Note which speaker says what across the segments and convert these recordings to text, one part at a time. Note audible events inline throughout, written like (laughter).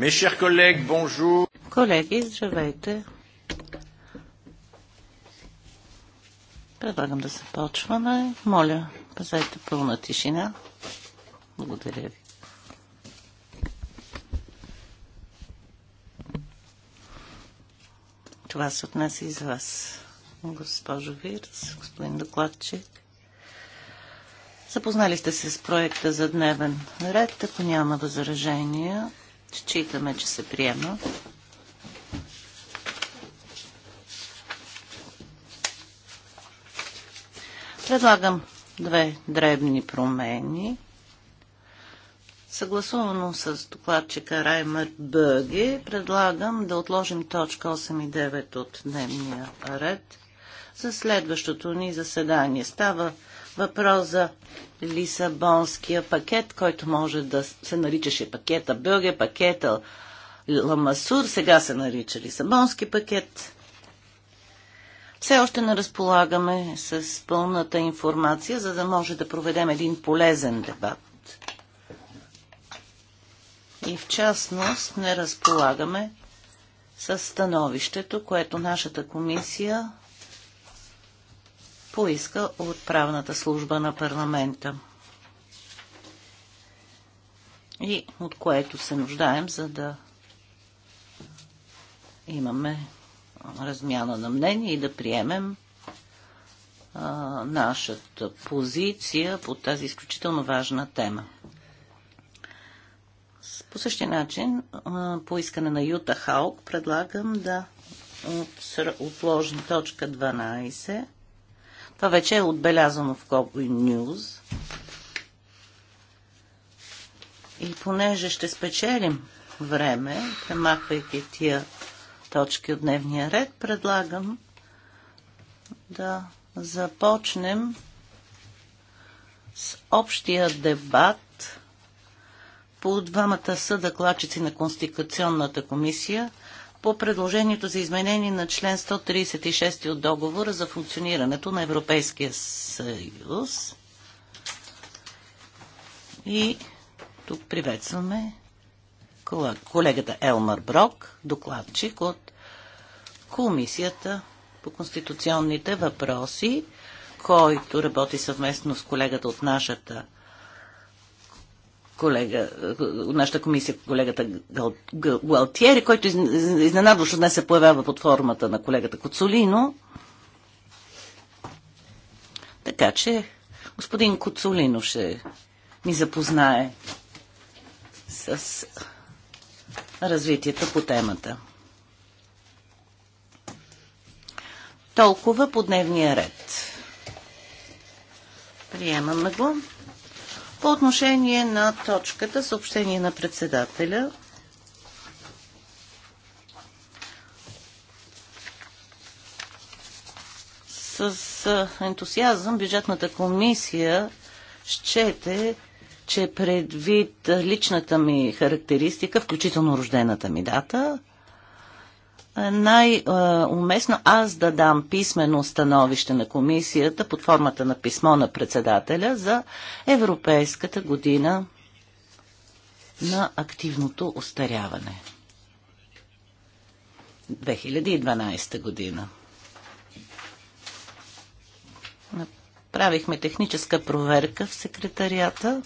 Speaker 1: Mes chers collègues, bonjour.
Speaker 2: Колеги, здравейте. Предлагам да започваме. Моля, пазайте пълна тишина. Благодаря ви. Това се отнася и за вас, госпожо Вирс, господин докладчик. Запознали сте се с проекта за дневен ред. Ако няма възражения, Считаме, че се приема. Предлагам две дребни промени. Съгласувано с докладчика Раймер Бъги. предлагам да отложим точка 8 и 9 от дневния ред за следващото ни заседание. Става въпрос за Лисабонския пакет, който може да се наричаше пакета Бюге, пакета Ламасур, сега се нарича Лисабонски пакет. Все още не разполагаме с пълната информация, за да може да проведем един полезен дебат. И в частност не разполагаме с становището, което нашата комисия поиска от правната служба на парламента. И от което се нуждаем, за да имаме размяна на мнение и да приемем а, нашата позиция по тази изключително важна тема. По същия начин, а, по искане на Юта Халк, предлагам да отложим точка 12 това вече е отбелязано в Cowboy News. И понеже ще спечелим време, премахвайки тия точки от дневния ред, предлагам да започнем с общия дебат по двамата съдокладчици на Конституционната комисия по предложението за изменение на член 136 от договора за функционирането на Европейския съюз. И тук приветстваме колегата Елмар Брок, докладчик от Комисията по конституционните въпроси, който работи съвместно с колегата от нашата колега, нашата комисия, колегата Гуалтиери, който изненадващо днес се появява под формата на колегата Коцолино. Така че господин Коцолино ще ни запознае с развитието по темата. Толкова по дневния ред. Приемаме го. По отношение на точката съобщение на председателя, с ентусиазъм бюджетната комисия щете, че предвид личната ми характеристика, включително рождената ми дата, най-уместно аз да дам писмено становище на комисията под формата на писмо на председателя за Европейската година на активното остаряване. 2012 година. Правихме техническа проверка в секретарията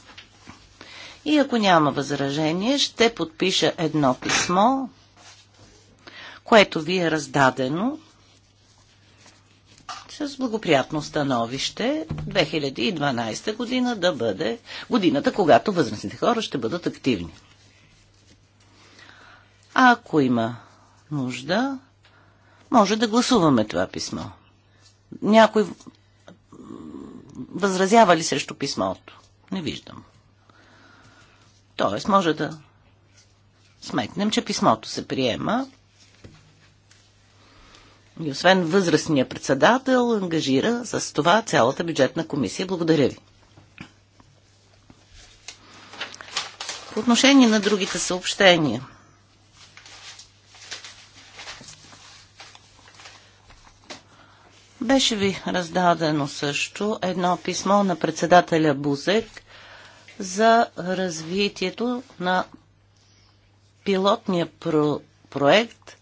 Speaker 2: и ако няма възражение, ще подпиша едно писмо което ви е раздадено с благоприятно становище 2012 година да бъде годината, когато възрастните хора ще бъдат активни. А ако има нужда, може да гласуваме това писмо. Някой възразява ли срещу писмото? Не виждам. Тоест, може да сметнем, че писмото се приема и освен възрастния председател, ангажира с това цялата бюджетна комисия. Благодаря ви. По отношение на другите съобщения. Беше ви раздадено също едно писмо на председателя Бузек за развитието на пилотния про- проект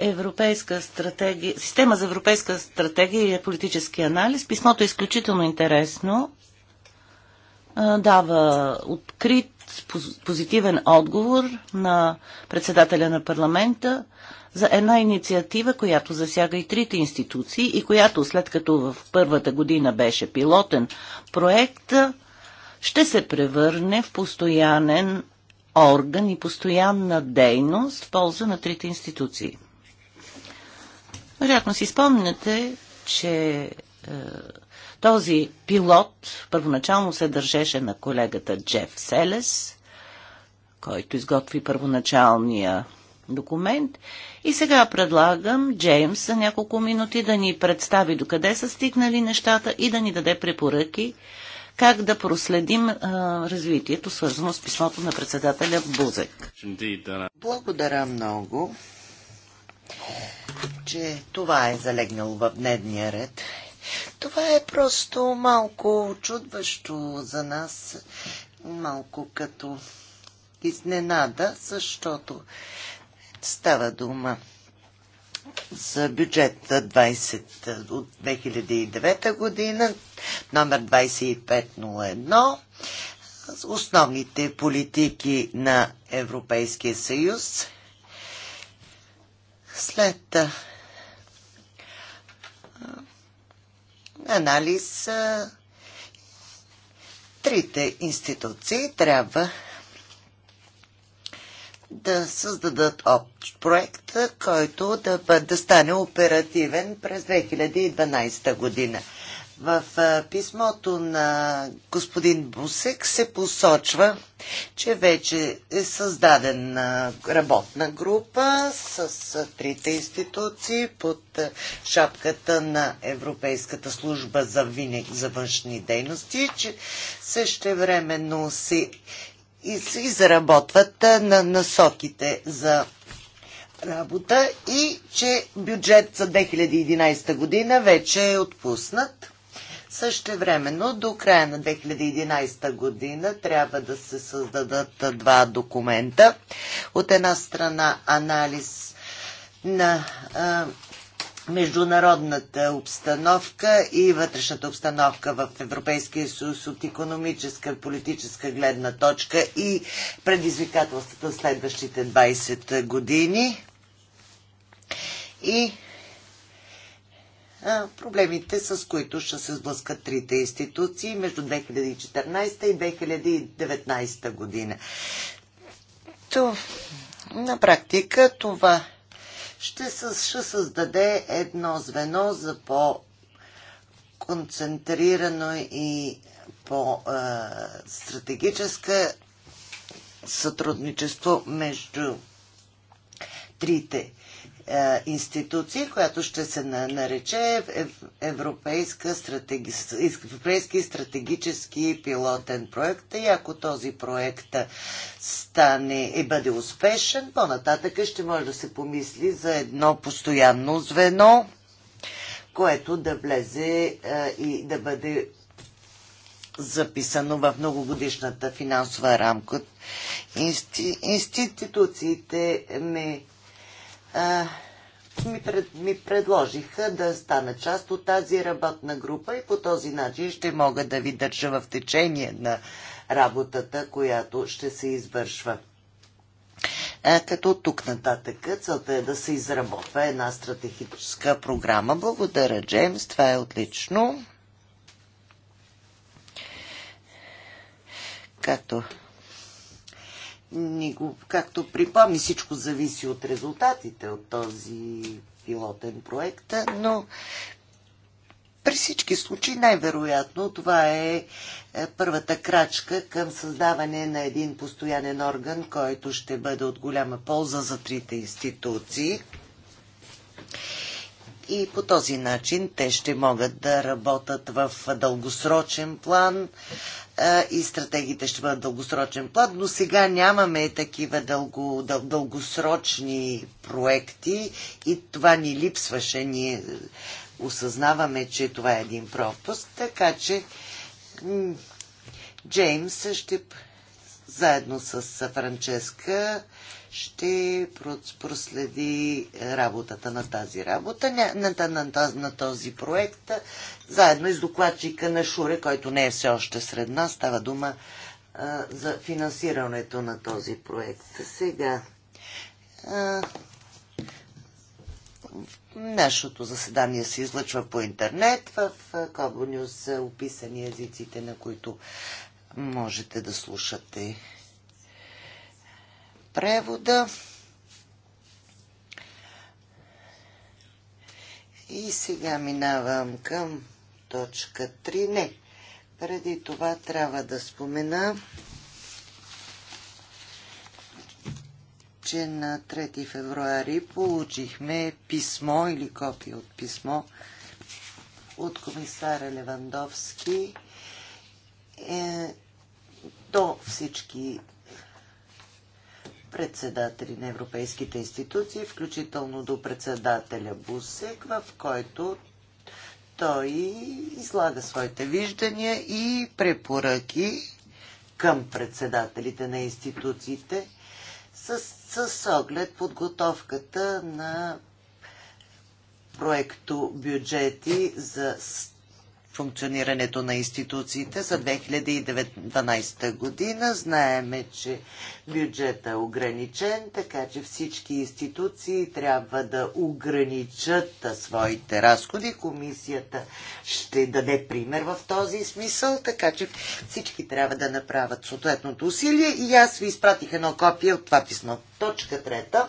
Speaker 2: европейска стратегия, система за европейска стратегия и е политически анализ. Писмото е изключително интересно. Дава открит, позитивен отговор на председателя на парламента за една инициатива, която засяга и трите институции и която, след като в първата година беше пилотен проект, ще се превърне в постоянен орган и постоянна дейност в полза на трите институции. Вероятно си спомняте, че е, този пилот първоначално се държеше на колегата Джеф Селес, който изготви първоначалния документ. И сега предлагам Джеймс за няколко минути да ни представи докъде са стигнали нещата и да ни даде препоръки как да проследим е, развитието, свързано с писмото на
Speaker 3: председателя Бузек. Благодаря много че това е залегнало в дневния ред. Това е просто малко чудващо за нас, малко като изненада, защото става дума за бюджет 20 от 2009 година, номер 2501, основните политики на Европейския съюз. След анализ трите институции трябва да създадат общ проект, който да, да стане оперативен през 2012 година. В писмото на господин Бусек се посочва, че вече е създадена работна група с трите институции под шапката на Европейската служба за, винег, за външни дейности, че също времено се изработват на насоките за работа и че бюджет за 2011 година вече е отпуснат. Също времено, до края на 2011 година трябва да се създадат два документа. От една страна анализ на а, международната обстановка и вътрешната обстановка в Европейския съюз от економическа, политическа гледна точка и предизвикателствата следващите 20 години. И проблемите, с които ще се сблъскат трите институции между 2014 и 2019 година. То, на практика това ще, със, ще създаде едно звено за по- концентрирано и по-стратегическа сътрудничество между трите е, институция, която ще се нарече Европейска стратеги... Европейски стратегически пилотен проект. И ако този проект стане и е, бъде успешен, по-нататък ще може да се помисли за едно постоянно звено, което да влезе е, и да бъде записано в многогодишната финансова рамка. Инсти... Институциите ме а, ми, пред, ми предложиха да стана част от тази работна група и по този начин ще мога да ви държа в течение на работата, която ще се извършва. А, като тук нататък целта е да се изработва една стратегическа програма. Благодаря, Джеймс, това е отлично. Както ни го, както припомни, всичко зависи от резултатите от този пилотен проект, но при всички случаи най-вероятно това е, е първата крачка към създаване на един постоянен орган, който ще бъде от голяма полза за трите институции. И по този начин те ще могат да работят в дългосрочен план, и стратегиите ще бъдат дългосрочен план, но сега нямаме такива дълго, дъл, дългосрочни проекти и това ни липсваше. Ние осъзнаваме, че това е един пропуск, така че Джеймс ще заедно с Франческа ще проследи работата на тази работа, на, на, на, на този проект, заедно и с докладчика на Шуре, който не е все още сред нас. Става дума а, за финансирането на този проект. Сега. А, Нашето заседание се излъчва по интернет. В Кобо Нюс описани езиците, на които можете да слушате превода. И сега минавам към точка 3. Не, преди това трябва да спомена, че на 3 февруари получихме писмо или копия от писмо от комисара Левандовски е, до всички председатели на европейските институции, включително до председателя Бусек, в който той излага своите виждания и препоръки към председателите на институциите с, с оглед подготовката на проекто бюджети за функционирането на институциите за 2019 година. Знаеме, че бюджета е ограничен, така че всички институции трябва да ограничат своите разходи. Комисията ще даде пример в този смисъл, така че всички трябва да направят съответното усилие и аз ви изпратих едно копие от това писмо. Точка трета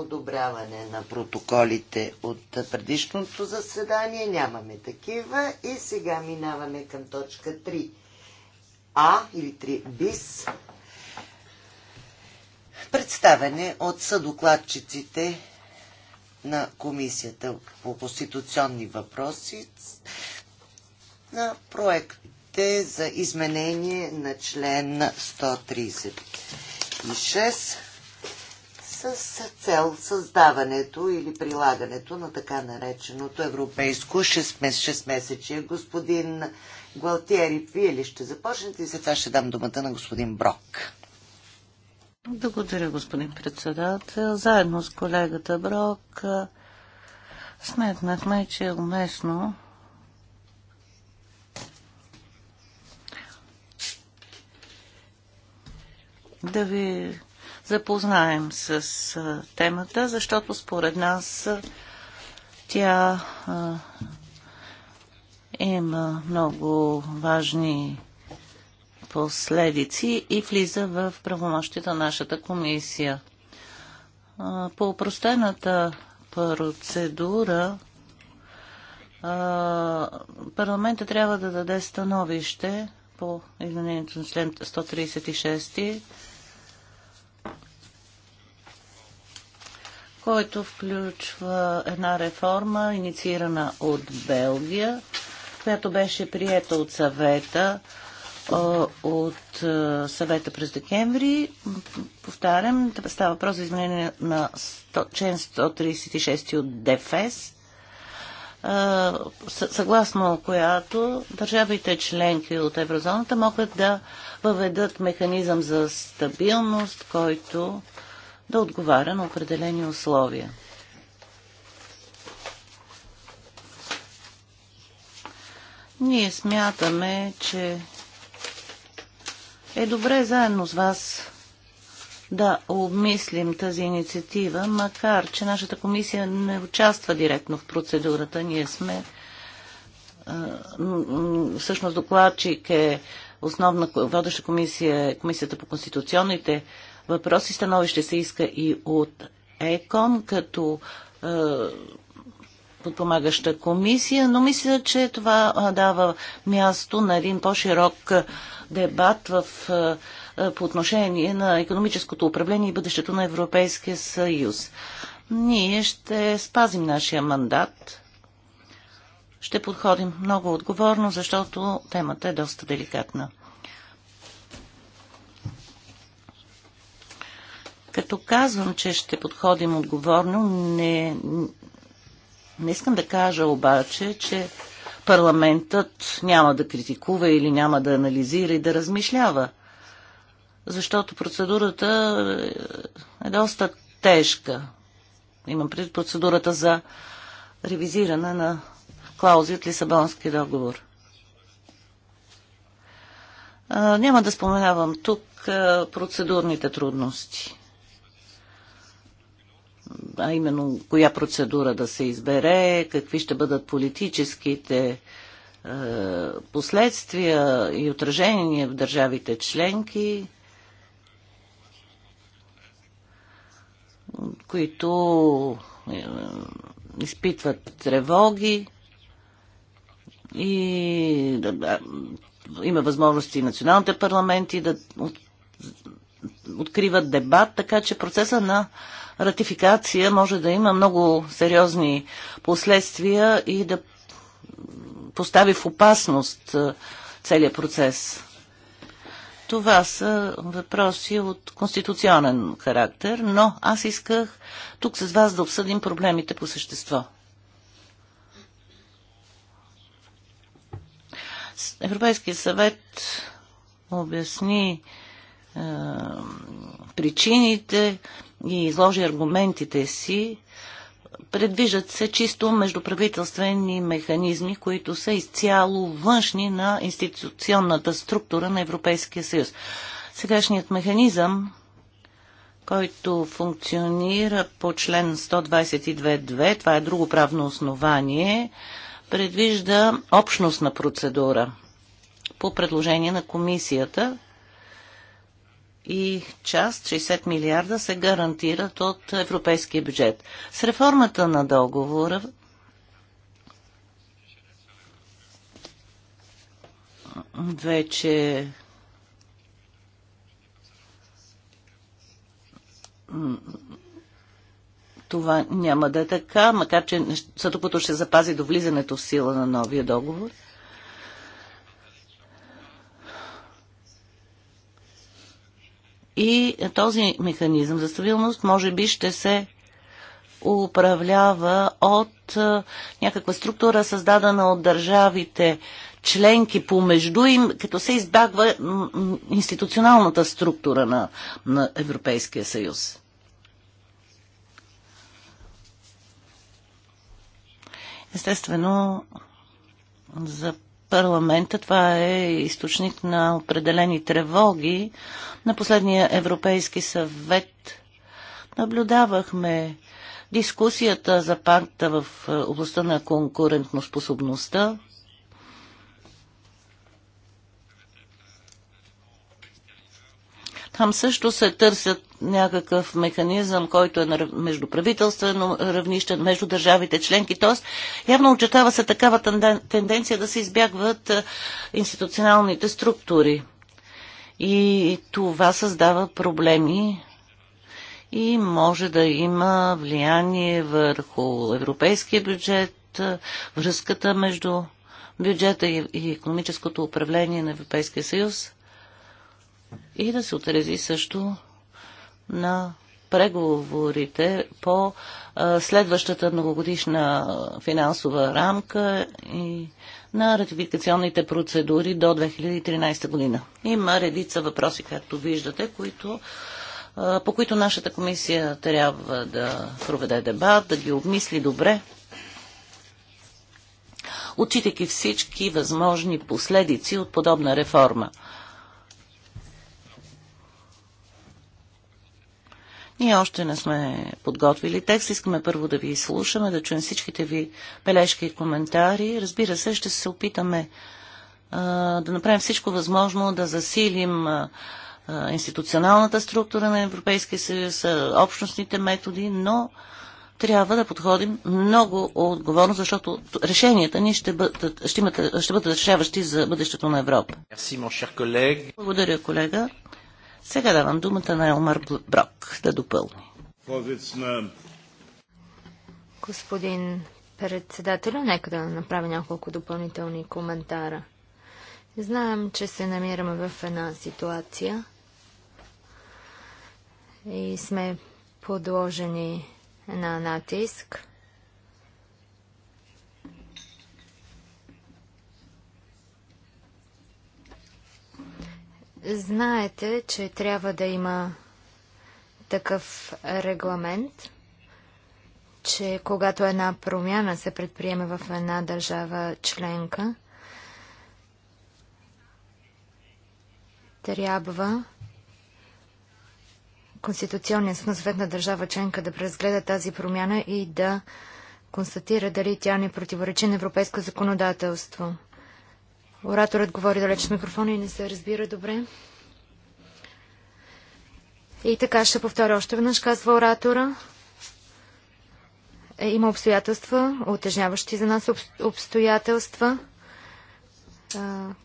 Speaker 3: одобряване на протоколите от предишното заседание. Нямаме такива. И сега минаваме към точка 3. А или 3 БИС. Представене от съдокладчиците на Комисията по конституционни въпроси на проектите за изменение на член 136 с цел създаването или прилагането на така нареченото европейско 6-месечие. Господин Гвалтиери, вие ли ще започнете и след това ще дам думата на господин Брок.
Speaker 2: Благодаря, господин председател. Заедно с колегата Брок сметнахме, че е уместно да ви запознаем с темата, защото според нас тя има много важни последици и влиза в правомощите на нашата комисия. По упростената процедура парламента трябва да даде становище по изменението на член 136 който включва една реформа, инициирана от Белгия, която беше приета от съвета от съвета през декември. Повтарям, става въпрос за изменение на 100, член 136 от ДФС, съгласно която държавите членки от еврозоната могат да въведат механизъм за стабилност, който да отговаря на определени условия. Ние смятаме, че е добре заедно с вас да обмислим тази инициатива, макар че нашата комисия не участва директно в процедурата. Ние сме всъщност докладчик е основна водеща комисия, е комисията по конституционните въпроси. Становище се иска и от ЕКОН, като е, подпомагаща комисия, но мисля, че това дава място на един по-широк е, дебат в, е, е, по отношение на економическото управление и бъдещето на Европейския съюз. Ние ще спазим нашия мандат. Ще подходим много отговорно, защото темата е доста деликатна. Като казвам, че ще подходим отговорно, не, не искам да кажа обаче, че парламентът няма да критикува или няма да анализира и да размишлява. Защото процедурата е доста тежка. Имам пред процедурата за ревизиране на клаузи от Лисабонския договор. А, няма да споменавам тук а, процедурните трудности а именно коя процедура да се избере, какви ще бъдат политическите е, последствия и отражения в държавите членки, които е, изпитват тревоги и има възможности и националните парламенти да откриват дебат, така че процеса на ратификация може да има много сериозни последствия и да постави в опасност е, целият процес. Това са въпроси от конституционен характер, но аз исках тук с вас да обсъдим проблемите по същество. Европейския съвет обясни е, причините, и изложи аргументите си, предвиждат се чисто междуправителствени механизми, които са изцяло външни на институционната структура на Европейския съюз. Сегашният механизъм, който функционира по член 122.2, това е друго правно основание, предвижда общностна процедура по предложение на комисията, и част, 60 милиарда, се гарантират от европейския бюджет. С реформата на договора вече това няма да е така, макар че статуквото ще запази до влизането в сила на новия договор – И този механизъм за стабилност може би ще се управлява от някаква структура, създадена от държавите членки помежду им, като се избягва институционалната структура на, на Европейския съюз. Естествено, за парламента това е източник на определени тревоги. На последния Европейски съвет наблюдавахме дискусията за пакта в е, областта на конкурентноспособността. Там също се търсят някакъв механизъм, който е на междуправителствено равнище, между държавите членки. Тоест, явно очетава се такава тенденция да се избягват институционалните структури. И това създава проблеми и може да има влияние върху европейския бюджет, връзката между бюджета и економическото управление на Европейския съюз и да се отрази също на преговорите по следващата многогодишна финансова рамка и на ратификационните процедури до 2013 година. Има редица въпроси, както виждате, които, по които нашата комисия трябва да проведе дебат, да ги обмисли добре, отчитайки всички възможни последици от подобна реформа – Ние още не сме подготвили текст. Искаме първо да ви слушаме, да чуем всичките ви бележки и коментари. Разбира се, ще се опитаме а, да направим всичко възможно, да засилим а, институционалната структура на Европейския съюз, общностните методи, но трябва да подходим много отговорно, защото решенията ни ще бъдат, ще, имат, ще бъдат решаващи за бъдещето на Европа. Благодаря, колега. Сега давам думата на Елмар Брок да допълни.
Speaker 4: Господин председателю, нека да направя няколко допълнителни коментара. Знаем, че се намираме в една ситуация и сме подложени на натиск. Знаете, че трябва да има такъв регламент, че когато една промяна се предприеме в една държава членка, трябва Конституционният съд на съветна държава членка да преразгледа тази промяна и да констатира дали тя не противоречи на европейско законодателство. Ораторът говори далеч микрофона и не се разбира добре. И така ще повторя още веднъж, казва оратора. Е, има обстоятелства, отежняващи за нас обстоятелства,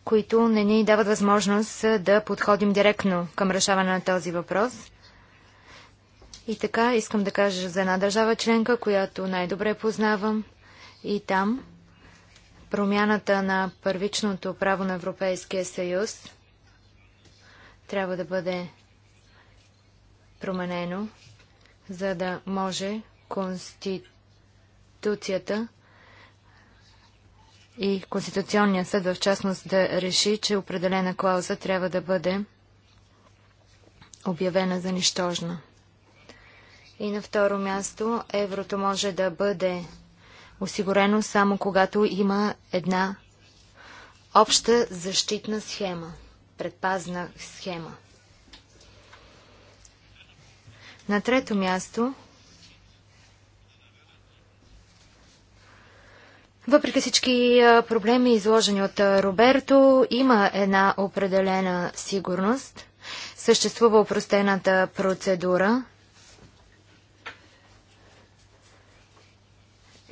Speaker 4: които не ни дават възможност да подходим директно към решаване на този въпрос. И така искам да кажа за една държава членка, която най-добре познавам и там Промяната на първичното право на Европейския съюз трябва да бъде променено, за да може Конституцията и Конституционният съд в частност да реши, че определена клауза трябва да бъде обявена за нищожна. И на второ място, еврото може да бъде осигурено само когато има една обща защитна схема, предпазна схема. На трето място, въпреки всички проблеми, изложени от Роберто, има една определена сигурност. Съществува упростената процедура –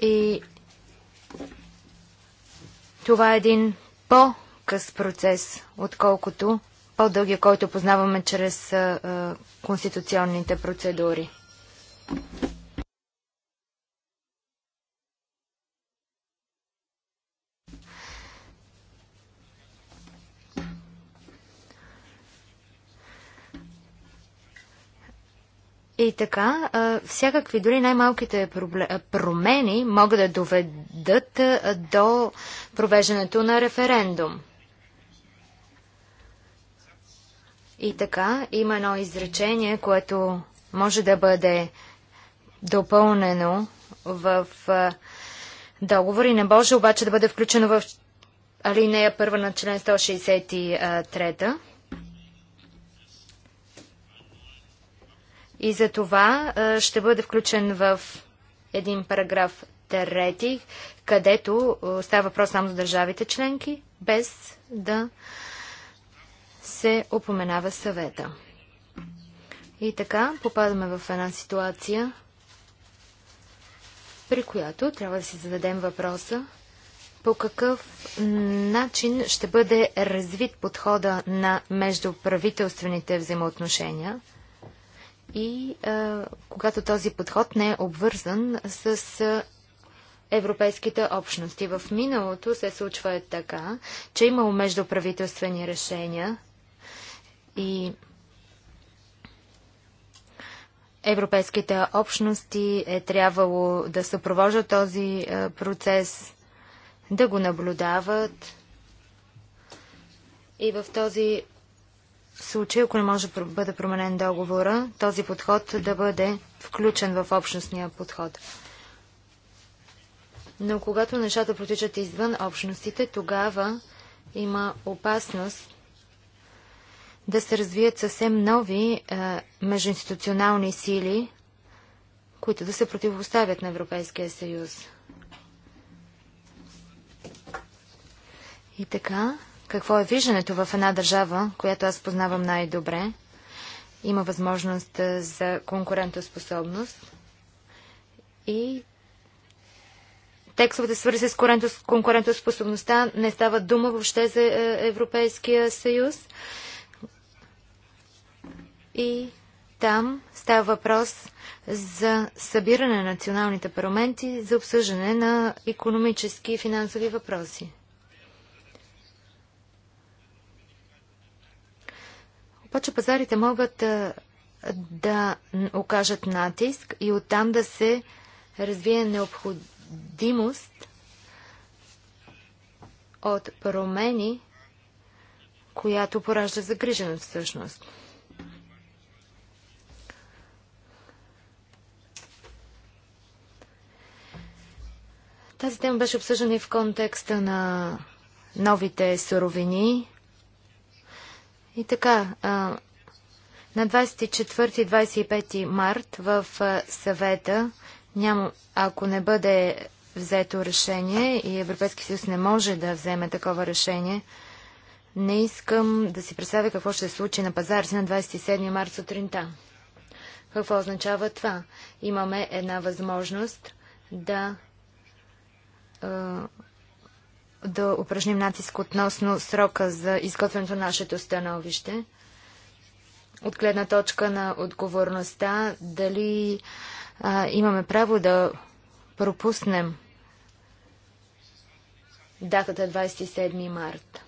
Speaker 4: И това е един по-къс процес, отколкото по-дългия, който познаваме чрез а, а, конституционните процедури. И така, всякакви, дори най-малките промени могат да доведат до провеждането на референдум. И така, има едно изречение, което може да бъде допълнено в договори. Не може обаче да бъде включено в алинея първа на член 163. И за това ще бъде включен в един параграф трети, където става въпрос само за държавите членки, без да се упоменава съвета. И така попадаме в една ситуация, при която трябва да си зададем въпроса по какъв начин ще бъде развит подхода на междуправителствените взаимоотношения – и а, когато този подход не е обвързан с а, европейските общности. В миналото се случва е така, че е имало междуправителствени решения и европейските общности е трябвало да съпровожат този а, процес, да го наблюдават. И в този случай, ако не може да бъде променен договора, този подход да бъде включен в общностния подход. Но когато нещата протичат извън общностите, тогава има опасност да се развият съвсем нови е, междуинституционални сили, които да се противопоставят на Европейския съюз. И така, какво е виждането в една държава, която аз познавам най-добре. Има възможност за конкурентоспособност и текстовете свързани с конкурентоспособността не става дума въобще за Европейския съюз. И там става въпрос за събиране на националните парламенти за обсъждане на економически и финансови въпроси. Повече пазарите могат а, да окажат натиск и оттам да се развие необходимост от промени, която поражда загриженост всъщност. Тази тема беше обсъждана и в контекста на новите суровини, и така, на 24 и 25 март в съвета, няма, ако не бъде взето решение и Европейски съюз не може да вземе такова решение, не искам да си представя какво ще се случи на пазарите на 27 март сутринта. Какво означава това? Имаме една възможност да да упражним натиск относно срока за изготвянето на нашето становище. От гледна точка на отговорността, дали а, имаме право да пропуснем датата 27 март.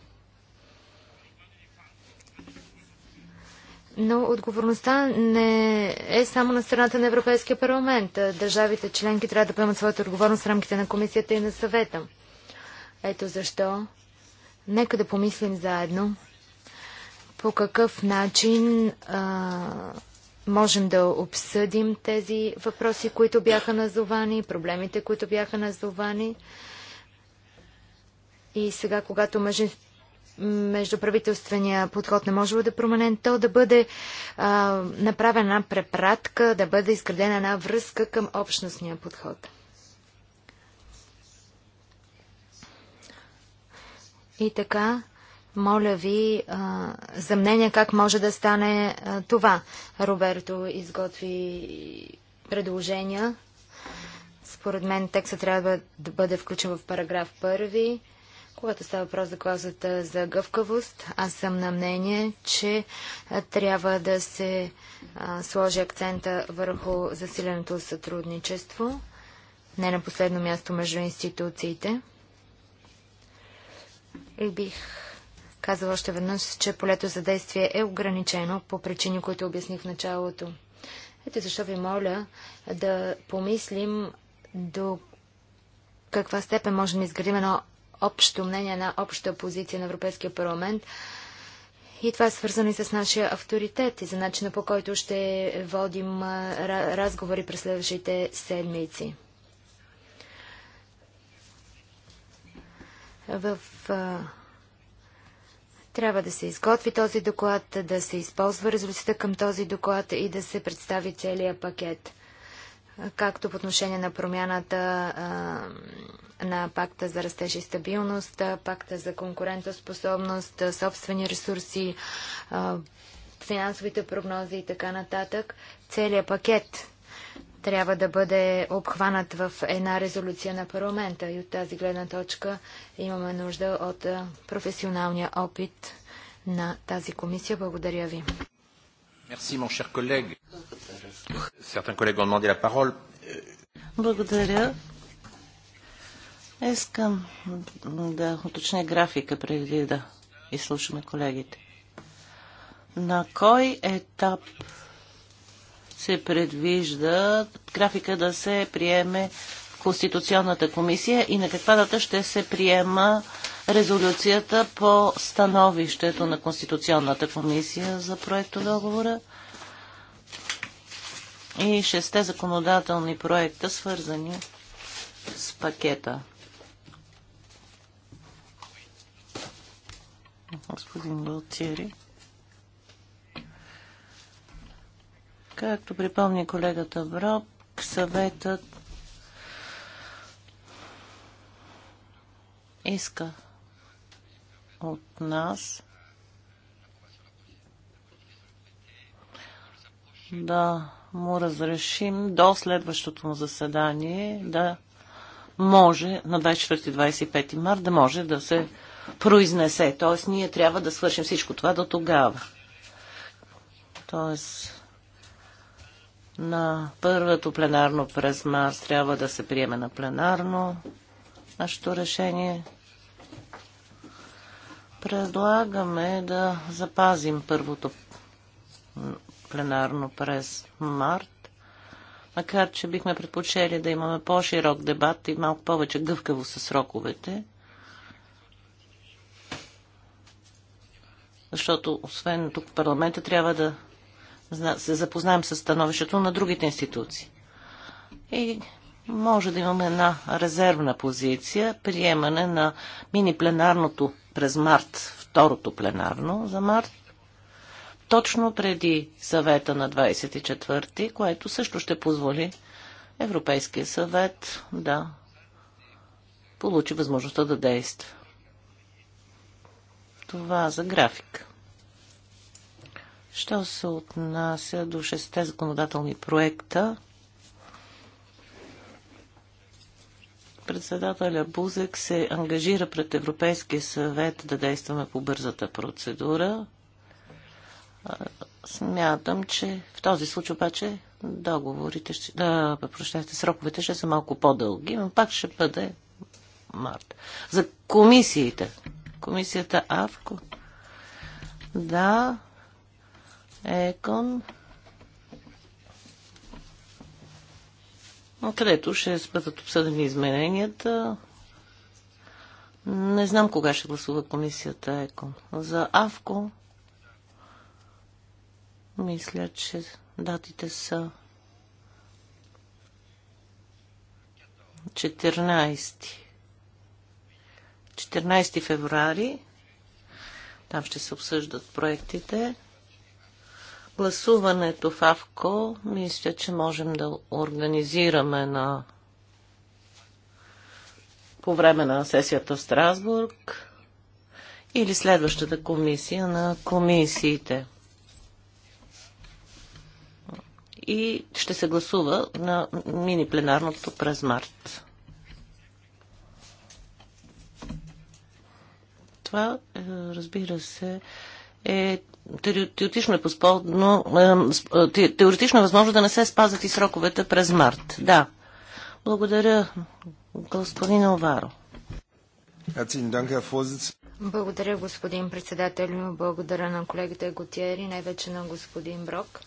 Speaker 4: Но отговорността не е само на страната на Европейския парламент. Държавите членки трябва да поемат своята отговорност в рамките на комисията и на съвета. Ето защо нека да помислим заедно по какъв начин а, можем да обсъдим тези въпроси, които бяха назовани, проблемите, които бяха назовани. И сега, когато мъжи междуправителствения подход не може да бъде променен, то да бъде а, направена препратка, да бъде изградена една връзка към общностния подход. И така, моля ви а, за мнение как може да стане а, това. Роберто изготви предложения. Според мен текста трябва да бъде включен в параграф 1. Когато става въпрос за клаузата за гъвкавост, аз съм на мнение, че трябва да се а, сложи акцента върху засиленото сътрудничество, не на последно място между институциите бих казал още веднъж, че полето за действие е ограничено по причини, които обясних в началото. Ето защо ви моля да помислим до каква степен можем да изградим едно общо мнение, една обща позиция на Европейския парламент. И това е свързано и с нашия авторитет и за начина по който ще водим разговори през следващите седмици. В, трябва да се изготви този доклад, да се използва резолюцията към този доклад и да се представи целият пакет. Както по отношение на промяната на пакта за растеж и стабилност, пакта за конкурентоспособност, собствени ресурси, финансовите прогнози и така нататък. Целият пакет трябва да бъде обхванат в една резолюция на парламента. И от тази гледна точка имаме нужда от професионалния опит на тази комисия. Благодаря ви.
Speaker 1: Merci, mon cher collègue. Certains collègues ont demandé la parole.
Speaker 2: Благодаря. Искам да уточня графика преди да изслушаме колегите. На кой етап се предвижда графика да се приеме в Конституционната комисия и на каква дата ще се приема резолюцията по становището на Конституционната комисия за проекто договора и шесте законодателни проекта, свързани с пакета. Господин Голтиери. Както припомни колегата Брок, съветът иска от нас да му разрешим до следващото му заседание да може на 24-25 март да може да се произнесе. Тоест, ние трябва да свършим всичко това до тогава. Тоест, на първото пленарно през марс трябва да се приеме на пленарно нашето решение. Предлагаме да запазим първото пленарно през март, макар че бихме предпочели да имаме по-широк дебат и малко повече гъвкаво с сроковете. Защото, освен тук в парламента, трябва да се запознаем с становището на другите институции. И може да имаме една резервна позиция, приемане на мини пленарното през март, второто пленарно за март, точно преди съвета на 24-ти, което също ще позволи Европейския съвет да получи възможността да действа. Това за график. Що се отнася до шесте законодателни проекта, председателя Бузек се ангажира пред Европейския съвет да действаме по бързата процедура. Смятам, че в този случай обаче договорите, ще, да, прощайте, сроковете ще са малко по-дълги, но пак ще бъде март. За комисиите. Комисията АВКО. Да, ЕКОН, където ще бъдат обсъдени измененията. Не знам кога ще гласува комисията ЕКОН. За АВКО мисля, че датите са 14. 14 февруари. Там ще се обсъждат проектите. Гласуването в АВКО мисля, че можем да организираме на по време на сесията в Страсбург или следващата комисия на комисиите. И ще се гласува на мини пленарното през март. Това, е, разбира се, е теоретично е поспорно, теоретично е възможно да не се спазят и сроковете през март. Да. Благодаря, господин Оваро.
Speaker 4: Благодаря, господин председател. Благодаря на колегите Готиери, най-вече на господин Брок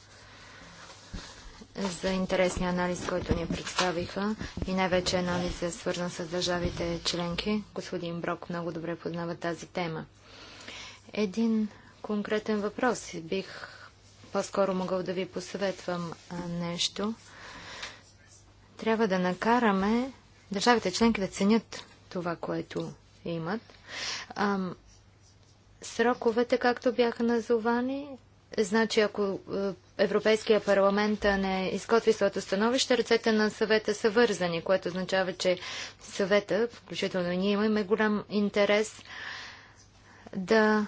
Speaker 4: за интересния анализ, който ни представиха и най-вече анализ е свързан с държавите членки. Господин Брок много добре познава тази тема. Един конкретен въпрос. Бих по-скоро могъл да ви посъветвам нещо. Трябва да накараме държавите членки да ценят това, което имат. сроковете, както бяха назовани, значи ако е, Европейския парламент не изготви своето становище, ръцете на съвета са вързани, което означава, че съвета, включително и ние имаме голям интерес да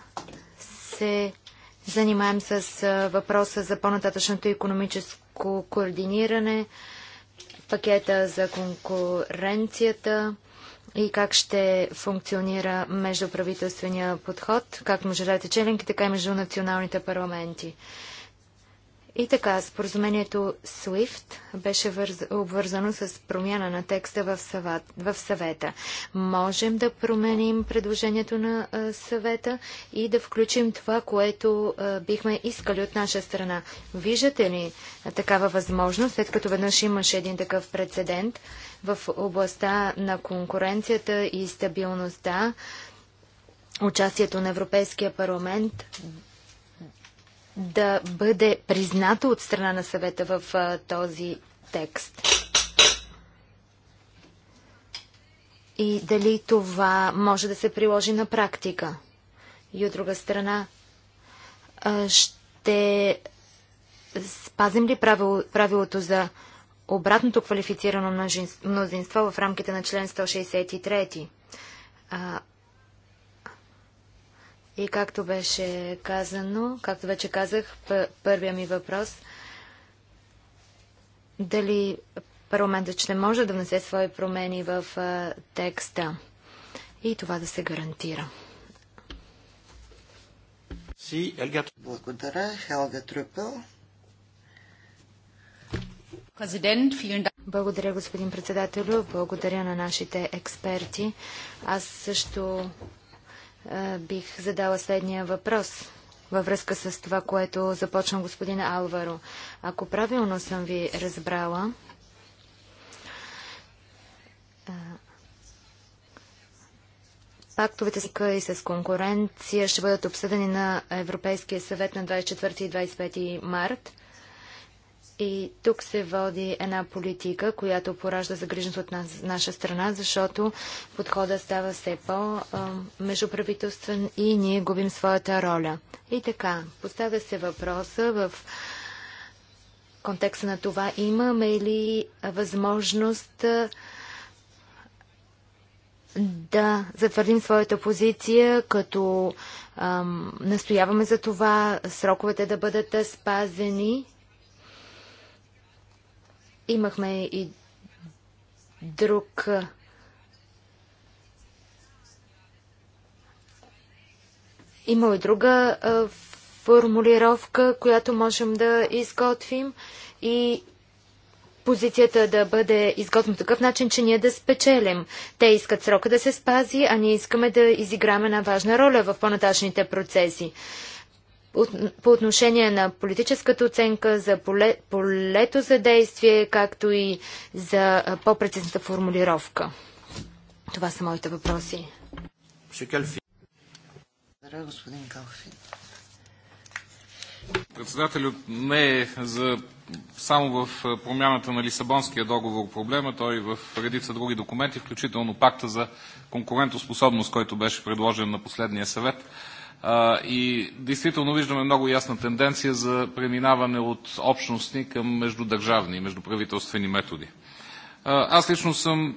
Speaker 4: се занимаем с въпроса за по-нататъчното економическо координиране, пакета за конкуренцията и как ще функционира междуправителствения подход, както между държавите членки, така и между националните парламенти. И така, споразумението SWIFT беше върз... обвързано с промяна на текста в, съват... в съвета. Можем да променим предложението на а, съвета и да включим това, което а, бихме искали от наша страна. Виждате ли а, такава възможност, след като веднъж имаше един такъв прецедент в областта на конкуренцията и стабилността, участието на Европейския парламент да бъде признато от страна на съвета в а, този текст. И дали това може да се приложи на практика. И от друга страна, а, ще спазим ли правило, правилото за обратното квалифицирано мнозинство в рамките на член 163? А, и както беше казано, както вече казах, първия ми въпрос дали парламентът ще може да внесе свои промени в текста и това да се гарантира.
Speaker 3: Благодаря, Хелга Трюпел.
Speaker 4: Благодаря, господин председателю. Благодаря на нашите експерти. Аз също бих задала следния въпрос във връзка с това, което започна господин Алваро. Ако правилно съм ви разбрала, Пактовете с и с конкуренция ще бъдат обсъдени на Европейския съвет на 24 и 25 март. И тук се води една политика, която поражда загрижност от нас, наша страна, защото подхода става все по-междуправителствен и ние губим своята роля. И така, поставя се въпроса в контекста на това, имаме ли възможност да затвърдим своята позиция, като ам, настояваме за това сроковете да бъдат спазени Имахме и друг Има и друга а, формулировка, която можем да изготвим и позицията да бъде изготвена по такъв начин, че ние да спечелим. Те искат срока да се спази, а ние искаме да изиграме една важна роля в по-нататъчните процеси от, по отношение на политическата оценка, за поле, полето за действие, както и за по-прецизната формулировка. Това са моите въпроси.
Speaker 1: Благодаря,
Speaker 3: господин Калфин.
Speaker 1: Председателят не е за, само в промяната на Лисабонския договор проблема, той в редица други документи, включително пакта за конкурентоспособност, който беше предложен на последния съвет и действително виждаме много ясна тенденция за преминаване от общностни към междудържавни и междуправителствени методи. Аз лично съм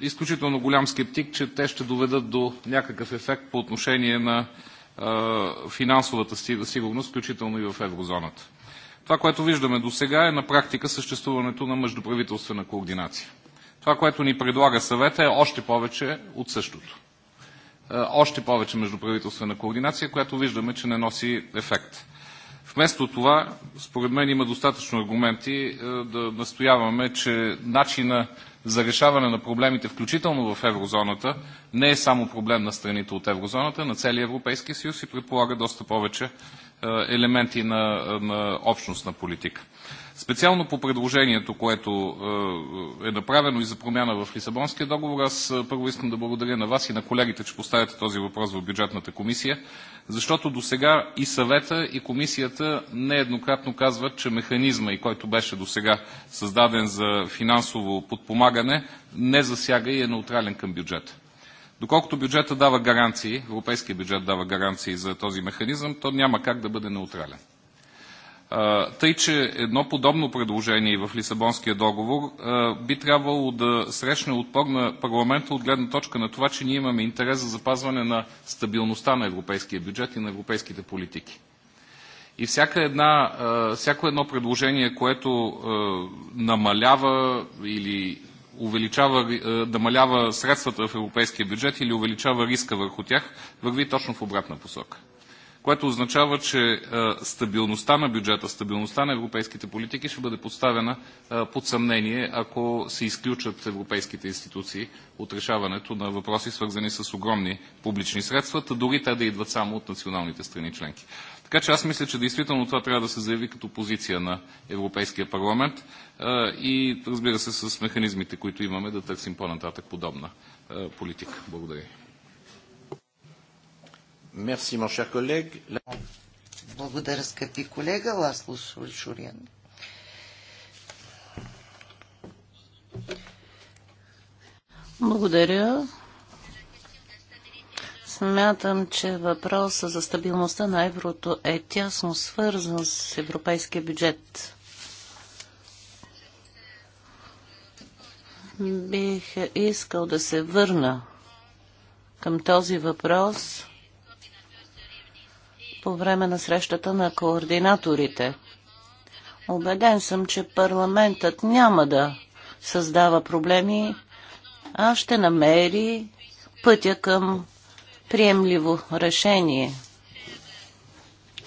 Speaker 1: изключително голям скептик, че те ще доведат до някакъв ефект по отношение на финансовата сигурност, включително и в еврозоната. Това, което виждаме до сега е на практика съществуването на междуправителствена координация. Това, което ни предлага съвета е още повече от същото. Е, още повече междуправителствена координация, която виждаме, че не носи ефект. Вместо това, според мен има достатъчно аргументи е, да настояваме, че начина за решаване на проблемите, включително в еврозоната, не е само проблем на страните от еврозоната, на целия Европейски съюз и предполага доста повече е, елементи на, на общностна политика. Специално по предложението, което е, е направено и за промяна в Лисабонския договор, аз е, първо искам да благодаря на вас и на колегите, че поставяте този въпрос в бюджетната комисия, защото до сега и съвета, и комисията нееднократно казват, че механизма, и който беше до сега създаден за финансово подпомагане, не засяга и е неутрален към бюджета. Доколкото бюджета дава гаранции, европейския бюджет дава гаранции за този механизъм, то няма как да бъде неутрален. Тъй, че едно подобно предложение в Лисабонския договор би трябвало да срещне отпор на парламента от гледна точка на това, че ние имаме интерес за запазване на стабилността на европейския бюджет и на европейските политики. И всяка една, всяко едно предложение, което намалява или увеличава, намалява средствата в европейския бюджет или увеличава риска върху тях, върви точно в обратна посока което означава, че стабилността на бюджета, стабилността на европейските политики ще бъде поставена под съмнение, ако се изключат европейските институции от решаването на въпроси, свързани с огромни публични средства, дори те да идват само от националните страни членки. Така че аз мисля, че действително това трябва да се заяви като позиция на Европейския парламент и разбира се с механизмите, които имаме да търсим по-нататък подобна политика. Благодаря. Merci, mon cher collègue.
Speaker 3: Благодаря, скъпи колега Ласло Шурян.
Speaker 2: Благодаря. Смятам, че въпросът за стабилността на еврото е тясно свързан с европейския бюджет. Бих искал да се върна към този въпрос по време на срещата на координаторите. Обеден съм, че парламентът няма да създава проблеми, а ще намери пътя към приемливо решение.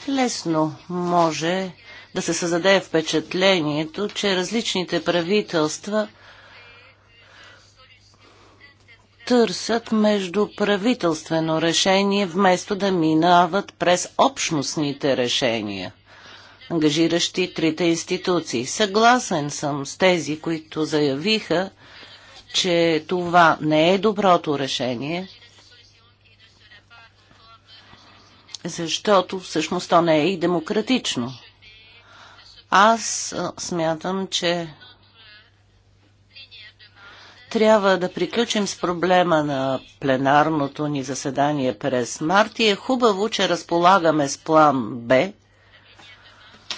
Speaker 2: Лесно може да се създаде впечатлението, че различните правителства – търсят междуправителствено решение, вместо да минават през общностните решения, ангажиращи трите институции. Съгласен съм с тези, които заявиха, че това не е доброто решение, защото всъщност то не е и демократично. Аз смятам, че трябва да приключим с проблема на пленарното ни заседание през март и е хубаво, че разполагаме с план Б,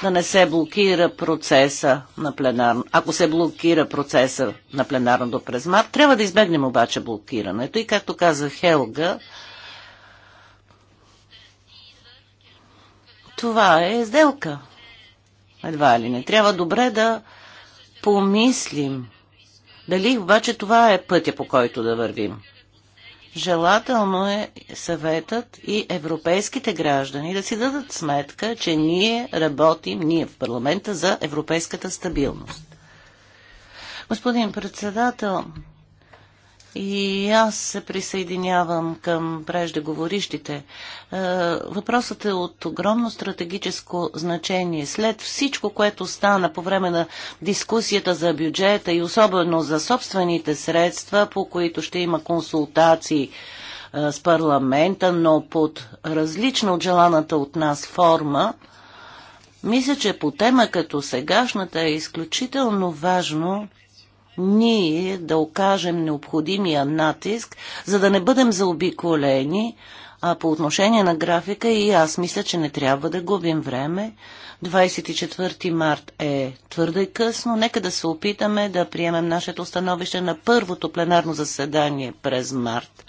Speaker 2: да не се блокира процеса на пленарно. Ако се блокира процеса на пленарното през март, трябва да избегнем обаче блокирането. И както каза Хелга, това е сделка. Едва ли не. Трябва добре да помислим дали обаче това е пътя по който да вървим? Желателно е съветът и европейските граждани да си дадат сметка, че ние работим, ние в парламента, за европейската стабилност. Господин председател, и аз се присъединявам към преждеговорищите. Е, въпросът е от огромно стратегическо значение. След всичко, което стана по време на дискусията за бюджета и особено за собствените средства, по които ще има консултации е, с парламента, но под различна от желаната от нас форма, мисля, че по тема като сегашната е изключително важно ние да окажем необходимия натиск, за да не бъдем заобиколени а по отношение на графика и аз мисля, че не трябва да губим време. 24 март е твърде късно. Нека да се опитаме да приемем нашето становище на първото пленарно заседание през март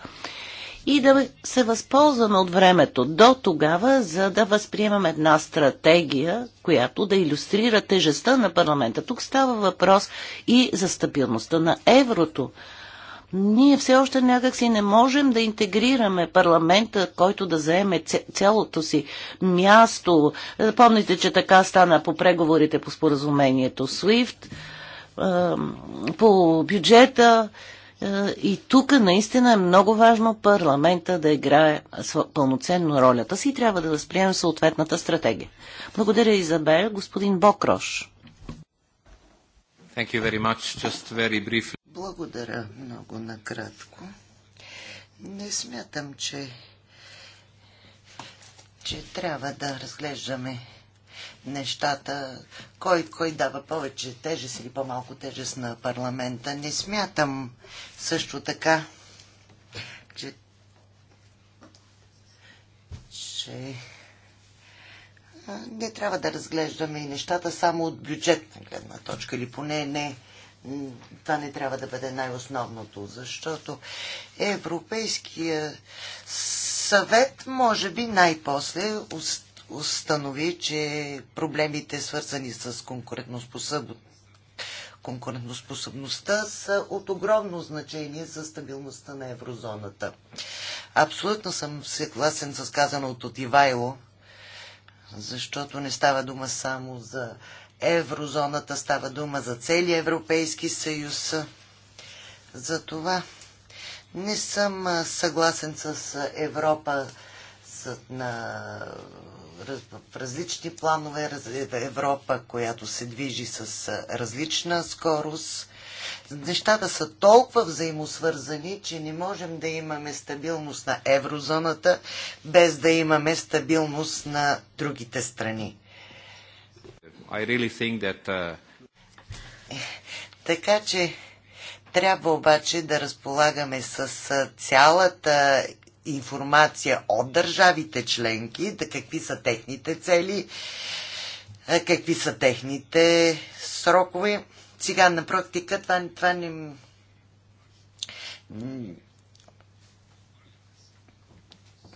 Speaker 2: и да се възползваме от времето до тогава, за да възприемем една стратегия, която да иллюстрира тежестта на парламента. Тук става въпрос и за стабилността на еврото. Ние все още някакси не можем да интегрираме парламента, който да заеме цялото си място. Помните, че така стана по преговорите по споразумението SWIFT, по бюджета е, и тук наистина е много важно парламента да играе пълноценно ролята си и трябва да възприемем съответната стратегия. Благодаря, Изабел. Господин Бокрош.
Speaker 3: Благодаря много накратко. Не смятам, че, че трябва да разглеждаме нещата, кой, кой дава повече тежест или по-малко тежест на парламента. Не смятам също така, че, че не трябва да разглеждаме и нещата само от бюджетна гледна точка или поне не. Това не трябва да бъде най-основното, защото Европейския съвет може би най-после установи, че проблемите свързани с конкурентноспособността, конкурентоспособността са от огромно значение за стабилността на еврозоната. Абсолютно съм съгласен с казаното от Ивайло, защото не става дума само за еврозоната, става дума за целия Европейски съюз. Затова не съм съгласен с Европа на в различни планове, е, Европа, която се движи с различна скорост. Нещата са толкова взаимосвързани, че не можем да имаме стабилност на еврозоната, без да имаме стабилност на другите страни.
Speaker 1: I really think that, uh...
Speaker 3: Така че трябва обаче да разполагаме с цялата информация от държавите членки, да какви са техните цели, какви са техните срокове. Сега на практика това, това не...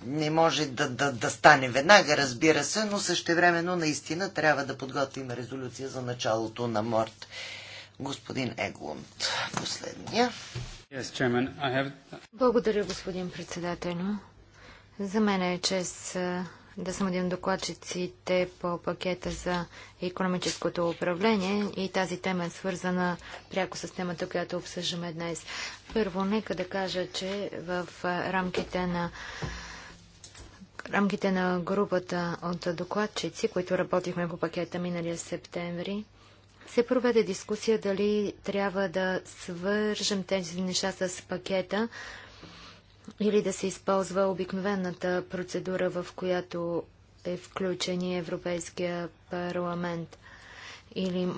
Speaker 3: Не може да, да, да стане веднага, разбира се, но същевременно наистина трябва да подготвим резолюция за началото на морт. Господин Еглунд, последния.
Speaker 4: Благодаря, господин председател. За мен е чест да съм един докладчиците по пакета за економическото управление и тази тема е свързана пряко с темата, която обсъждаме днес. Първо, нека да кажа, че в рамките на рамките на групата от докладчици, които работихме по пакета миналия септември, се проведе дискусия дали трябва да свържем тези неща с пакета или да се използва обикновената процедура, в която е включен и Европейския парламент. Или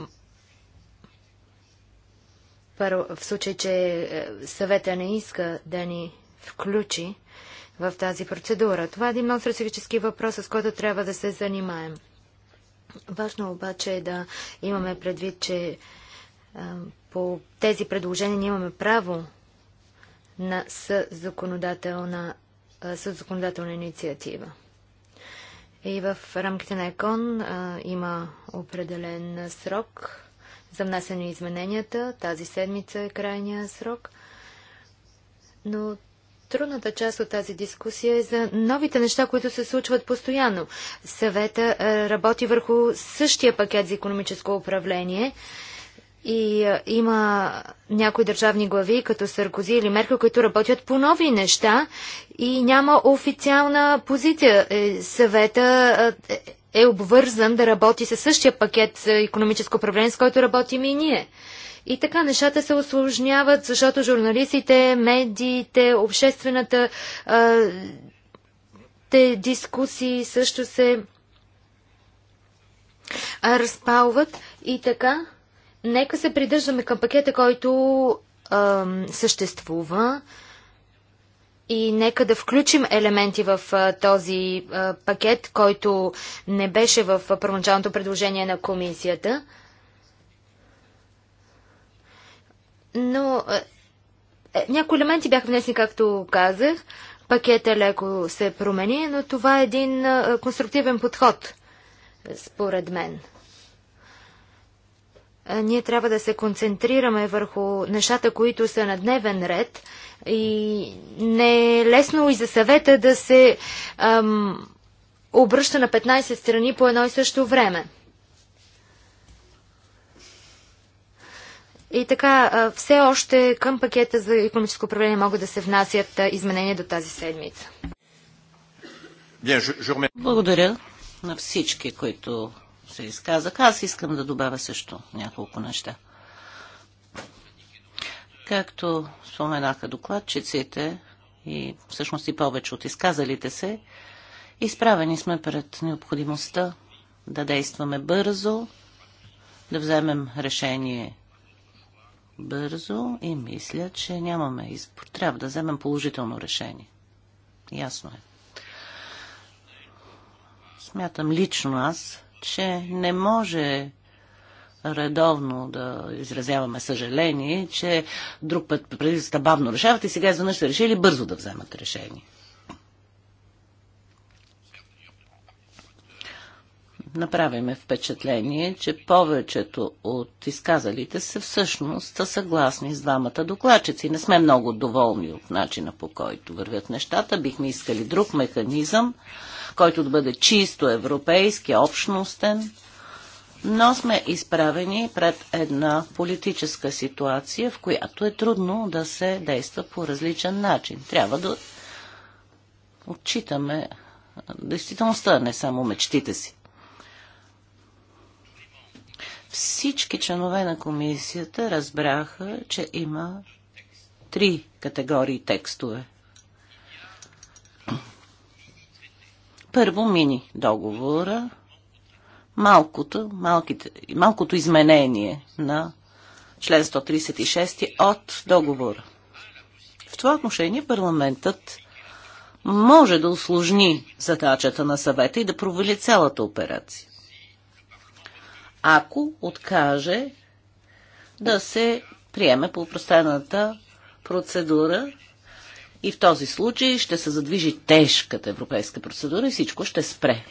Speaker 4: в случай, че е, съвета не иска да ни включи в тази процедура. Това е един много стратегически въпрос, с който трябва да се занимаем. Важно обаче е да имаме предвид, че по тези предложения ние имаме право на съзаконодателна, съзаконодателна инициатива. И в рамките на ЕКОН а, има определен срок за внасяне измененията. Тази седмица е крайния срок. Но Трудната част от тази дискусия е за новите неща, които се случват постоянно. Съвета е, работи върху същия пакет за економическо управление и е, има някои държавни глави, като Саркози или Меркел, които работят по нови неща и няма официална позиция. Е, съвета е обвързан да работи със същия пакет за економическо управление, с който работим и ние. И така нещата се осложняват, защото журналистите, медиите, обществената а, те дискусии също се разпалват. И така, нека се придържаме към пакета, който а, съществува и нека да включим елементи в а, този а, пакет, който не беше в първоначалното предложение на комисията. Но е, е, някои елементи бяха внесени, както казах. Пакета леко се промени, но това е един е, конструктивен подход, според мен. Ние трябва да се концентрираме върху нещата, които са на дневен ред и не е лесно и за съвета да се ам, обръща на 15 страни по едно и също време. И така, все още към пакета за економическо управление могат да се внасят изменения до тази седмица.
Speaker 2: Благодаря на всички, които се изказах. Аз искам да добавя също няколко неща. Както споменаха докладчиците и всъщност и повече от изказалите се, изправени сме пред необходимостта да действаме бързо, да вземем решение бързо и мисля, че нямаме избор. Трябва да вземем положително решение. Ясно е. Смятам лично аз, че не може редовно да изразяваме съжаление, че друг път преди сте бавно решавате, сега изведнъж сте решили бързо да вземат решение. направиме впечатление, че повечето от изказалите се всъщност са съгласни с двамата докладчици. Не сме много доволни от начина по който вървят нещата. Бихме искали друг механизъм, който да бъде чисто европейски, общностен, но сме изправени пред една политическа ситуация, в която е трудно да се действа по различен начин. Трябва да отчитаме действителността, не само мечтите си. Всички членове на комисията разбраха, че има три категории текстове. Първо мини договора, малкото, малките, малкото изменение на член 136 от договора. В това отношение парламентът може да усложни задачата на съвета и да провали цялата операция ако откаже да се приеме по упростената процедура и в този случай ще се задвижи тежката европейска процедура и всичко ще спре.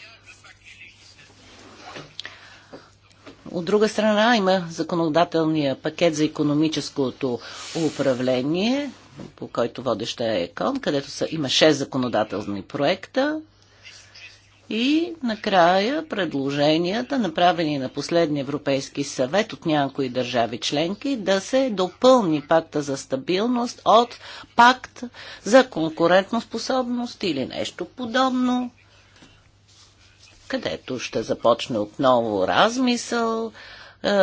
Speaker 2: От друга страна има законодателния пакет за економическото управление, по който водеща е ЕКОН, където са, има 6 законодателни проекта. И накрая предложенията, направени на последния Европейски съвет от някои държави членки, да се допълни пакта за стабилност от пакт за конкурентоспособност или нещо подобно, където ще започне отново размисъл е,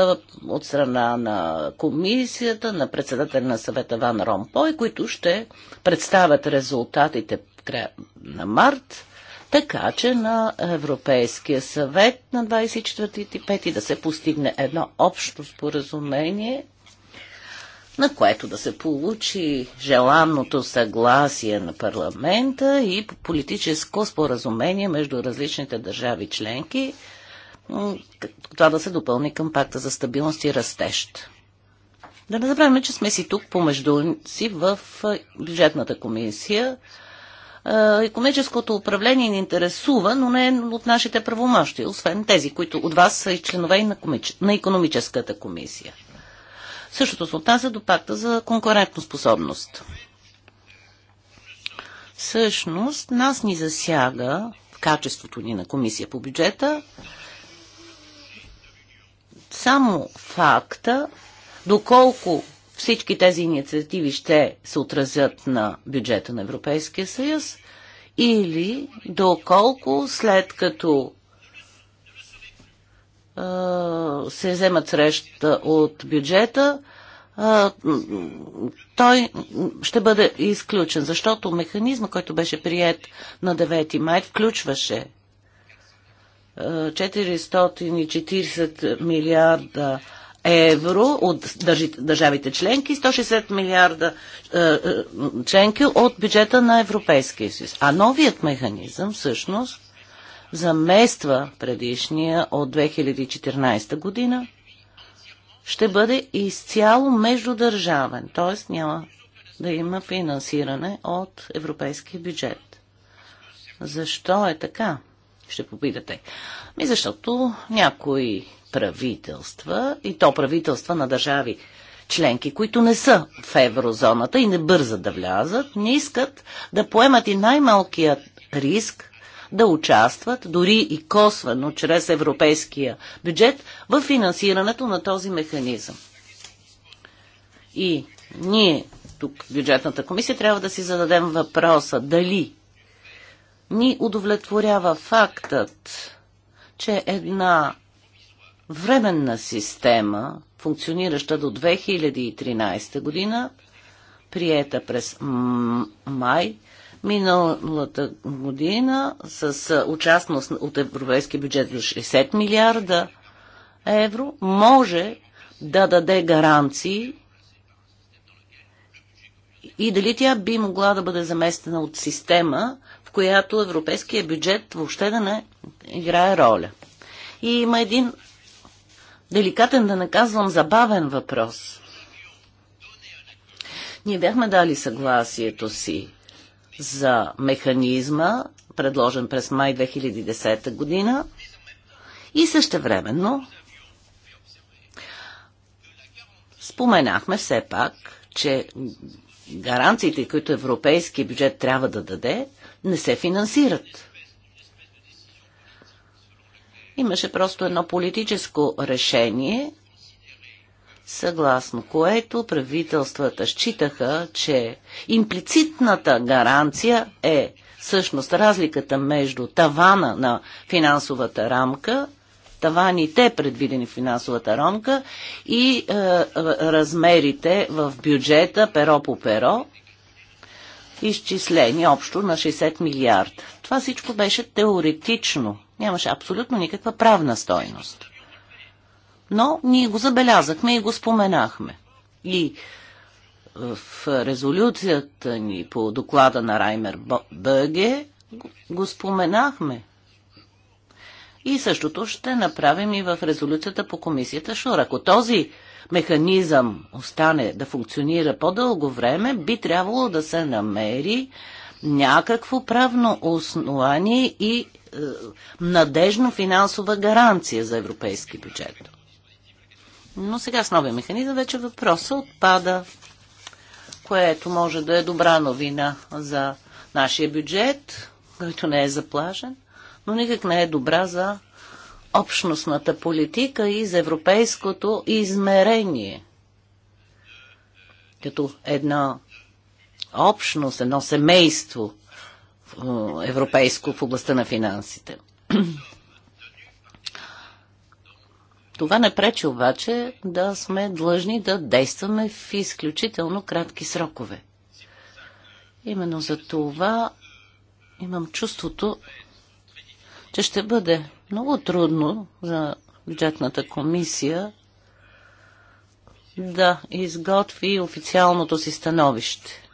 Speaker 2: от страна на комисията, на председателя на съвета Ван Ромпой, които ще представят резултатите в края на март така че на Европейския съвет на 24-5 да се постигне едно общо споразумение, на което да се получи желанното съгласие на парламента и политическо споразумение между различните държави членки, това да се допълни към пакта за стабилност и растеж. Да не забравяме, че сме си тук помежду си в бюджетната комисия, е, економическото управление ни интересува, но не от нашите правомощи, освен тези, които от вас са и членове на, комич... на економическата комисия. Същото се отнася до пакта за конкурентоспособност. Всъщност, нас ни засяга в качеството ни на комисия по бюджета само факта, доколко всички тези инициативи ще се отразят на бюджета на Европейския съюз или доколко след като се вземат среща от бюджета, той ще бъде изключен, защото механизма, който беше прият на 9 май, включваше 440 милиарда евро от държавите членки, 160 милиарда е, е, членки от бюджета на Европейския съюз. А новият механизъм всъщност замества предишния от 2014 година, ще бъде изцяло междудържавен, т.е. няма да има финансиране от европейския бюджет. Защо е така? Ще попитате. Ми защото някои правителства, и то правителства на държави членки, които не са в еврозоната и не бързат да влязат, не искат да поемат и най-малкият риск да участват, дори и косвено, чрез европейския бюджет, в финансирането на този механизъм. И ние, тук бюджетната комисия, трябва да си зададем въпроса дали ни удовлетворява фактът, че една временна система, функционираща до 2013 година, приета през май миналата година с участност от европейски бюджет за 60 милиарда евро, може да даде гаранции и дали тя би могла да бъде заместена от система, в която европейския бюджет въобще да не играе роля. И има един деликатен, да наказвам забавен въпрос. Ние бяхме дали съгласието си за механизма, предложен през май 2010 година и същевременно споменахме все пак, че гаранциите, които европейски бюджет трябва да даде, не се финансират. Имаше просто едно политическо решение, съгласно което правителствата считаха, че имплицитната гаранция е всъщност разликата между тавана на финансовата рамка, таваните предвидени в финансовата рамка и е, размерите в бюджета перо по перо, изчислени общо на 60 милиарда. Това всичко беше теоретично Нямаше абсолютно никаква правна стойност. Но ние го забелязахме и го споменахме. И е, в резолюцията ни по доклада на Раймер Бъге го споменахме. И същото ще направим и в резолюцията по комисията Шур. Ако този механизъм остане да функционира по-дълго време, би трябвало да се намери някакво правно основание и е, Надежно финансова гаранция за европейски бюджет. Но сега с новия механизъм вече въпроса отпада, което може да е добра новина за нашия бюджет, който не е заплажен, но никак не е добра за общностната политика и за европейското измерение. Като една общност, едно семейство европейско в областта на финансите. Това не пречи обаче да сме длъжни да действаме в изключително кратки срокове. Именно за това имам чувството, че ще бъде много трудно за бюджетната комисия да изготви официалното си становище.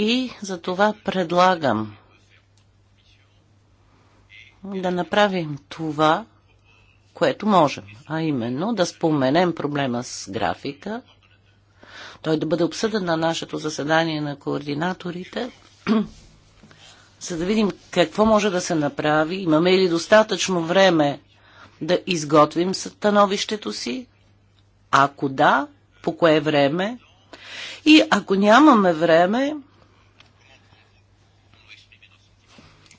Speaker 2: И за това предлагам да направим това, което можем, а именно да споменем проблема с графика, той да бъде обсъден на нашето заседание на координаторите, (clears throat) за да видим какво може да се направи, имаме ли достатъчно време да изготвим становището си, ако да, по кое време, и ако нямаме време,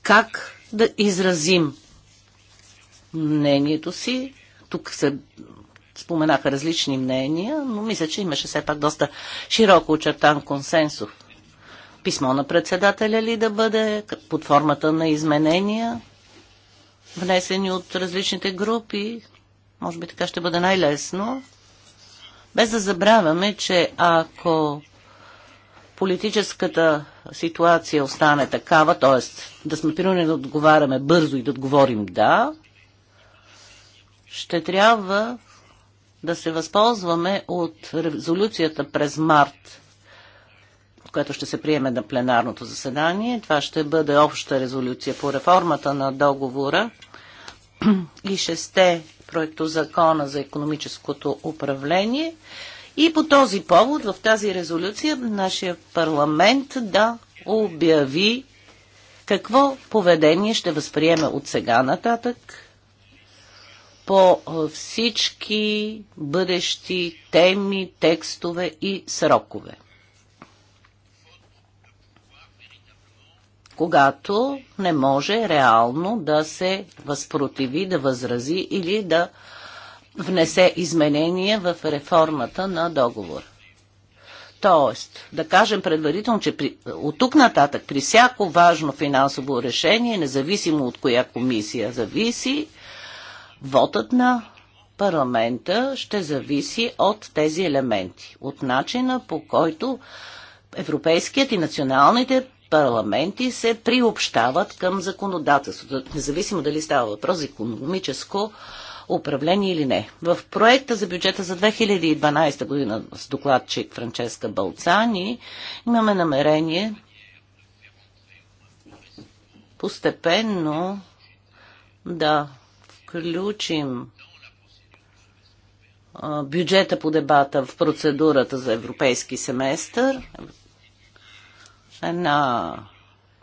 Speaker 2: как да изразим мнението си. Тук се споменаха различни мнения, но мисля, че имаше все пак доста широко очертан консенсус. Писмо на председателя ли да бъде под формата на изменения, внесени от различните групи? Може би така ще бъде най-лесно. Без да забравяме, че ако политическата ситуация остане такава, т.е. да сме принудени да отговаряме бързо и да отговорим да, ще трябва да се възползваме от резолюцията през март, която ще се приеме на пленарното заседание. Това ще бъде обща резолюция по реформата на договора и шесте проекто закона за економическото управление. И по този повод в тази резолюция нашия парламент да обяви какво поведение ще възприеме от сега нататък по всички бъдещи теми, текстове и срокове. Когато не може реално да се възпротиви, да възрази или да внесе изменения в реформата на договор. Тоест, да кажем предварително, че при, от тук нататък при всяко важно финансово решение, независимо от коя комисия зависи, вотът на парламента ще зависи от тези елементи, от начина по който европейският и националните парламенти се приобщават към законодателството, независимо дали става въпрос за економическо управление или не. В проекта за бюджета за 2012 година с докладчик Франческа Балцани имаме намерение постепенно да включим бюджета по дебата в процедурата за европейски семестър. Една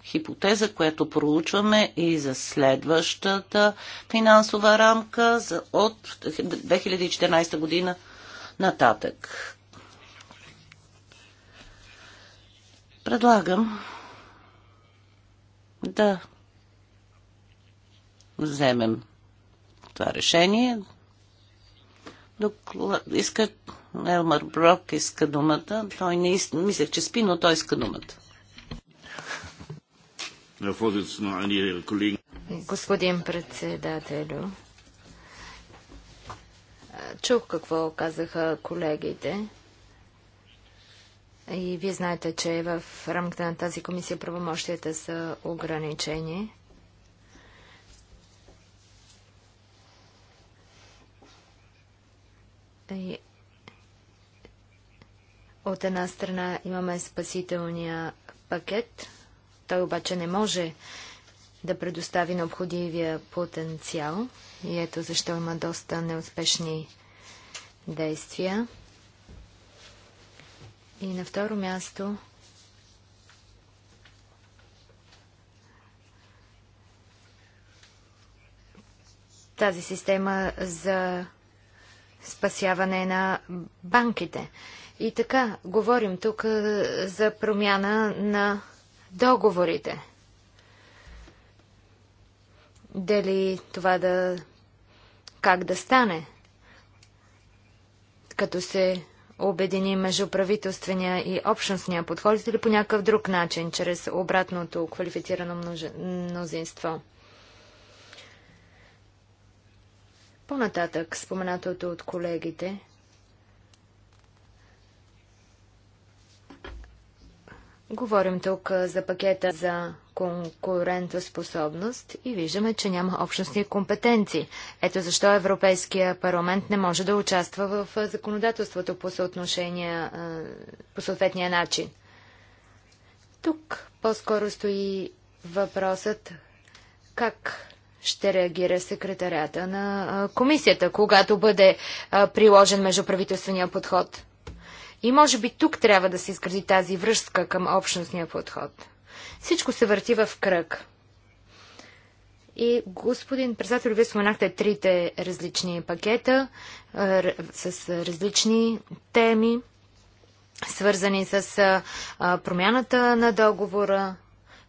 Speaker 2: хипотеза, която проучваме и за следващата финансова рамка за от 2014 година нататък. Предлагам да вземем това решение. Докла... Иска... Елмар Брок иска думата. Той не иска... мислех, че спи, но той иска думата.
Speaker 4: Господин председателю, чух какво казаха колегите. И вие знаете, че в рамките на тази комисия правомощията са ограничени. И от една страна имаме спасителния пакет – той обаче не може да предостави необходимия потенциал и ето защо има доста неуспешни действия. И на второ място тази система за спасяване на банките. И така, говорим тук за промяна на договорите. Дали това да... как да стане? Като се обедини между правителствения и общностния подход или по някакъв друг начин, чрез обратното квалифицирано мнозинство. По-нататък, споменатото от колегите, Говорим тук за пакета за конкурентоспособност и виждаме, че няма общностни компетенции. Ето защо Европейския парламент не може да участва в законодателството по, съотношение, по съответния начин. Тук по-скоро стои въпросът как ще реагира секретарята на комисията, когато бъде приложен междуправителствения подход. И може би тук трябва да се изгради тази връзка към общностния подход. Всичко се върти в кръг. И господин председател, вие споменахте трите различни пакета с различни теми, свързани с промяната на договора,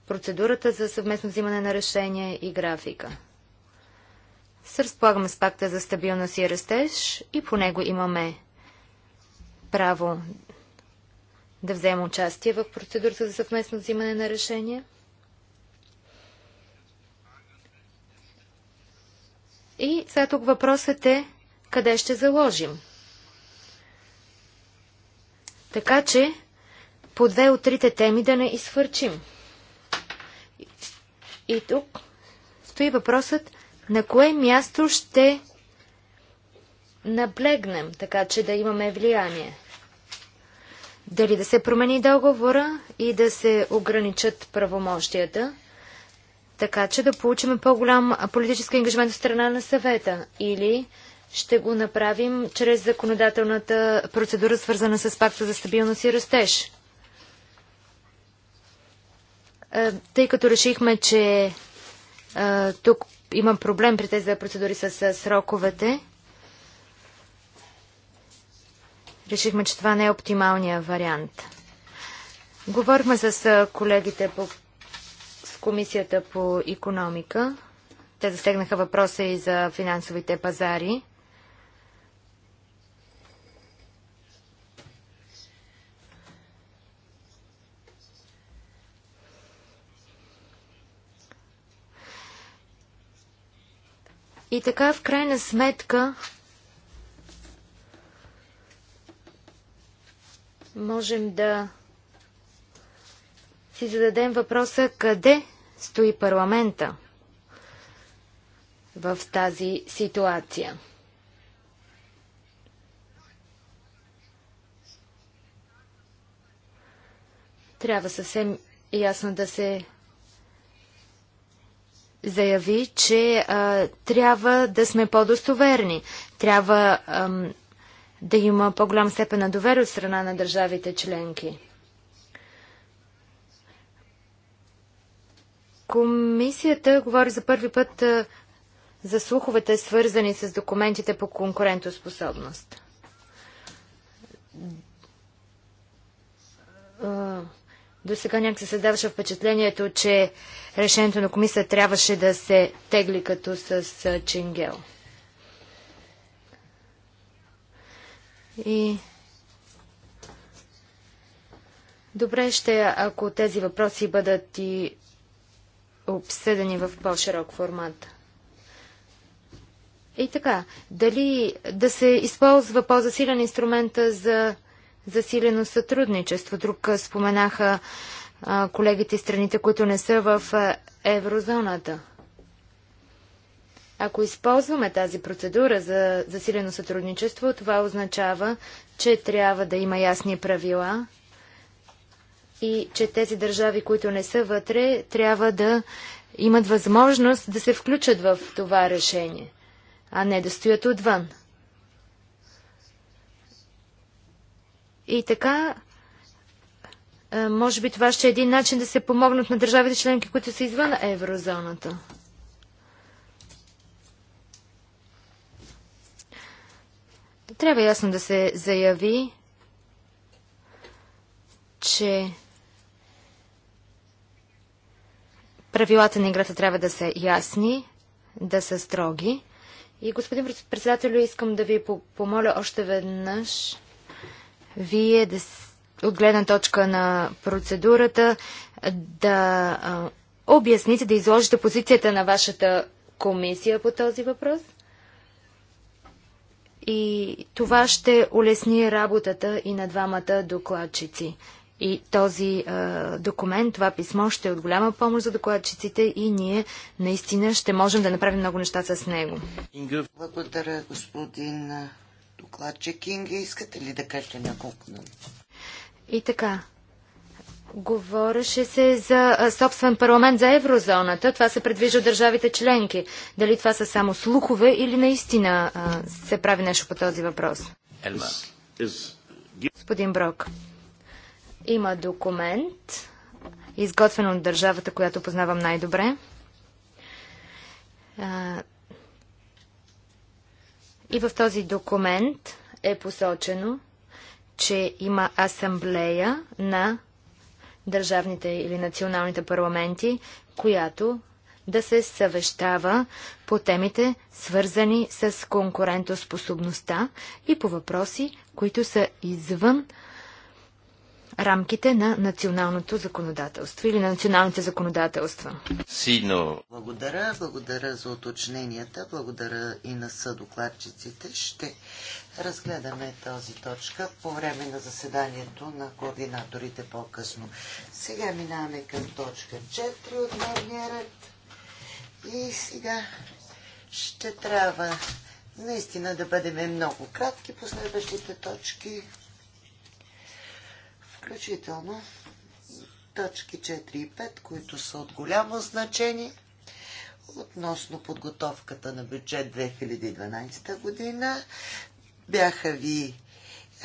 Speaker 4: процедурата за съвместно взимане на решение и графика. Се разполагаме с пакта за стабилност и растеж и по него имаме право да взема участие в процедурата за съвместно взимане на решение. И сега тук въпросът е къде ще заложим. Така че по две от трите теми да не изхвърчим. И тук стои въпросът на кое място ще наблегнем, така че да имаме влияние. Дали да се промени договора и да се ограничат правомощията, така че да получим по-голям политически ангажимент от страна на съвета или ще го направим чрез законодателната процедура, свързана с пакта за стабилност и растеж. Е, тъй като решихме, че е, тук има проблем при тези процедури с е, сроковете, решихме, че това не е оптималният вариант. Говорихме с колегите по, с комисията по економика. Те засегнаха въпроса и за финансовите пазари. И така, в крайна сметка, можем да си зададем въпроса къде стои парламента в тази ситуация. Трябва съвсем ясно да се заяви, че а, трябва да сме по-достоверни. Трябва а, да има по-голям степен на доверие от страна на държавите членки. Комисията говори за първи път за слуховете, свързани с документите по конкурентоспособност. До сега някак се създаваше впечатлението, че решението на комисията трябваше да се тегли като с Чингел. И добре ще, ако тези въпроси бъдат и обсъдени в по-широк формат. И така, дали да се използва по-засилен инструмента за засилено сътрудничество? Друг споменаха колегите и страните, които не са в еврозоната. Ако използваме тази процедура за засилено сътрудничество, това означава, че трябва да има ясни правила и че тези държави, които не са вътре, трябва да имат възможност да се включат в това решение, а не да стоят отвън. И така, е, може би това ще е един начин да се помогнат на държавите членки, които са извън еврозоната. Трябва ясно да се заяви, че правилата на играта трябва да са ясни, да са строги. И, господин председател, искам да ви помоля още веднъж вие да от гледна точка на процедурата да а, обясните, да изложите позицията на вашата комисия по този въпрос. И това ще улесни работата и на двамата докладчици. И този е, документ, това писмо ще е от голяма помощ за докладчиците и ние наистина ще можем да направим много неща с него.
Speaker 3: Благодаря, господин докладчик Кинга. Искате ли да кажете няколко думи?
Speaker 4: И така, Говореше се за собствен парламент за еврозоната. Това се предвижда от държавите членки. Дали това са само слухове или наистина се прави нещо по този въпрос? Господин Брок, има документ, изготвен от държавата, която познавам най-добре. И в този документ е посочено, че има асамблея на държавните или националните парламенти, която да се съвещава по темите, свързани с конкурентоспособността и по въпроси, които са извън рамките на националното законодателство или на националните законодателства.
Speaker 1: Сино.
Speaker 3: Благодаря, благодаря за уточненията, благодаря и на съдокладчиците. Ще разгледаме тази точка по време на заседанието на координаторите по-късно. Сега минаваме към точка 4 от дневния ред. И сега ще трябва наистина да бъдем много кратки по следващите точки включително точки 4 и 5, които са от голямо значение относно подготовката на бюджет 2012 година. Бяха ви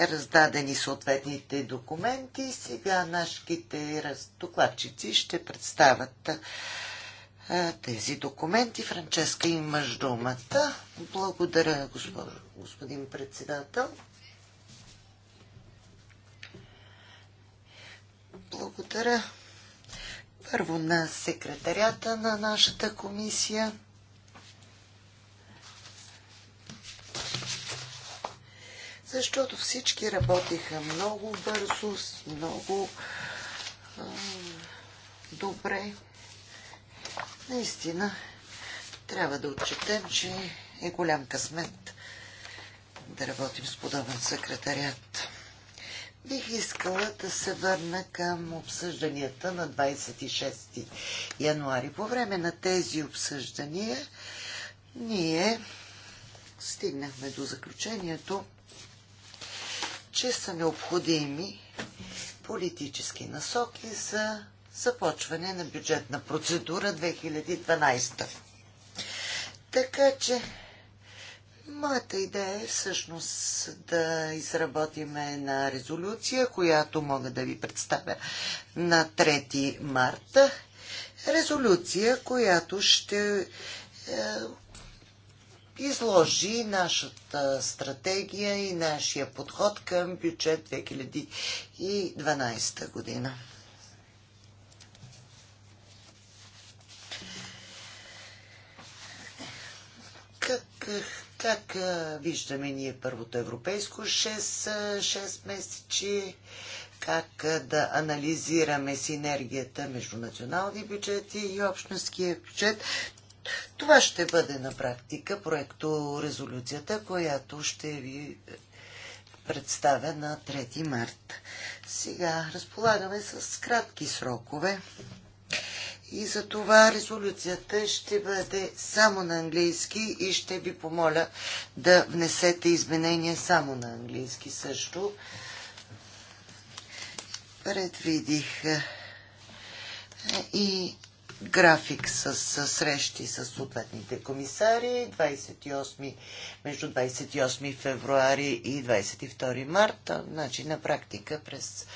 Speaker 3: раздадени съответните документи. Сега нашите докладчици ще представят тези документи. Франческа, имаш думата. Благодаря, господин председател. Благодаря. Първо на секретарята на нашата комисия. Защото всички работиха много бързо, много а, добре. Наистина, трябва да отчетем, че е голям късмет да работим с подобен секретарият. Бих искала да се върна към обсъжданията на 26 януари. По време на тези обсъждания ние стигнахме до заключението, че са необходими политически насоки за започване на бюджетна процедура 2012. Така че Моята идея е всъщност да изработиме една резолюция, която мога да ви представя на 3 марта. Резолюция, която ще е, изложи нашата стратегия и нашия подход към бюджет 2012 година. Как как виждаме ние първото европейско 6, 6 месечи, как да анализираме синергията между национални бюджети и общностския бюджет. Това ще бъде на практика проекто резолюцията, която ще ви е, представя на 3 март. Сега разполагаме с кратки срокове. И за това резолюцията ще бъде само на английски и ще ви помоля да внесете изменения само на английски също. Предвидих е, и график с, срещи с съответните комисари 28, между 28 февруари и 22 марта, значи на практика през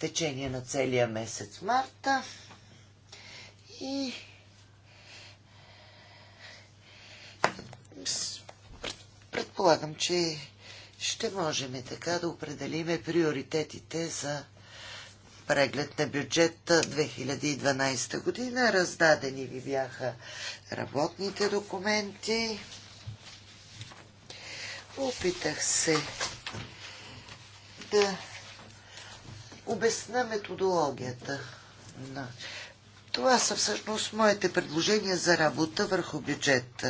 Speaker 3: течение на целия месец марта. И предполагам, че ще можем така да определиме приоритетите за преглед на бюджет 2012 година. Раздадени ви бяха работните документи. Опитах се да обясна методологията на това са всъщност моите предложения за работа върху бюджет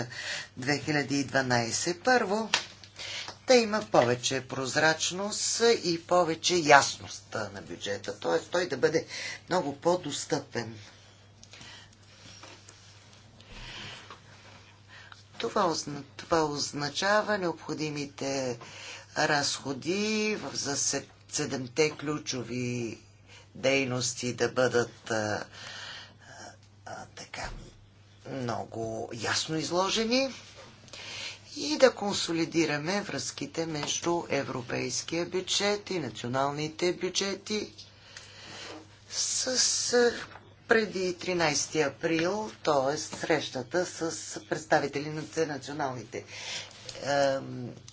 Speaker 3: 2012. Първо, да има повече прозрачност и повече ясност на бюджета, т.е. той да бъде много по-достъпен. Това, това означава необходимите разходи за седемте ключови дейности да бъдат а, така много ясно изложени и да консолидираме връзките между европейския бюджет и националните бюджети с преди 13 април, т.е. срещата с представители на националните е,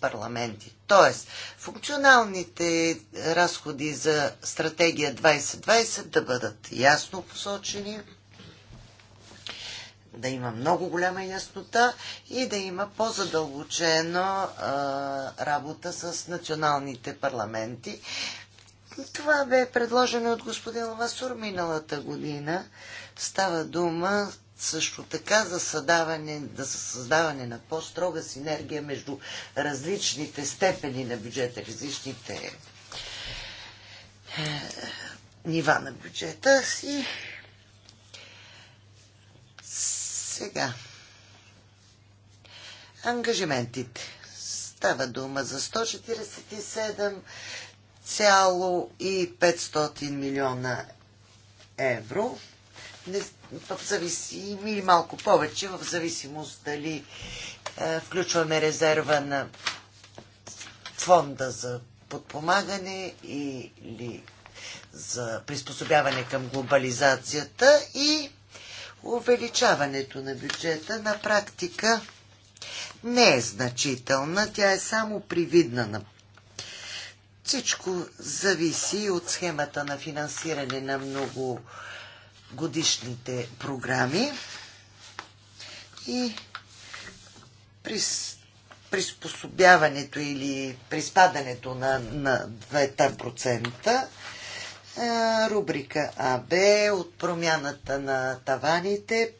Speaker 3: парламенти. Т.е. функционалните разходи за стратегия 2020 да бъдат ясно посочени да има много голяма яснота и да има по-задълбочена работа с националните парламенти. Това бе предложено от господин Лавасур миналата година. Става дума също така за създаване, да създаване на по-строга синергия между различните степени на бюджета, различните е, нива на бюджета си. Сега. Ангажиментите. Става дума за 147,500 милиона евро. Не, в зависи, или малко повече, в зависимост дали е, включваме резерва на фонда за подпомагане или за приспособяване към глобализацията и увеличаването на бюджета на практика не е значителна, тя е само привидна всичко зависи от схемата на финансиране на много годишните програми и приспособяването или приспадането на, на 2% е, рубрика АБ от промяната на таваните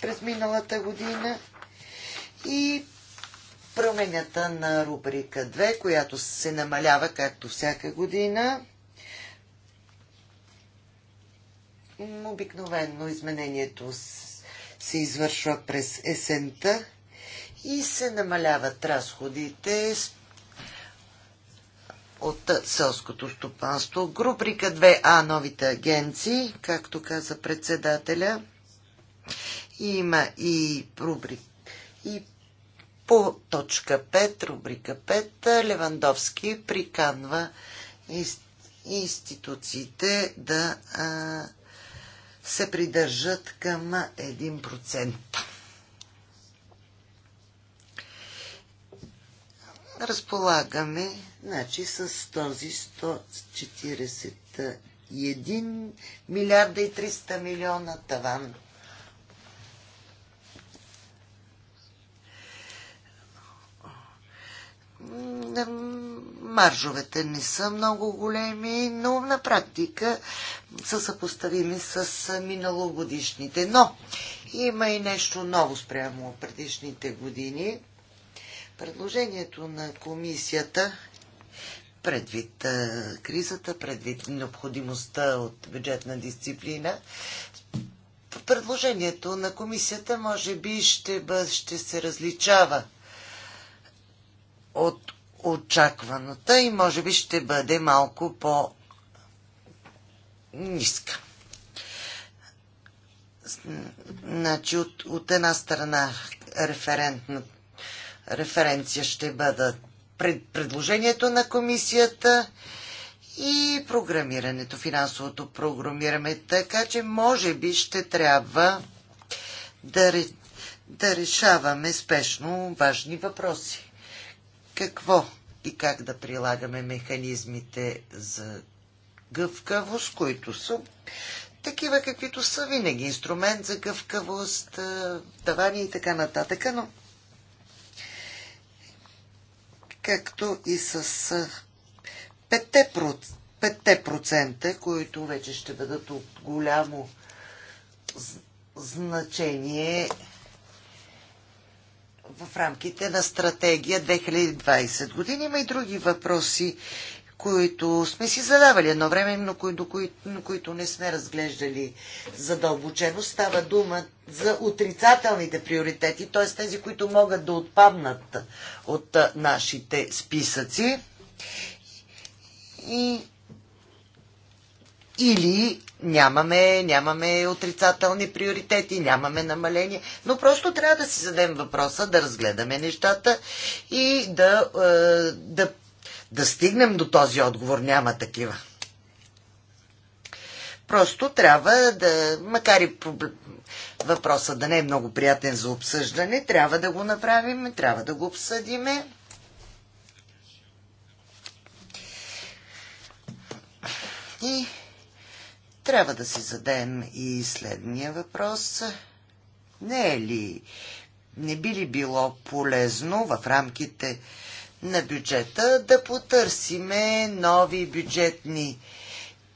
Speaker 3: през миналата година и променята на рубрика 2, която се намалява както всяка година. Обикновено изменението се извършва през есента и се намаляват разходите с от селското стопанство. Груприка 2А новите агенции, както каза председателя. Има и рубрик и по точка 5, рубрика 5, Левандовски приканва институциите да а, се придържат към 1%. разполагаме значи, с този 141 милиарда и 300 милиона таван. Маржовете не са много големи, но на практика са съпоставими с миналогодишните. Но има и нещо ново спрямо предишните години – Предложението на комисията предвид кризата, предвид необходимостта от бюджетна дисциплина, предложението на комисията може би ще, бъ, ще се различава от очакваната и може би ще бъде малко по ниска. Значи от, от една страна референтната референция ще бъдат пред предложението на комисията и програмирането, финансовото програмиране. Така че може би ще трябва да, да решаваме спешно важни въпроси. Какво и как да прилагаме механизмите за гъвкавост, които са такива, каквито са винаги. Инструмент за гъвкавост, давания и така нататък, но както и с 5%, които вече ще бъдат от голямо значение в рамките на стратегия 2020 години. Има и други въпроси, които сме си задавали едно време, но които, но които не сме разглеждали задълбочено. Става дума за отрицателните приоритети, т.е. тези, които могат да отпаднат от нашите списъци. И или нямаме, нямаме отрицателни приоритети, нямаме намаление, но просто трябва да си зададем въпроса, да разгледаме нещата и да, да да стигнем до този отговор. Няма такива. Просто трябва да, макар и въпросът да не е много приятен за обсъждане, трябва да го направим, трябва да го обсъдиме. И трябва да си зададем и следния въпрос. Не е ли, не би ли било полезно в рамките на бюджета, да потърсиме нови бюджетни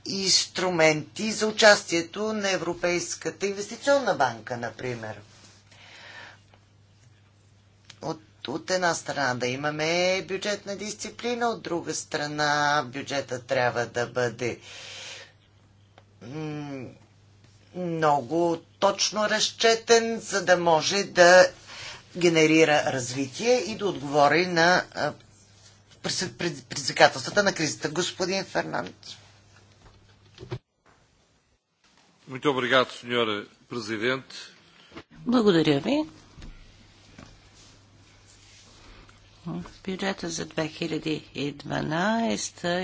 Speaker 3: инструменти за участието на Европейската инвестиционна банка, например. От, от една страна да имаме бюджетна дисциплина, от друга страна бюджета трябва да бъде много точно разчетен, за да може да генерира развитие и да отговори на предизвикателствата на кризата. Господин Фернанд.
Speaker 2: Благодаря ви. Бюджета за 2012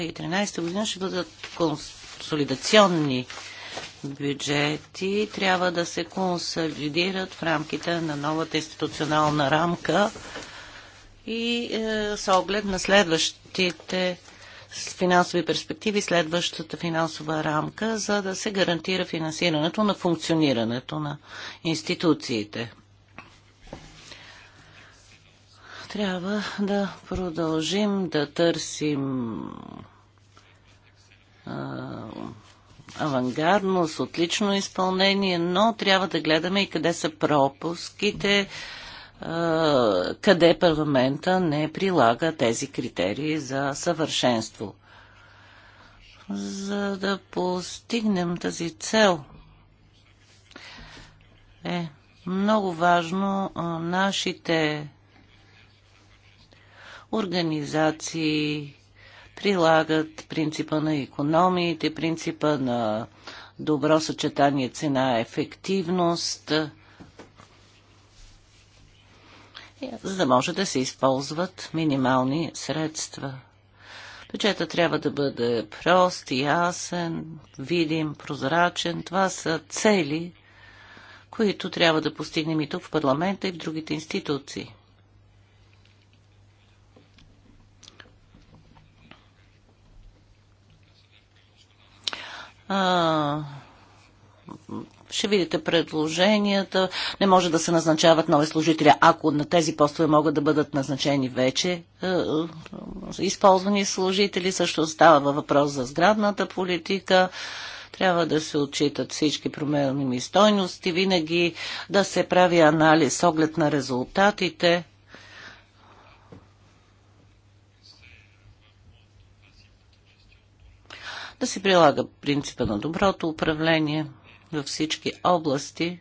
Speaker 2: и 2013 година ще бъдат консолидационни бюджети трябва да се консолидират в рамките на новата институционална рамка и е, с оглед на следващите финансови перспективи, следващата финансова рамка, за да се гарантира финансирането на функционирането на институциите. Трябва да продължим да търсим е, Авангардност, отлично изпълнение, но трябва да гледаме и къде са пропуските, къде парламента не прилага тези критерии за съвършенство. За да постигнем тази цел е много важно нашите организации, прилагат принципа на економиите, принципа на добро съчетание цена-ефективност, за да може да се използват минимални средства. Бюджета трябва да бъде прост, ясен, видим, прозрачен. Това са цели, които трябва да постигнем и тук в парламента и в другите институции. А, ще видите предложенията. Не може да се назначават нови служители, ако на тези постове могат да бъдат назначени вече е, е, използвани служители. Също става въпрос за сградната политика. Трябва да се отчитат всички промерни стойности, винаги да се прави анализ с оглед на резултатите. да се прилага принципа на доброто управление във всички области,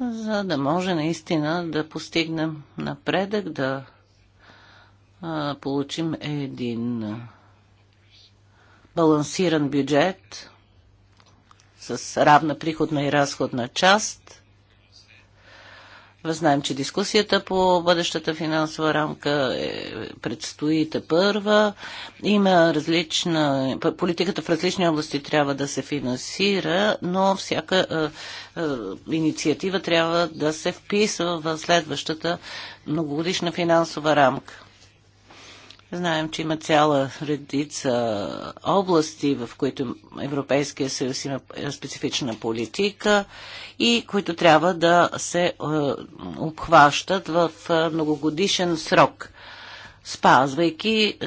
Speaker 2: за да може наистина да постигнем напредък, да а, получим един балансиран бюджет с равна приходна и разходна част – Знаем, че дискусията по бъдещата финансова рамка е, предстои те първа. Има различна... Политиката в различни области трябва да се финансира, но всяка е, е, инициатива трябва да се вписва в следващата многогодишна финансова рамка. Знаем, че има цяла редица области, в които Европейския съюз има специфична политика и които трябва да се е, обхващат в е, многогодишен срок, спазвайки е,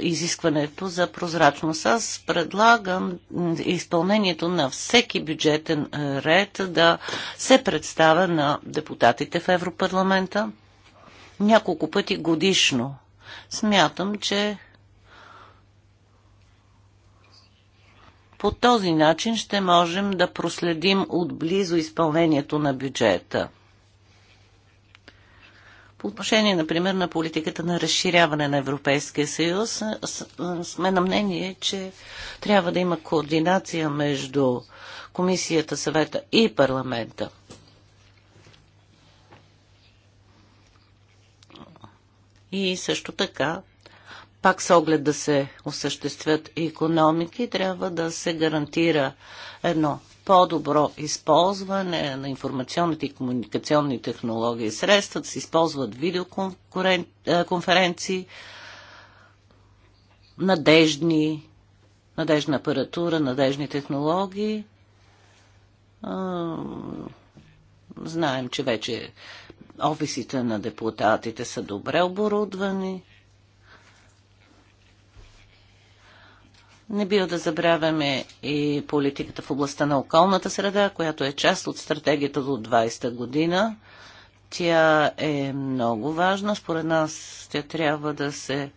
Speaker 2: изискването за прозрачност. Аз предлагам изпълнението на всеки бюджетен ред да се представя на депутатите в Европарламента няколко пъти годишно Смятам, че по този начин ще можем да проследим отблизо изпълнението на бюджета. По отношение, например, на политиката на разширяване на Европейския съюз, сме на мнение, че трябва да има координация между Комисията, съвета и парламента. и също така пак с оглед да се осъществят економики, трябва да се гарантира едно по-добро използване на информационните и комуникационни технологии и средства, да се използват видеоконференции, надежни, надежна апаратура, надежни технологии. Знаем, че вече Офисите на депутатите са добре оборудвани. Не бива да забравяме и политиката в областта на околната среда, която е част от стратегията до 20-та година. Тя е много важна. Според нас тя трябва да се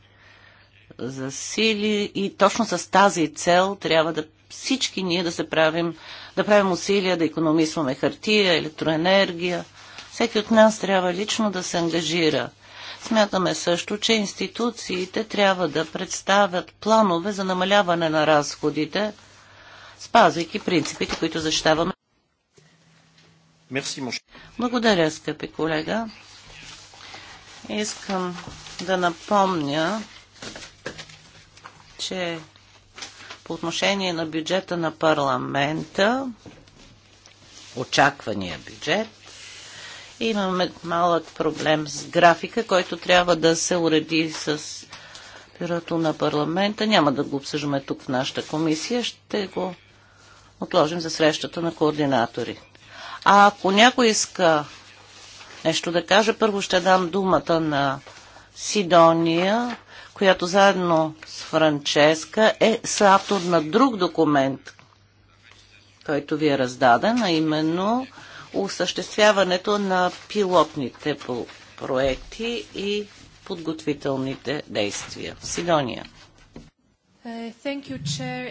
Speaker 2: засили и точно с тази цел трябва да всички ние да се правим, да правим усилия да економисваме хартия, електроенергия – всеки от нас трябва лично да се ангажира. Смятаме също, че институциите трябва да представят планове за намаляване на разходите, спазвайки принципите, които защитаваме. Благодаря, скъпи колега. Искам да напомня, че по отношение на бюджета на парламента, очаквания бюджет, Имаме малък проблем с графика, който трябва да се уреди с бюрото на парламента. Няма да го обсъждаме тук в нашата комисия. Ще го отложим за срещата на координатори. А ако някой иска нещо да каже, първо ще дам думата на Сидония, която заедно с Франческа е съавтор на друг документ, който ви е раздаден, а именно осъществяването на пилотните проекти и подготвителните действия. Сидония.
Speaker 4: Е,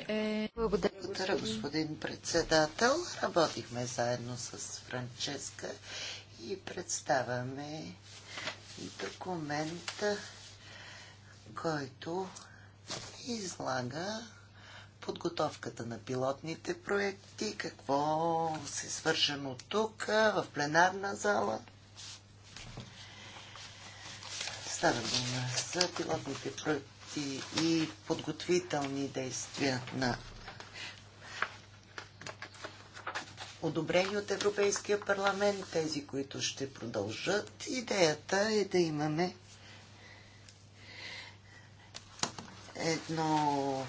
Speaker 4: е, Благодаря, господин
Speaker 3: председател. Работихме заедно с Франческа и представяме документ, който излага подготовката на пилотните проекти, какво се свършено тук, в пленарна зала. Става дума за пилотните проекти и подготвителни действия на одобрени от Европейския парламент, тези, които ще продължат. Идеята е да имаме едно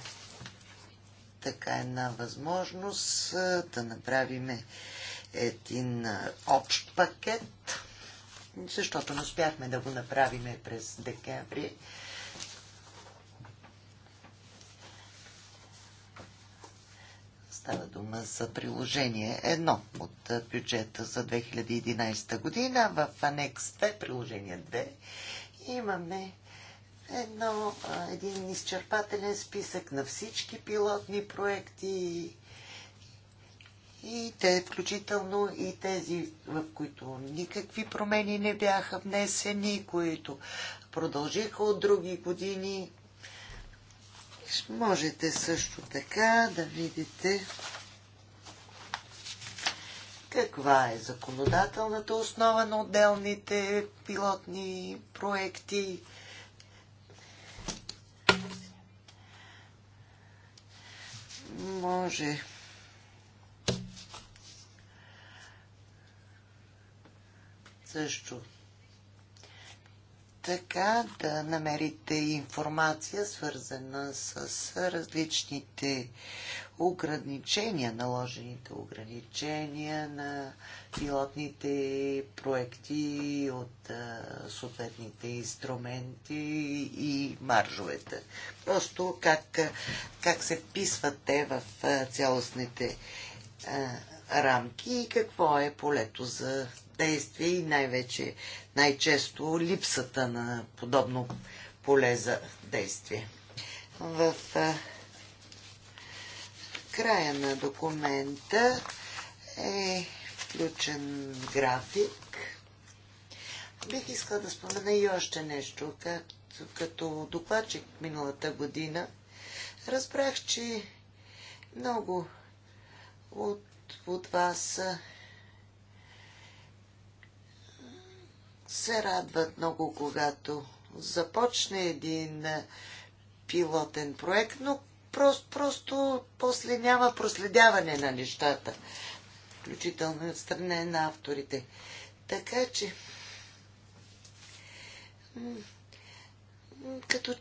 Speaker 3: така една възможност да направим един общ пакет, защото не успяхме да го направим през декември. Става дума за приложение 1 от бюджета за 2011 година. В анекс 2, приложение 2, имаме едно, един изчерпателен списък на всички пилотни проекти и те, включително и тези, в които никакви промени не бяха внесени, които продължиха от други години. Можете също така да видите каква е законодателната основа на отделните пилотни проекти може също така да намерите информация, свързана с различните ограничения, наложените ограничения на пилотните проекти от съответните инструменти и маржовете. Просто как, как се вписват те в цялостните рамки и какво е полето за действие и най-вече, най-често липсата на подобно поле за действие. В края на документа е включен график. Бих искала да спомена и още нещо. Както като докладчик миналата година, разбрах, че много от, от вас се радват много, когато започне един е, пилотен проект, но просто, просто после няма проследяване на нещата, включително и от страна на авторите. Така че, като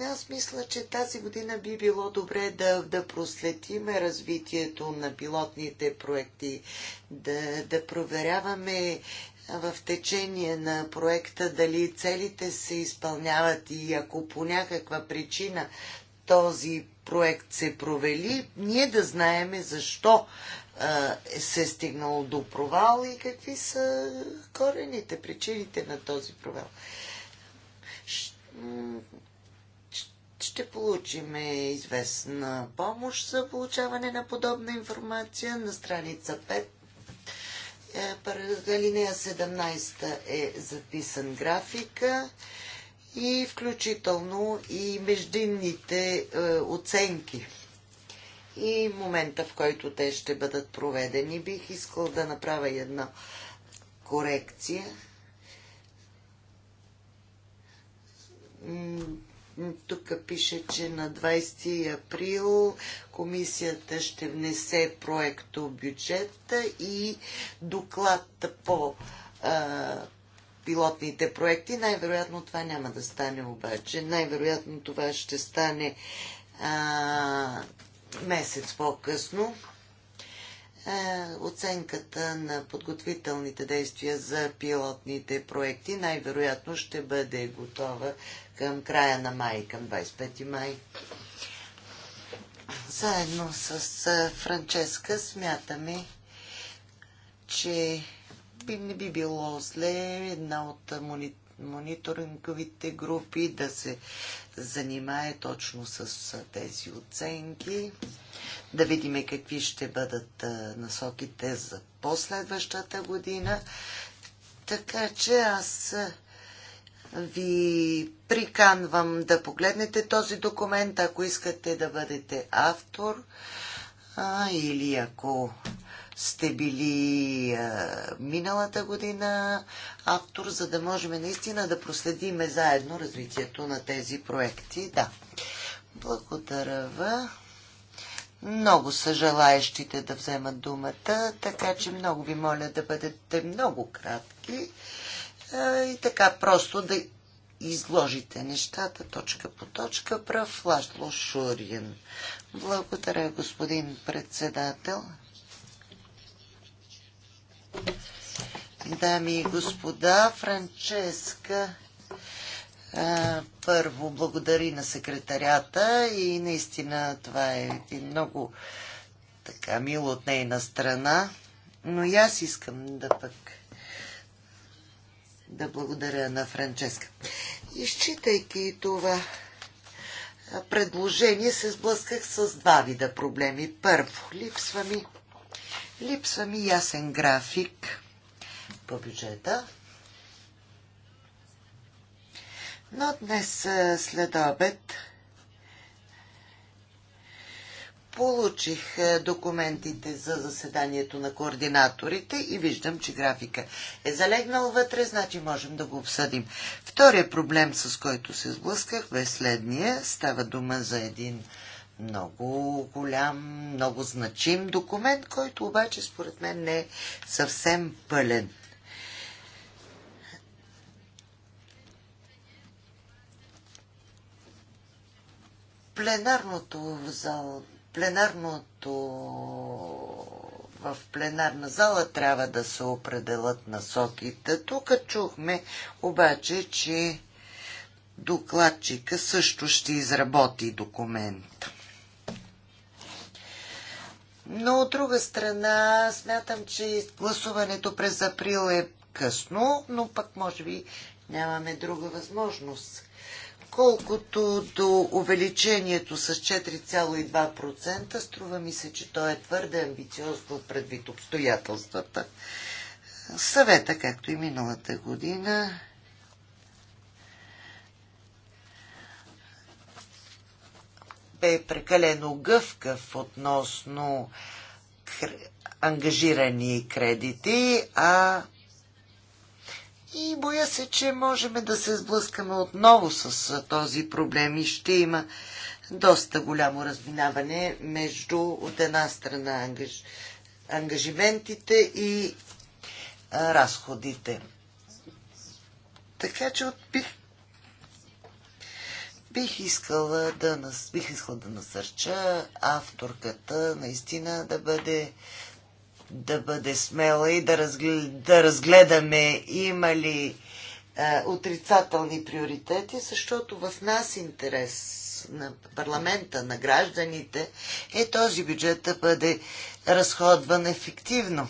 Speaker 3: аз мисля, че тази година би било добре да, да проследиме развитието на пилотните проекти, да, да проверяваме в течение на проекта дали целите се изпълняват и ако по някаква причина този проект се провели, ние да знаеме защо а, се е стигнало до провал и какви са корените, причините на този провал. Ще получим известна помощ за получаване на подобна информация на страница е, алинея 17 е записан графика и включително и междинните е, оценки и момента, в който те ще бъдат проведени. Бих искал да направя една корекция тук пише, че на 20 април комисията ще внесе проекто бюджета и доклад по а, пилотните проекти. Най-вероятно това няма да стане обаче. Най-вероятно това ще стане а, месец по-късно. Е, оценката на подготвителните действия за пилотните проекти най-вероятно ще бъде готова към края на май, към 25 май. Заедно с е, Франческа смятаме, че би, не би било зле една от мониторинговите групи да се занимае точно с е, тези оценки да видим какви ще бъдат насоките за последващата година. Така че аз ви приканвам да погледнете този документ, ако искате да бъдете автор а, или ако сте били а, миналата година автор, за да можем наистина да проследиме заедно развитието на тези проекти. Да. Благодаря ви. Много са желаещите да вземат думата, така че много ви моля да бъдете много кратки и така просто да изложите нещата точка по точка. Прав Лашло Шурин. Благодаря, господин председател. Дами и господа, Франческа първо благодари на секретарята и наистина това е един много така мило от нейна страна. Но и аз искам да пък да благодаря на Франческа. Изчитайки това предложение, се сблъсках с два вида проблеми. Първо, липсва ми, липсва ми ясен график по бюджета. Но днес след обед получих документите за заседанието на координаторите и виждам, че графика е залегнал вътре, значи можем да го обсъдим. Втория проблем, с който се сблъсках, бе е следния. Става дума за един много голям, много значим документ, който обаче според мен не е съвсем пълен. пленарното зал, пленарното в пленарна зала трябва да се определят насоките. Тук чухме обаче, че докладчика също ще изработи документ. Но от друга страна, смятам, че гласуването през април е късно, но пък може би нямаме друга възможност. Колкото до увеличението с 4,2%, струва ми се, че то е твърде амбициозно предвид обстоятелствата. Съвета, както и миналата година, бе прекалено гъвкав относно ангажирани кредити, а и боя се, че можем да се сблъскаме отново с този проблем и ще има доста голямо разминаване между от една страна ангаж... ангажиментите и а, разходите. Така че от бих, бих искала да, нас... бих искала да насърча авторката наистина да бъде да бъде смела и да, разглед, да разгледаме има ли а, е, отрицателни приоритети, защото в нас интерес на парламента, на гражданите е този бюджет да бъде разходван ефективно.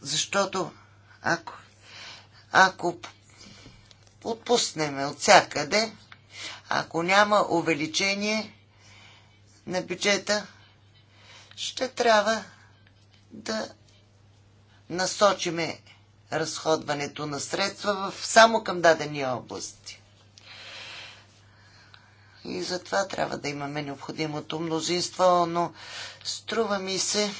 Speaker 3: Защото ако, ако отпуснеме от всякъде, ако няма увеличение на бюджета, ще трябва да насочиме разходването на средства в, само към дадени области. И затова трябва да имаме необходимото мнозинство, но струва ми се,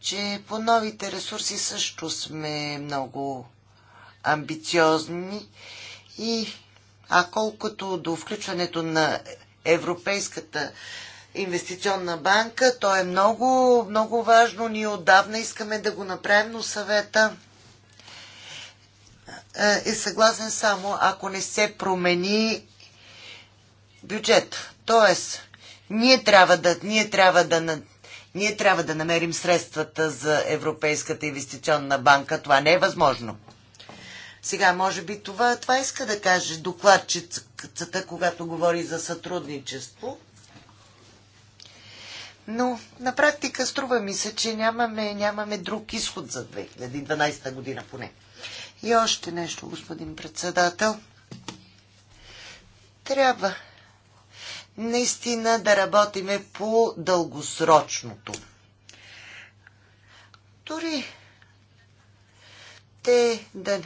Speaker 3: че по новите ресурси също сме много амбициозни и а колкото до включването на Европейската инвестиционна банка. То е много, много важно. Ние отдавна искаме да го направим, но съвета е, е съгласен само ако не се промени бюджет. Тоест, ние трябва да, ние трябва да, ние трябва да намерим средствата за Европейската инвестиционна банка. Това не е възможно. Сега, може би това, това иска да каже докладчицата, когато говори за сътрудничество но на практика струва ми се, че нямаме, нямаме друг изход за 2012 година поне. И още нещо, господин председател. Трябва наистина да работиме по дългосрочното. Дори те да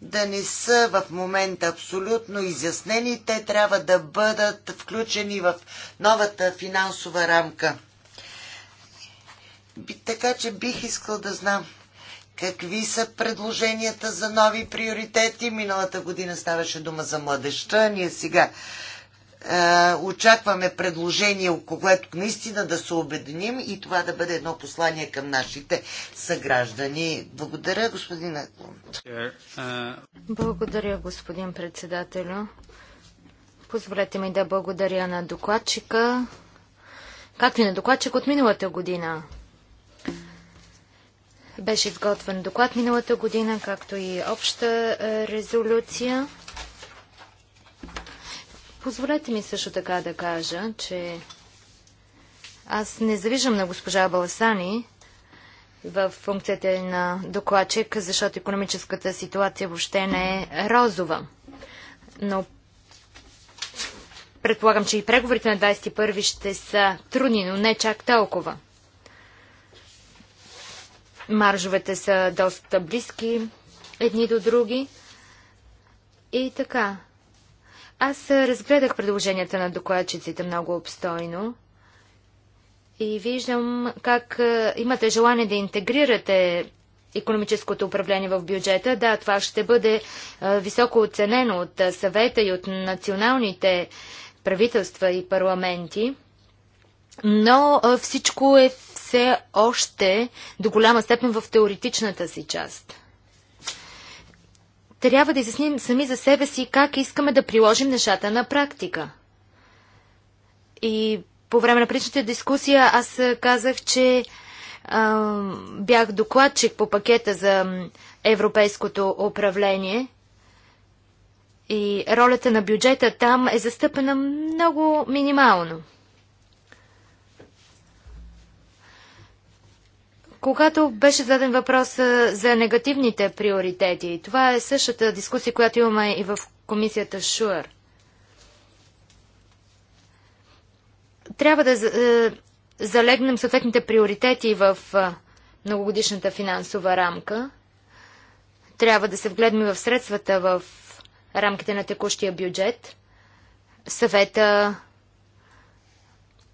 Speaker 3: да не са в момента абсолютно изяснени, те трябва да бъдат включени в новата финансова рамка. Така че бих искал да знам какви са предложенията за нови приоритети. Миналата година ставаше дума за младеща, ние сега е, очакваме предложение, около което наистина да се обединим и това да бъде едно послание към нашите съграждани. Благодаря, господин Аклунд.
Speaker 4: Благодаря, господин председателю. Позволете ми да благодаря на докладчика, както и на докладчик от миналата година. Беше изготвен доклад миналата година, както и обща е, резолюция. Позволете ми също така да кажа, че аз не завиждам на госпожа Баласани в функцията на докладчик, защото економическата ситуация въобще не е розова. Но предполагам, че и преговорите на 21 ви ще са трудни, но не чак толкова. Маржовете са доста близки едни до други. И така, аз разгледах предложенията на докладчиците много обстойно и виждам как имате желание да интегрирате економическото управление в бюджета. Да, това ще бъде високо оценено от съвета и от националните правителства и парламенти. Но всичко е все още до голяма степен в теоретичната си част трябва да изясним сами за себе си как искаме да приложим нещата на практика. И по време на предишната дискусия аз казах, че а, бях докладчик по пакета за европейското управление и ролята на бюджета там е застъпена много минимално. Когато беше заден въпрос за негативните приоритети, това е същата дискусия, която имаме и в комисията ШУР. Трябва да залегнем съответните приоритети в многогодишната финансова рамка. Трябва да се вгледаме в средствата в рамките на текущия бюджет. Съвета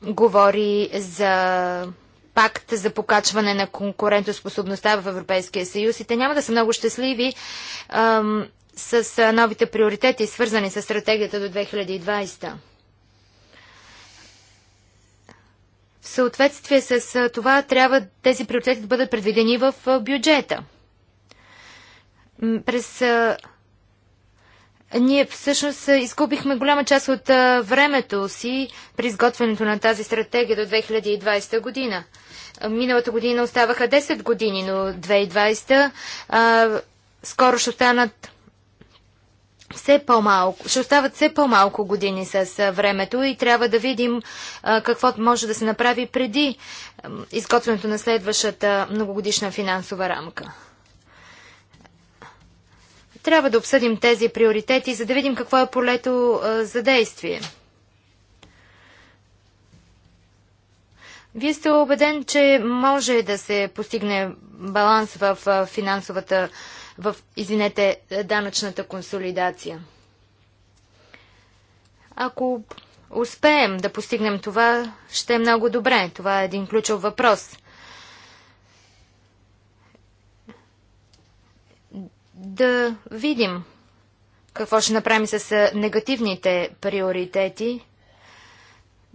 Speaker 4: говори за пакт за покачване на конкурентоспособността в Европейския съюз и те няма да са много щастливи ам, с новите приоритети, свързани с стратегията до 2020. В съответствие с това трябва тези приоритети да бъдат предвидени в бюджета. През ние всъщност изгубихме голяма част от времето си при изготвянето на тази стратегия до 2020 година. Миналата година оставаха 10 години, но 2020 а, скоро ще останат все по-малко, ще остават все по-малко години с времето и трябва да видим а, какво може да се направи преди а, изготвянето на следващата многогодишна финансова рамка. Трябва да обсъдим тези приоритети, за да видим какво е полето а, за действие. Вие сте убеден, че може да се постигне баланс в финансовата, в, извинете, данъчната консолидация. Ако успеем да постигнем това, ще е много добре. Това е един ключов въпрос. да видим какво ще направим с негативните приоритети.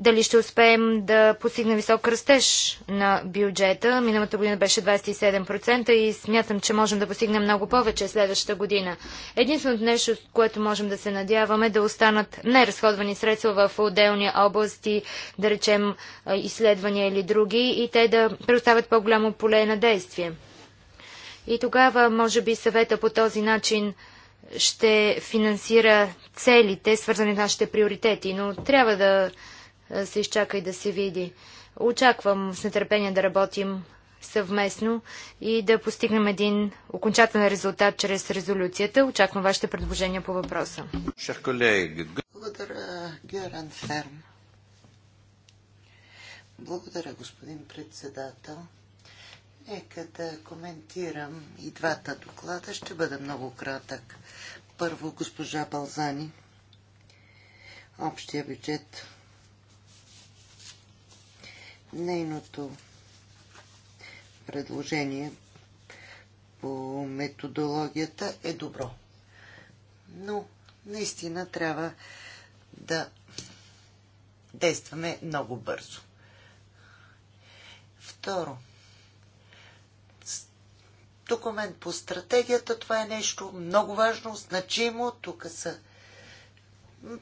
Speaker 4: Дали ще успеем да постигнем висок растеж на бюджета? Миналата година беше 27% и смятам, че можем да постигнем много повече следващата година. Единственото нещо, което можем да се надяваме, е да останат неразходвани средства в отделни области, да речем изследвания или други, и те да предоставят по-голямо поле на действие. И тогава, може би, съвета по този начин ще финансира целите, свързани с нашите приоритети, но трябва да се изчака и да се види. Очаквам с нетърпение да работим съвместно и да постигнем един окончателен резултат чрез резолюцията. Очаквам вашите предложения по въпроса.
Speaker 3: Благодаря, Геран Ферм. Благодаря, господин председател. Нека да коментирам и двата доклада. Ще бъда много кратък. Първо, госпожа Балзани. Общия бюджет. Нейното предложение по методологията е добро. Но наистина трябва да действаме много бързо. Второ, документ по стратегията. Това е нещо много важно, значимо. Тук са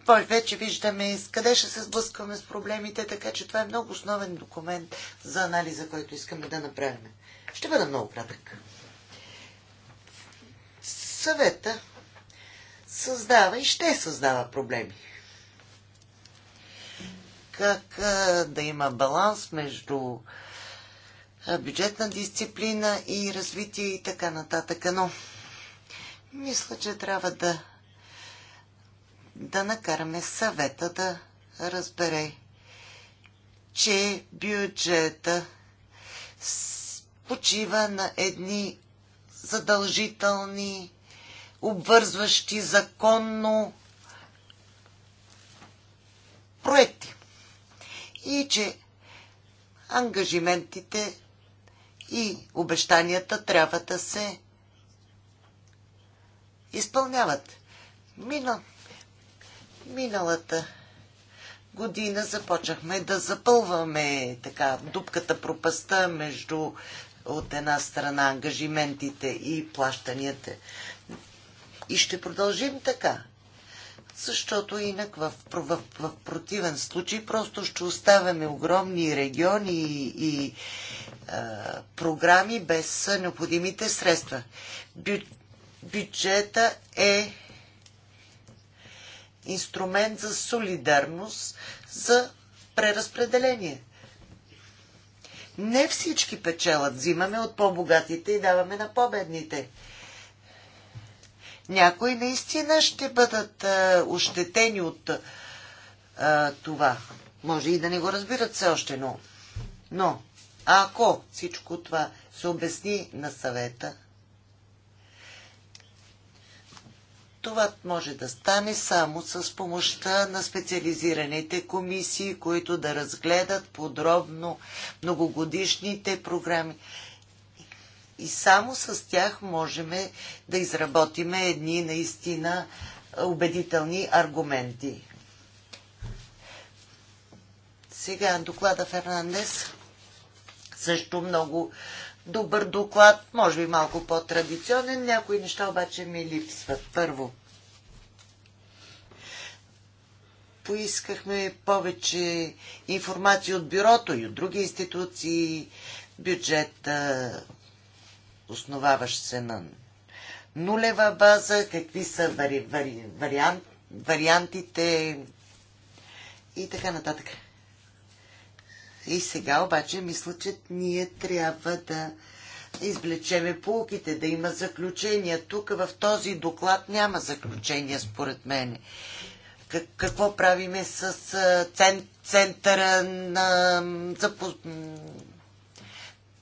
Speaker 3: вече виждаме с къде ще се сблъскваме с проблемите, така че това е много основен документ за анализа, който искаме да направим. Ще бъда много кратък. Съвета създава и ще създава проблеми. Как да има баланс между бюджетна дисциплина и развитие и така нататък. Но мисля, че трябва да, да накараме съвета да разбере, че бюджета почива на едни задължителни, обвързващи законно проекти. И че ангажиментите и обещанията трябва да се изпълняват. Мина, миналата година започнахме да запълваме така дупката, пропаста между от една страна ангажиментите и плащанията. И ще продължим така защото инак в, в, в противен случай просто ще оставяме огромни региони и, и а, програми без необходимите средства. Бю, бюджета е инструмент за солидарност, за преразпределение. Не всички печелят. Взимаме от по-богатите и даваме на по-бедните. Някои наистина ще бъдат а, ощетени от а, това. Може и да не го разбират все още, но... Но, ако всичко това се обясни на съвета, Това може да стане само с помощта на специализираните комисии, които да разгледат подробно многогодишните програми. И само с тях можем да изработим едни наистина убедителни аргументи. Сега доклада Фернандес. Също много добър доклад, може би малко по-традиционен. Някои неща обаче ми липсват. Първо, поискахме повече информация от бюрото и от други институции, бюджет, основаващ се на нулева база, какви са вари, вари, вариант, вариантите и така нататък. И сега обаче мисля, че ние трябва да извлечеме полуките, да има заключения. Тук в този доклад няма заключения, според мен. Какво правиме с центъра на, за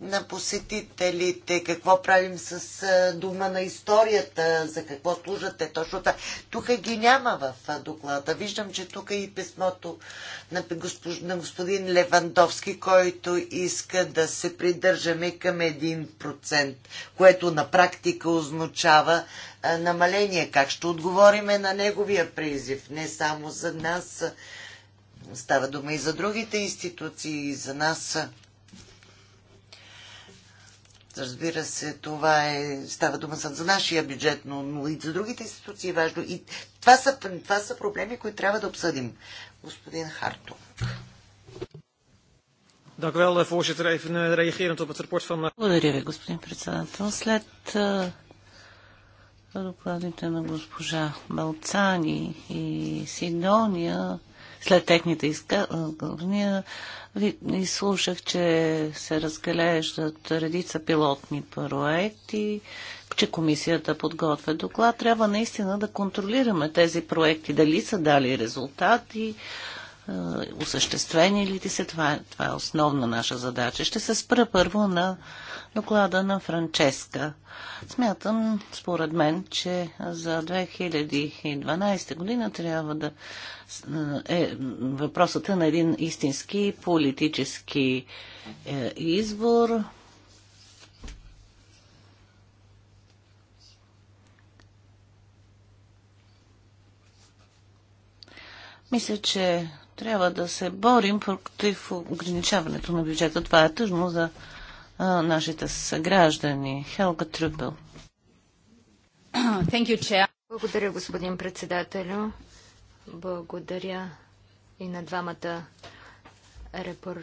Speaker 3: на посетителите, какво правим с дума на историята, за какво служат те точно това. Тук ги няма в доклада. Виждам, че тук е и писмото на, госпож... на господин Левандовски, който иска да се придържаме към 1%, което на практика означава намаление. Как ще отговориме на неговия призив? Не само за нас, става дума и за другите институции, и за нас. Разбира се, това е, става дума за нашия бюджет, но, но и за другите институции е важно. И това са, това са проблеми, които трябва да обсъдим. Господин Харто. Eh,
Speaker 4: eh,
Speaker 2: eh, Благодаря ви, господин председател. След докладите на госпожа Балцани и Сидония, след техните изказвания ви изслушах, че се разглеждат редица пилотни проекти, че комисията подготвя доклад. Трябва наистина да контролираме тези проекти, дали са дали резултати, е, осъществени ли се? Това, това е основна наша задача. Ще се спра първо на доклада на Франческа. Смятам, според мен, че за 2012 година трябва да е въпросът е на един истински политически е, избор. Мисля, че трябва да се борим против ограничаването на бюджета. Това е тъжно за а, нашите съграждани. Хелга Трюпел.
Speaker 4: Благодаря, господин председателю. Благодаря и на двамата репор...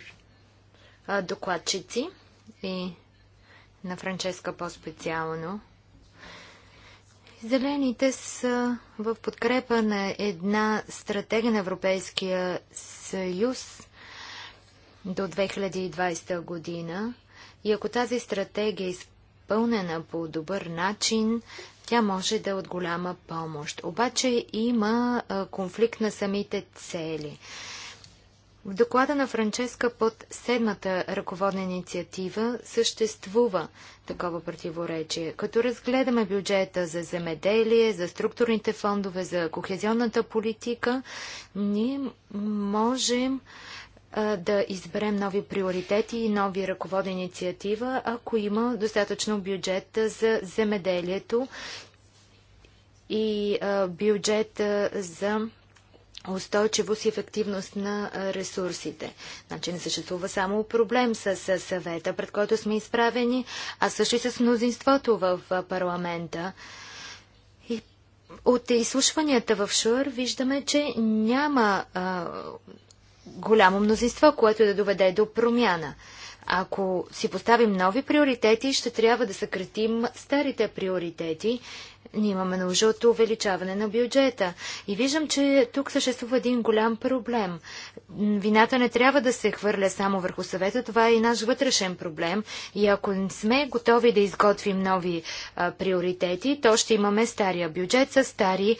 Speaker 4: докладчици и на Франческа по-специално. Зелените са в подкрепа на една стратегия на Европейския съюз до 2020 година. И ако тази стратегия е изпълнена по добър начин, тя може да е от голяма помощ. Обаче има конфликт на самите цели. В доклада на Франческа под седмата ръководна инициатива съществува такова противоречие. Като разгледаме бюджета за земеделие, за структурните фондове, за кохезионната политика, ние можем а, да изберем нови приоритети и нови ръководна инициатива, ако има достатъчно бюджет за земеделието и а, бюджет за устойчивост и ефективност на ресурсите. Значи не съществува само проблем с, съвета, пред който сме изправени, а също и с мнозинството в парламента. И от изслушванията в Шур виждаме, че няма а, голямо мнозинство, което да доведе до промяна. Ако си поставим нови приоритети, ще трябва да съкратим старите приоритети ние имаме нужда от увеличаване на бюджета. И виждам, че тук съществува един голям проблем. Вината не трябва да се хвърля само върху съвета. Това е и наш вътрешен проблем. И ако не сме готови да изготвим нови а, приоритети, то ще имаме стария бюджет с стари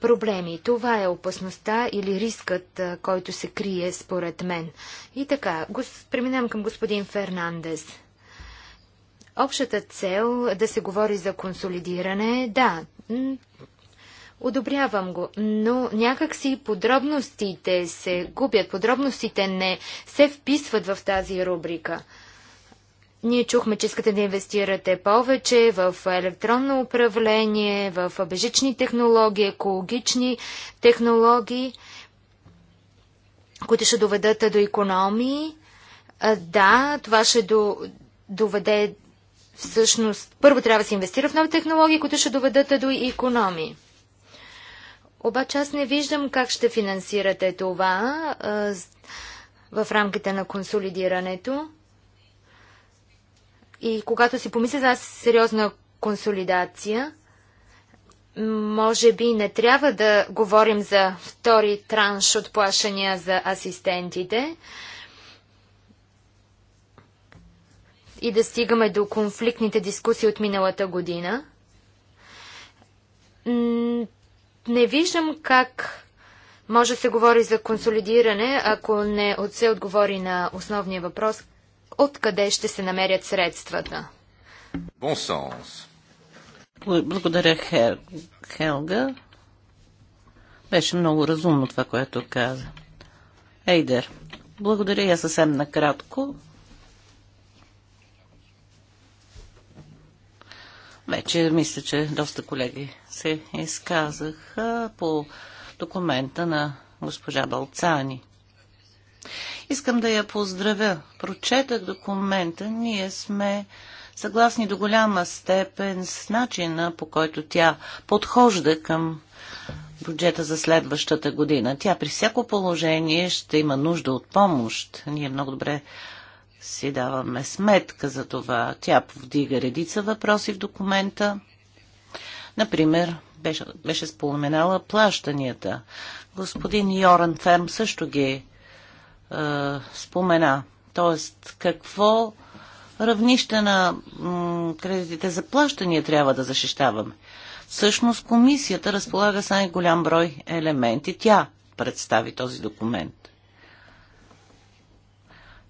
Speaker 4: проблеми. Това е опасността или рискът, а, който се крие според мен. И така, преминавам към господин Фернандес. Общата цел да се говори за консолидиране, да, одобрявам го, но някакси подробностите се губят, подробностите не се вписват в тази рубрика. Ние чухме, че искате да инвестирате повече в електронно управление, в бежични технологии, екологични технологии, които ще доведат до економии. Да, това ще доведе всъщност първо трябва да се инвестира в нови технологии, които ще доведат до економии. Обаче аз не виждам как ще финансирате това а, в рамките на консолидирането. И когато си помисля за сериозна консолидация, може би не трябва да говорим за втори транш от плащания за асистентите. А, и да стигаме до конфликтните дискусии от миналата година. Не виждам как може да се говори за консолидиране, ако не от се отговори на основния въпрос откъде ще се намерят средствата.
Speaker 1: Бон сенс. Благодаря,
Speaker 2: Хел... Хелга. Беше много разумно това, което каза. Ейдер, благодаря я съвсем накратко. Вече мисля, че доста колеги се изказаха по документа на госпожа Балцани. Искам да я поздравя. Прочетах документа. Ние сме съгласни до голяма степен с начина по който тя подхожда към бюджета за следващата година. Тя при всяко положение ще има нужда от помощ. Ние много добре си даваме сметка за това. Тя повдига редица въпроси в документа. Например, беше, беше споменала плащанията. Господин Йоран Ферм също ги е, спомена. Тоест, какво равнище на кредитите за плащания трябва да защищаваме? Всъщност комисията разполага с най-голям брой елементи. Тя представи този документ.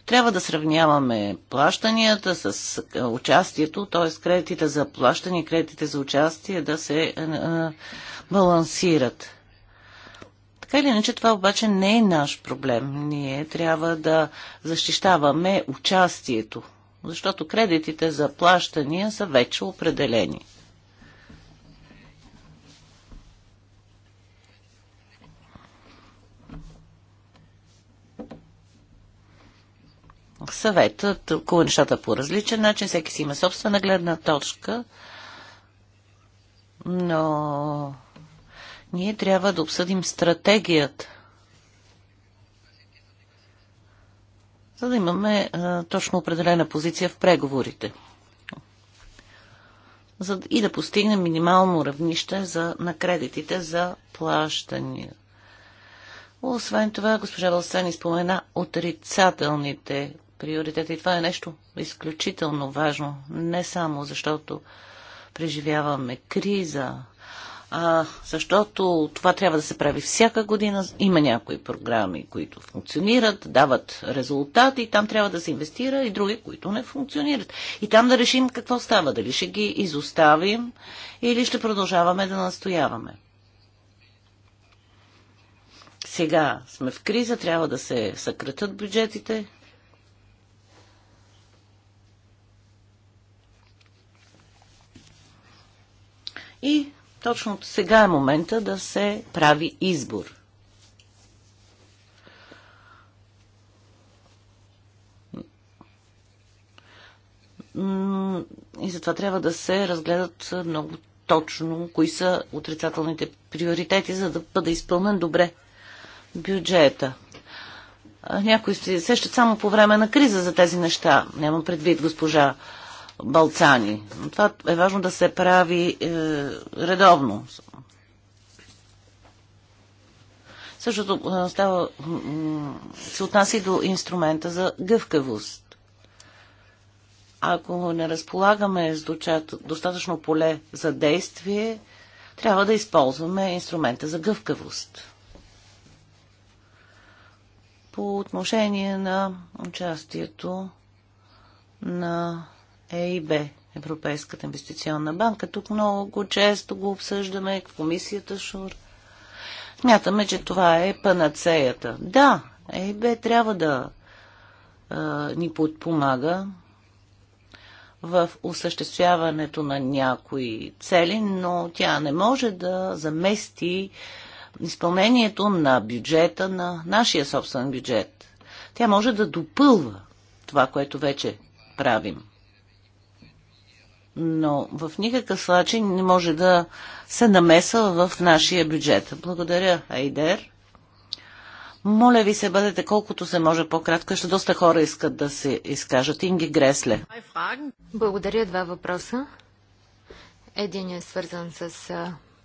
Speaker 2: Трябва да сравняваме плащанията с участието, т.е. кредитите за плащане и кредитите за участие да се балансират. Така или иначе, това обаче не е наш проблем. Ние трябва да защищаваме участието, защото кредитите за плащания са вече определени. съвета тълкува нещата по различен начин, всеки си има собствена гледна точка, но ние трябва да обсъдим стратегията, за да имаме а, точно определена позиция в преговорите за, и да постигнем минимално равнище за, на кредитите за плащания. Освен това, госпожа Валсани спомена отрицателните приоритета. И това е нещо изключително важно, не само защото преживяваме криза, а защото това трябва да се прави всяка година. Има някои програми, които функционират, дават резултати и там трябва да се инвестира и други, които не функционират. И там да решим какво става, дали ще ги изоставим или ще продължаваме да настояваме. Сега сме в криза, трябва да се съкратят бюджетите, И точно сега е момента да се прави избор. И затова трябва да се разгледат много точно кои са отрицателните приоритети, за да бъде изпълнен добре бюджета. Някои се сещат само по време на криза за тези неща. Нямам предвид госпожа Балцани. Това е важно да се прави е, редовно. Същото е, става, се отнася и до инструмента за гъвкавост. Ако не разполагаме с достатъчно поле за действие, трябва да използваме инструмента за гъвкавост. По отношение на участието на ЕИБ, Европейската инвестиционна банка. Тук много често го обсъждаме в комисията ШУР. Смятаме, че това е панацеята. Да, ЕИБ трябва да а, ни подпомага в осъществяването на някои цели, но тя не може да замести изпълнението на бюджета, на нашия собствен бюджет. Тя може да допълва това, което вече правим но в никакъв случай не може да се намесва в нашия бюджет. Благодаря, Айдер. Моля ви се, бъдете колкото се може по-кратко, защото доста хора искат да се изкажат. Инги Гресле.
Speaker 4: Благодаря. Два въпроса. Един е свързан с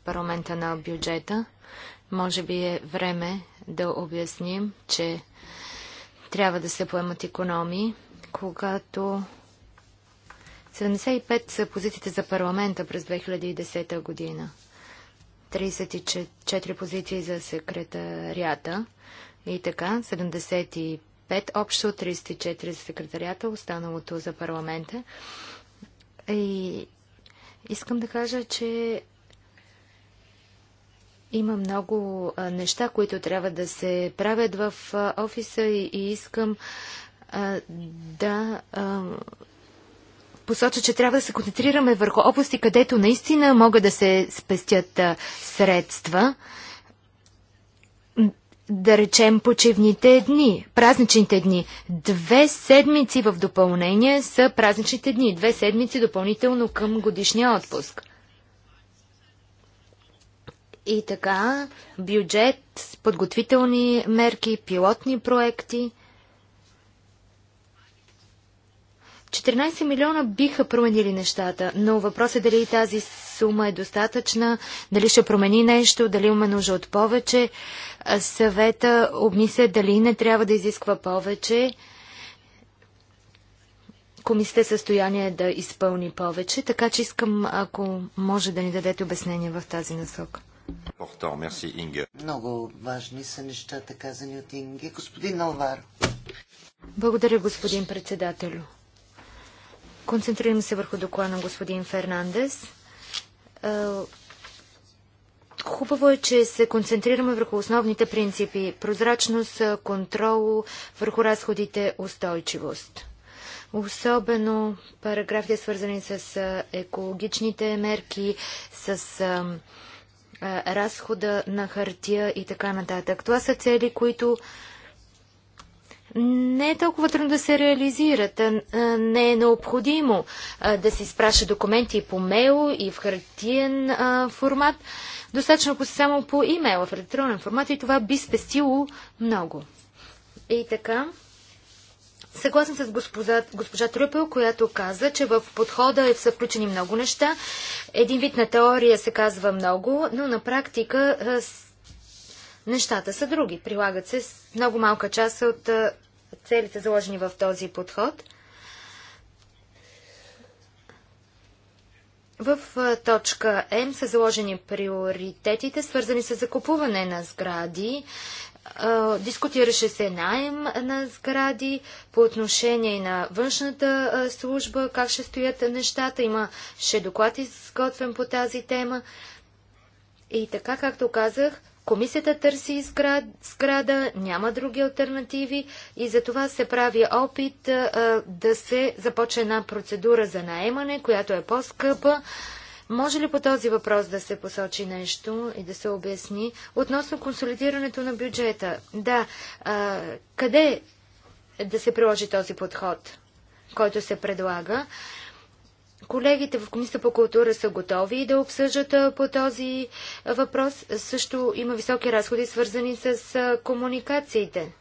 Speaker 4: парламента на бюджета. Може би е време да обясним, че трябва да се поемат економии, когато 75 са позициите за парламента през 2010 година. 34 позиции за секретарията и така 75 общо, 34 за секретарията, останалото за парламента. И искам да кажа, че има много а, неща, които трябва да се правят в а, офиса и, и искам а, да посоча, че трябва да се концентрираме върху области, където наистина могат да се спестят средства. Да речем почивните дни, празничните дни. Две седмици в допълнение са празничните дни. Две седмици допълнително към годишния отпуск. И така, бюджет, подготвителни мерки, пилотни проекти 14 милиона биха променили нещата, но въпрос е дали тази сума е достатъчна, дали ще промени нещо, дали има нужда от повече. Съвета обмисля дали не трябва да изисква повече. Комисията е състояние да изпълни повече, така че искам, ако може да ни дадете обяснение в тази насока.
Speaker 1: Много важни са
Speaker 3: нещата, казани от Инге. Господин Алвар.
Speaker 4: Благодаря, господин председателю. Концентрирам се върху доклада на господин Фернандес. Е, хубаво е, че се концентрираме върху основните принципи – прозрачност, контрол, върху разходите, устойчивост. Особено параграфите, свързани с е, екологичните мерки, с е, разхода на хартия и така нататък. Това са цели, които не е толкова трудно да се реализират. Е, е, не е необходимо е, да се изпраща документи по мейл, и в хартиен формат. Достатъчно ако само по имейл, в електронен формат и това би спестило много. И така. Съгласен с госпожа, госпожа Трупел, която каза, че в подхода са включени много неща. Един вид на теория се казва много, но на практика Нещата са други. Прилагат се много малка част от целите заложени в този подход. В точка М са заложени приоритетите, свързани с закупуване на сгради. Дискутираше се найем на сгради по отношение на външната служба, как ще стоят нещата. Имаше доклад изготвен по тази тема. И така, както казах, Комисията търси сграда, няма други альтернативи и за това се прави опит а, да се започне една процедура за наемане, която е по-скъпа. Може ли по този въпрос да се посочи нещо и да се обясни? Относно консолидирането на бюджета, да, а, къде е да се приложи този подход, който се предлага? Колегите в Комисията по култура са готови да обсъждат по този въпрос. Също има високи разходи, свързани с комуникациите.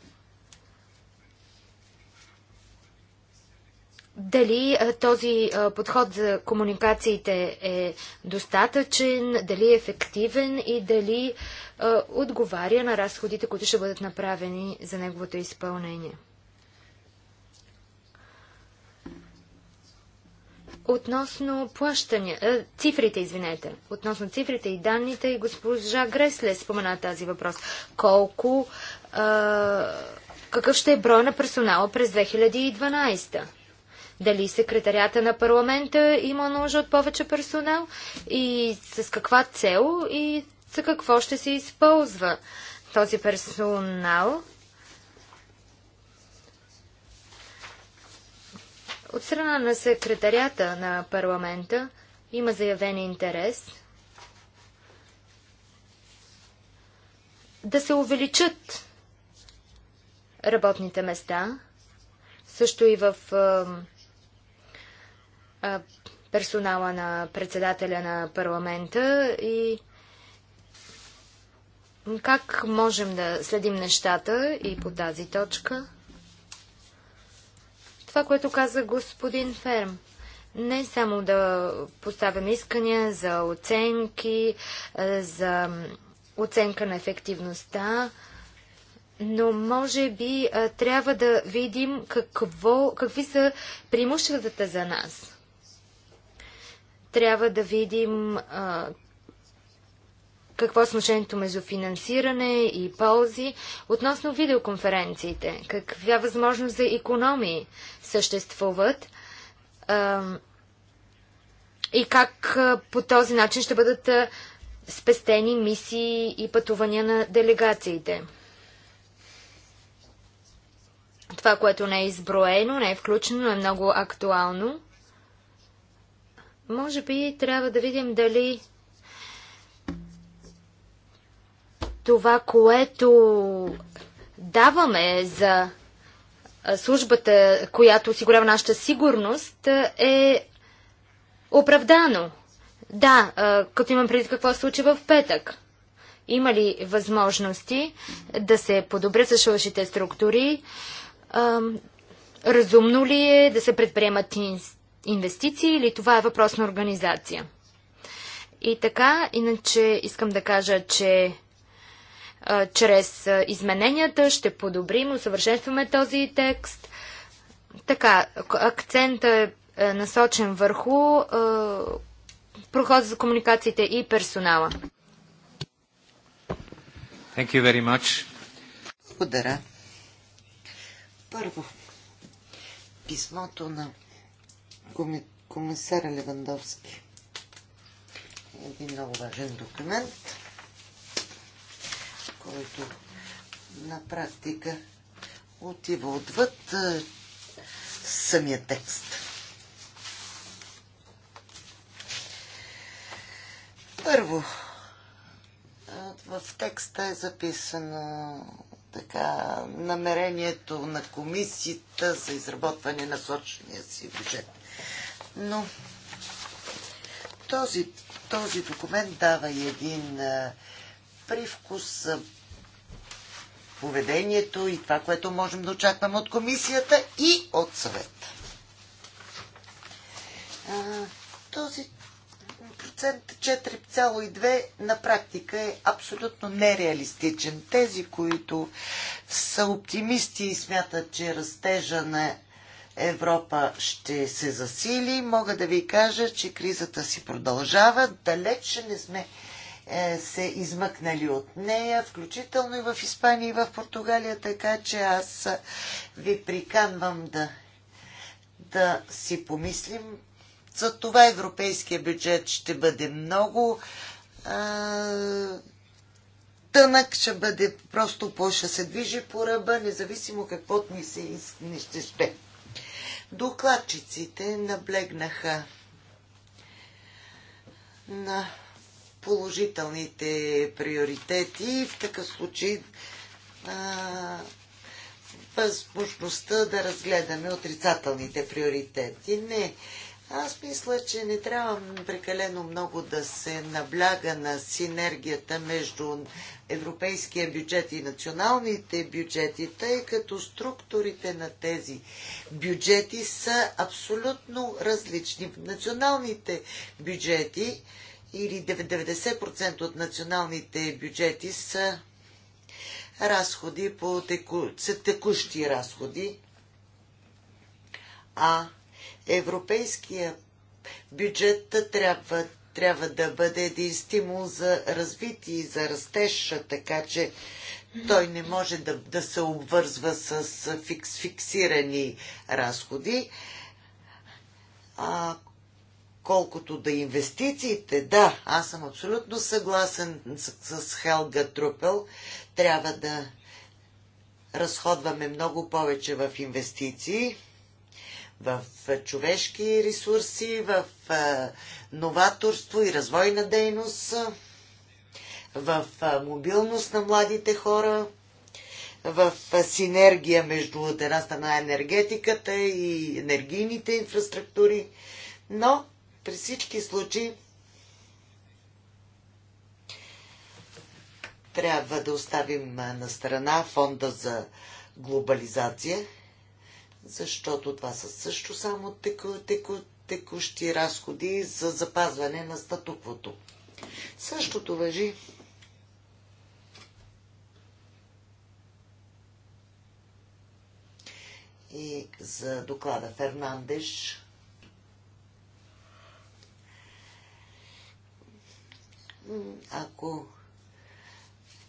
Speaker 4: Дали този подход за комуникациите е достатъчен, дали е ефективен и дали отговаря на разходите, които ще бъдат направени за неговото изпълнение. Относно плащане цифрите, извинете, относно цифрите и данните, и госпожа Гресле спомена тази въпрос. Колко, какъв ще е брой на персонала през 2012? Дали секретарята на парламента има нужда от повече персонал и с каква цел и за какво ще се използва този персонал? От страна на секретарята на парламента има заявен интерес да се увеличат работните места, също и в персонала на председателя на парламента и как можем да следим нещата и по тази точка това, което каза господин Ферм. Не само да поставям искания за оценки, за оценка на ефективността, но може би трябва да видим какво, какви са преимуществата за нас. Трябва да видим а, какво е отношението между финансиране и ползи относно видеоконференциите? Каква възможност за економии съществуват? и как по този начин ще бъдат спестени мисии и пътувания на делегациите? Това, което не е изброено, не е включено, но е много актуално. Може би трябва да видим дали това, което даваме за службата, която осигурява нашата сигурност, е оправдано. Да, като имам преди какво се случи в петък. Има ли възможности да се подобрят съществуващите структури? Разумно ли е да се предприемат инвестиции или това е въпрос на организация? И така, иначе искам да кажа, че чрез измененията ще подобрим, усъвършенстваме този текст. Така, акцента е, е насочен върху е, прохода за комуникациите и персонала.
Speaker 1: Thank you very much.
Speaker 4: Благодаря.
Speaker 3: Първо, писмото на коми, комисара Левандовски. Един много важен документ който на практика отива отвъд самия текст. Първо, в текста е записано така намерението на комисията за изработване на сочния си бюджет. Но този, този документ дава и един привкус поведението и това, което можем да очакваме от комисията и от съвета. Този процент 4,2 на практика е абсолютно нереалистичен. Тези, които са оптимисти и смятат, че растежа на Европа ще се засили, мога да ви кажа, че кризата си продължава. Далеч не сме е, се измъкнали от нея, включително и в Испания и в Португалия, така че аз ви приканвам да, да си помислим. За това европейския бюджет ще бъде много а, тънък, ще бъде просто по, ще се движи по ръба, независимо какво ни се ни ще ще. Докладчиците наблегнаха на положителните приоритети. В такъв случай а, възможността да разгледаме отрицателните приоритети. Не. Аз мисля, че не трябва прекалено много да се набляга на синергията между европейския бюджет и националните бюджети, тъй като структурите на тези бюджети са абсолютно различни. Националните бюджети или 90% от националните бюджети са разходи по теку, са текущи разходи, а европейския бюджет трябва, трябва да бъде един стимул за развитие и за растеж, така че той не може да, да се обвързва с фикс, фиксирани разходи. А, колкото да инвестициите, да, аз съм абсолютно съгласен с, с Хелга Трупел. Трябва да разходваме много повече в инвестиции, в човешки ресурси, в новаторство и развойна дейност, в мобилност на младите хора, в синергия между от една страна енергетиката и енергийните инфраструктури. Но при всички случаи трябва да оставим на страна фонда за глобализация, защото това са също само теку, теку, текущи разходи за запазване на статуквото. Същото въжи и за доклада Фернандеш ако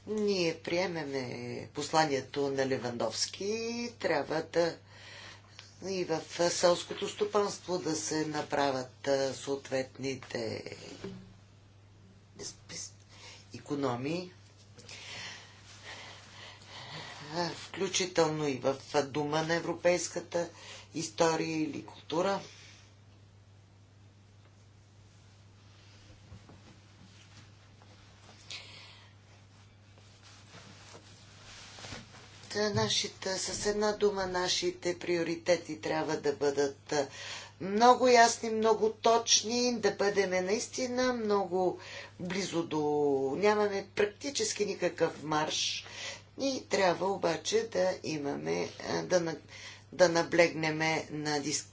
Speaker 3: ние приемеме посланието на Левандовски, трябва да и в селското стопанство да се направят съответните економии, включително и в дума на европейската история или култура. Е, нашите, с една дума нашите приоритети трябва да бъдат е, много ясни, много точни, да бъдем наистина много близо до... Нямаме практически никакъв марш и трябва обаче да имаме, е, да, да наблегнеме на, диск...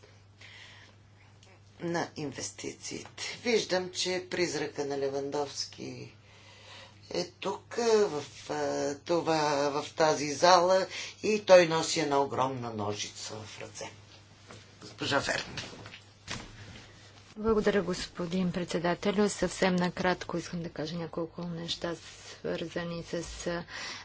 Speaker 3: на инвестициите. Виждам, че призрака на Левандовски е тук, е, в, е, това, в тази зала и той носи една огромна ножица в ръце. Госпожа Ферн.
Speaker 4: Благодаря, господин председател. Съвсем накратко искам да кажа няколко неща, свързани с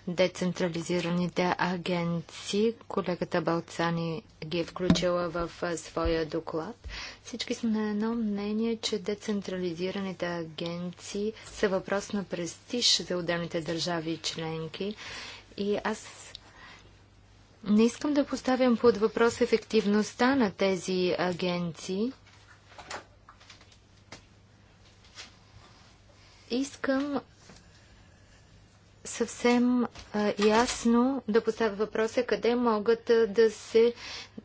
Speaker 4: децентрализираните агенции. Колегата Балцани ги е включила в своя доклад. Всички сме на едно мнение, че децентрализираните агенции са въпрос на престиж за отделните държави и членки. И аз не искам да поставям под въпрос ефективността на тези агенции. Искам съвсем а, ясно да поставя въпроса къде могат а, да се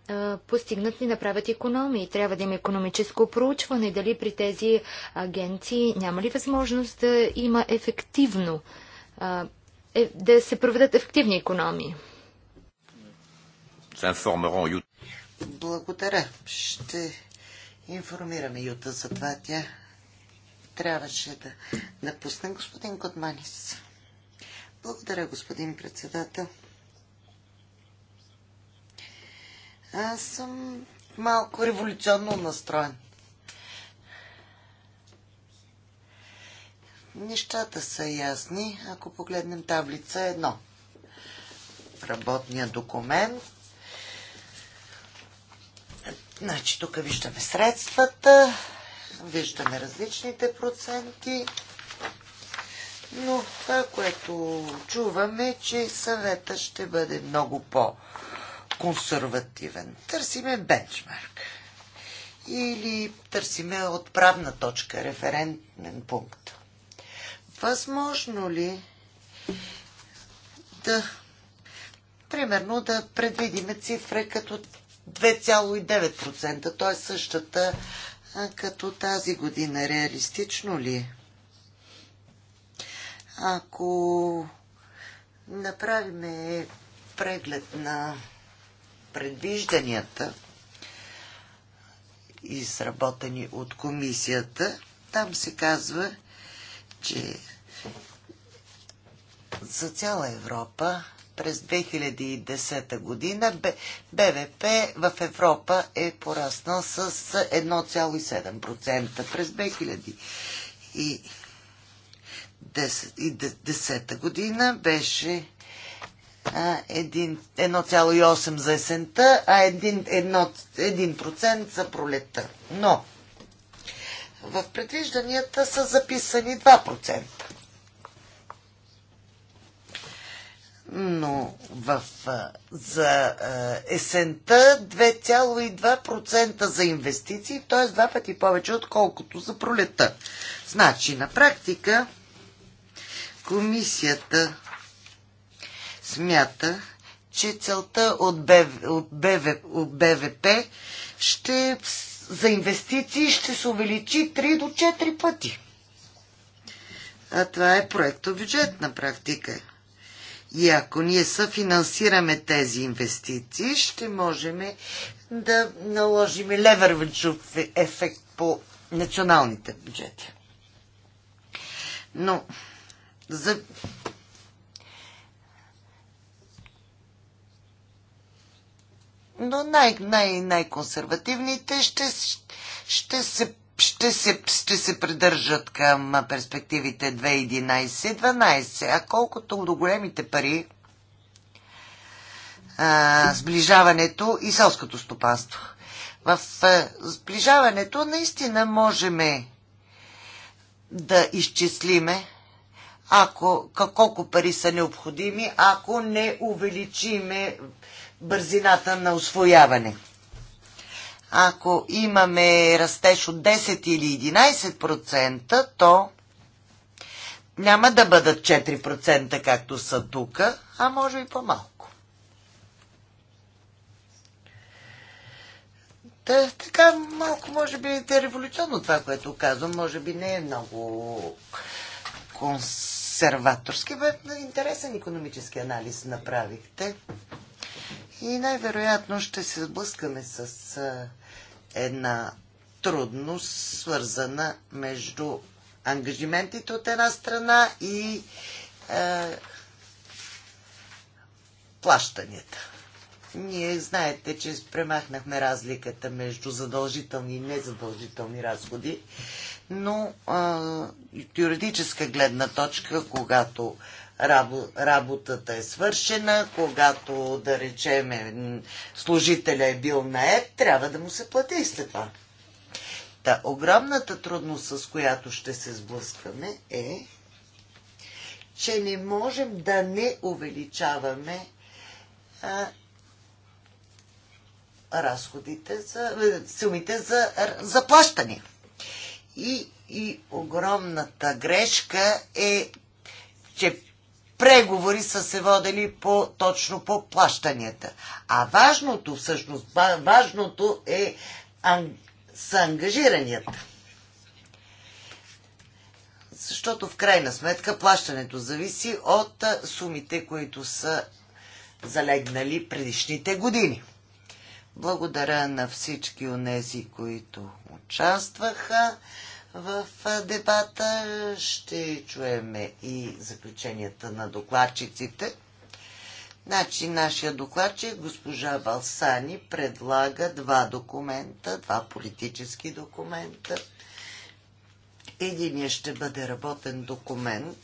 Speaker 4: а, постигнат и направят економии. Трябва да има економическо проучване. Дали при тези агенции няма ли възможност да има ефективно, а, е, да се проведат ефективни економии? Благодаря. Ще
Speaker 3: информираме Юта за това. Тя трябваше да напусна господин Котманис. Благодаря, господин председател. Аз съм малко революционно настроен. Нещата са ясни, ако погледнем таблица едно. Работния документ. Значи, тук виждаме средствата, Виждаме различните проценти, но това, което чуваме, е, че съвета ще бъде много по-консервативен. Търсиме бенчмарк или търсиме отправна точка, референтен пункт. Възможно ли да, примерно, да предвидиме цифра като 2,9%, т.е. същата а, като тази година. Реалистично ли е? Ако направиме преглед на предвижданията, изработени от комисията, там се казва, че за цяла Европа през 2010 година БВП в Европа е пораснал с 1,7%. През 2010 година беше 1,8 за есента, а 1%, за пролетта. Но в предвижданията са записани 2%. но в, за есента 2,2% за инвестиции, т.е. два пъти повече, отколкото за пролета. Значи, на практика, комисията смята, че целта от, БВ, от, БВ, от БВП ще, за инвестиции ще се увеличи 3 до 4 пъти. А това е проекто бюджет на практика. И ако ние съфинансираме тези инвестиции, ще можем да наложим левервичов ефект по националните бюджети. Но за но най- най- най-консервативните ще, ще се ще се, ще се придържат към перспективите 2011-2012. А колкото до големите пари, а, сближаването и селското стопанство. В а, сближаването наистина можем да изчислиме ако, колко пари са необходими, ако не увеличиме бързината на освояване ако имаме растеж от 10 или 11%, то няма да бъдат 4%, както са тук, а може и по-малко. Та, така, малко, може би, е революционно това, което казвам. Може би не е много консерваторски. Бе, интересен економически анализ направихте. И най-вероятно ще се сблъскаме с а, една трудност, свързана между ангажиментите от една страна и а, плащанията. Ние знаете, че премахнахме разликата между задължителни и незадължителни разходи, но а, юридическа гледна точка, когато работата е свършена, когато, да речем, е, служителя е бил наед, трябва да му се плати след това. Та огромната трудност, с която ще се сблъскаме е, че не можем да не увеличаваме а, разходите за, е, сумите за заплащане. И, и огромната грешка е, че преговори са се водели по, точно по плащанията. А важното, всъщност, важното е ан... са ангажиранията. Защото в крайна сметка плащането зависи от сумите, които са залегнали предишните години. Благодаря на всички онези, които участваха в дебата. Ще чуеме и заключенията на докладчиците. Значи, нашия докладчик, госпожа Балсани, предлага два документа, два политически документа. Единият ще бъде работен документ,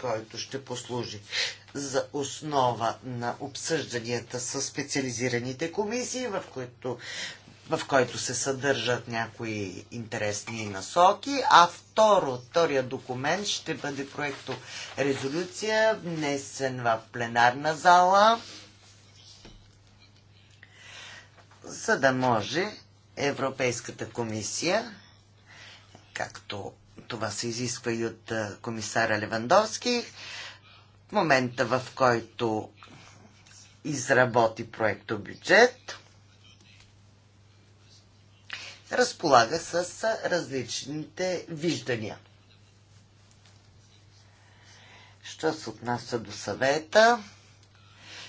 Speaker 3: който ще послужи за основа на обсъжданията с специализираните комисии, в които в който се съдържат някои интересни насоки, а второ, втория документ ще бъде проекто резолюция, внесен в пленарна зала, за да може Европейската комисия, както това се изисква и от комисара Левандовски, в момента в който изработи проекто бюджет, разполага с различните виждания. Що се отнася до съвета?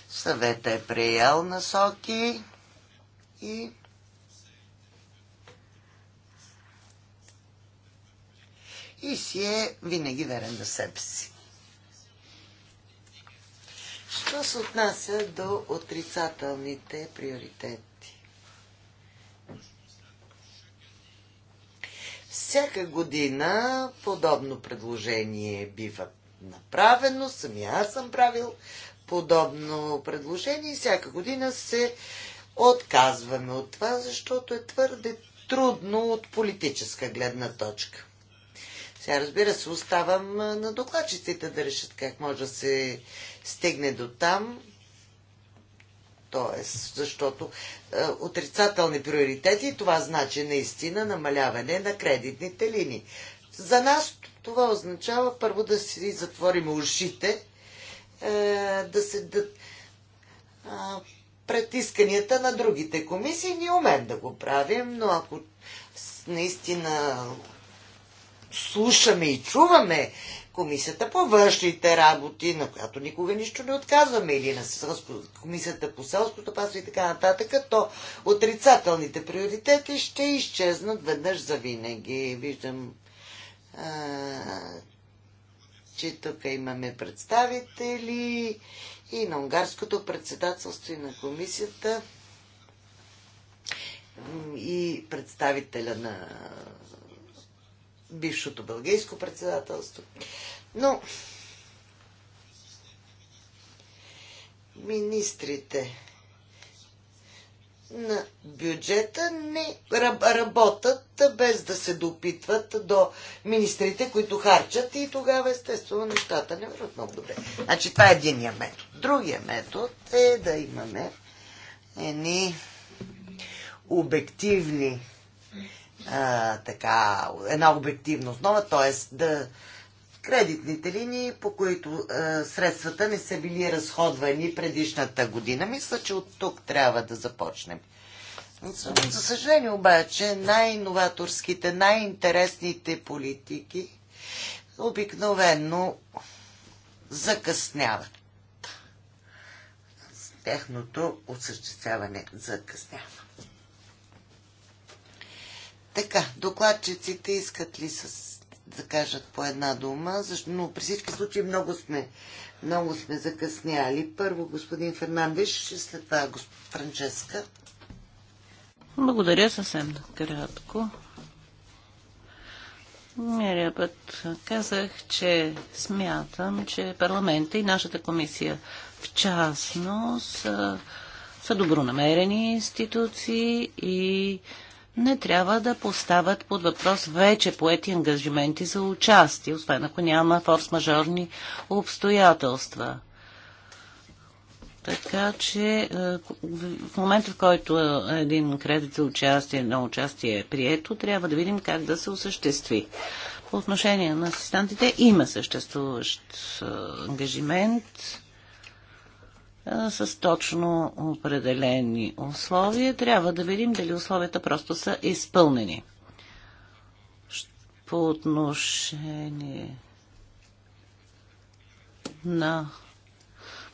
Speaker 3: Съвета е приел насоки и и си е винаги верен на себе си. Що се отнася до отрицателните приоритети? Всяка година подобно предложение бива направено, сами аз съм правил подобно предложение и всяка година се отказваме от това, защото е твърде трудно от политическа гледна точка. Сега, разбира се, оставам на докладчиците да решат как може да се стигне до там. Тоест, защото е, отрицателни приоритети, това значи наистина намаляване на кредитните линии. За нас това означава първо да си затворим ушите, е, да се да, е, пред исканията на другите комисии. Ние умеем да го правим, но ако наистина слушаме и чуваме комисията по външните работи, на която никога нищо не отказваме, или на комисията по селското стопанство и така нататък, то отрицателните приоритети ще изчезнат веднъж за винаги. Виждам, а, че тук имаме представители и на унгарското председателство и на комисията и представителя на бившото бългейско председателство. Но министрите на бюджета не работят без да се допитват до министрите, които харчат и тогава естествено нещата не върват много добре. Значи това е единия метод. Другия метод е да имаме едни обективни а, така, една обективна основа, т.е. да кредитните линии, по които а, средствата не са били разходвани предишната година. Мисля, че от тук трябва да започнем. За съжаление обаче, най-инноваторските, най-интересните политики обикновенно закъсняват. Техното осъществяване закъснява. Така, докладчиците искат ли с, да кажат по една дума, защо, но при всички случаи много сме, много сме закъсняли. Първо господин Фернандеш, след това господин Франческа.
Speaker 2: Благодаря съвсем кратко. Миналия път казах, че смятам, че парламента и нашата комисия в частност са, са добронамерени институции и не трябва да поставят под въпрос вече поети ангажименти за участие, освен ако няма форс-мажорни обстоятелства. Така че е, в момента, в който един кредит за участие, на участие е прието, трябва да видим как да се осъществи. По отношение на асистантите има съществуващ е, ангажимент с точно определени условия. Трябва да видим дали условията просто са изпълнени. По отношение на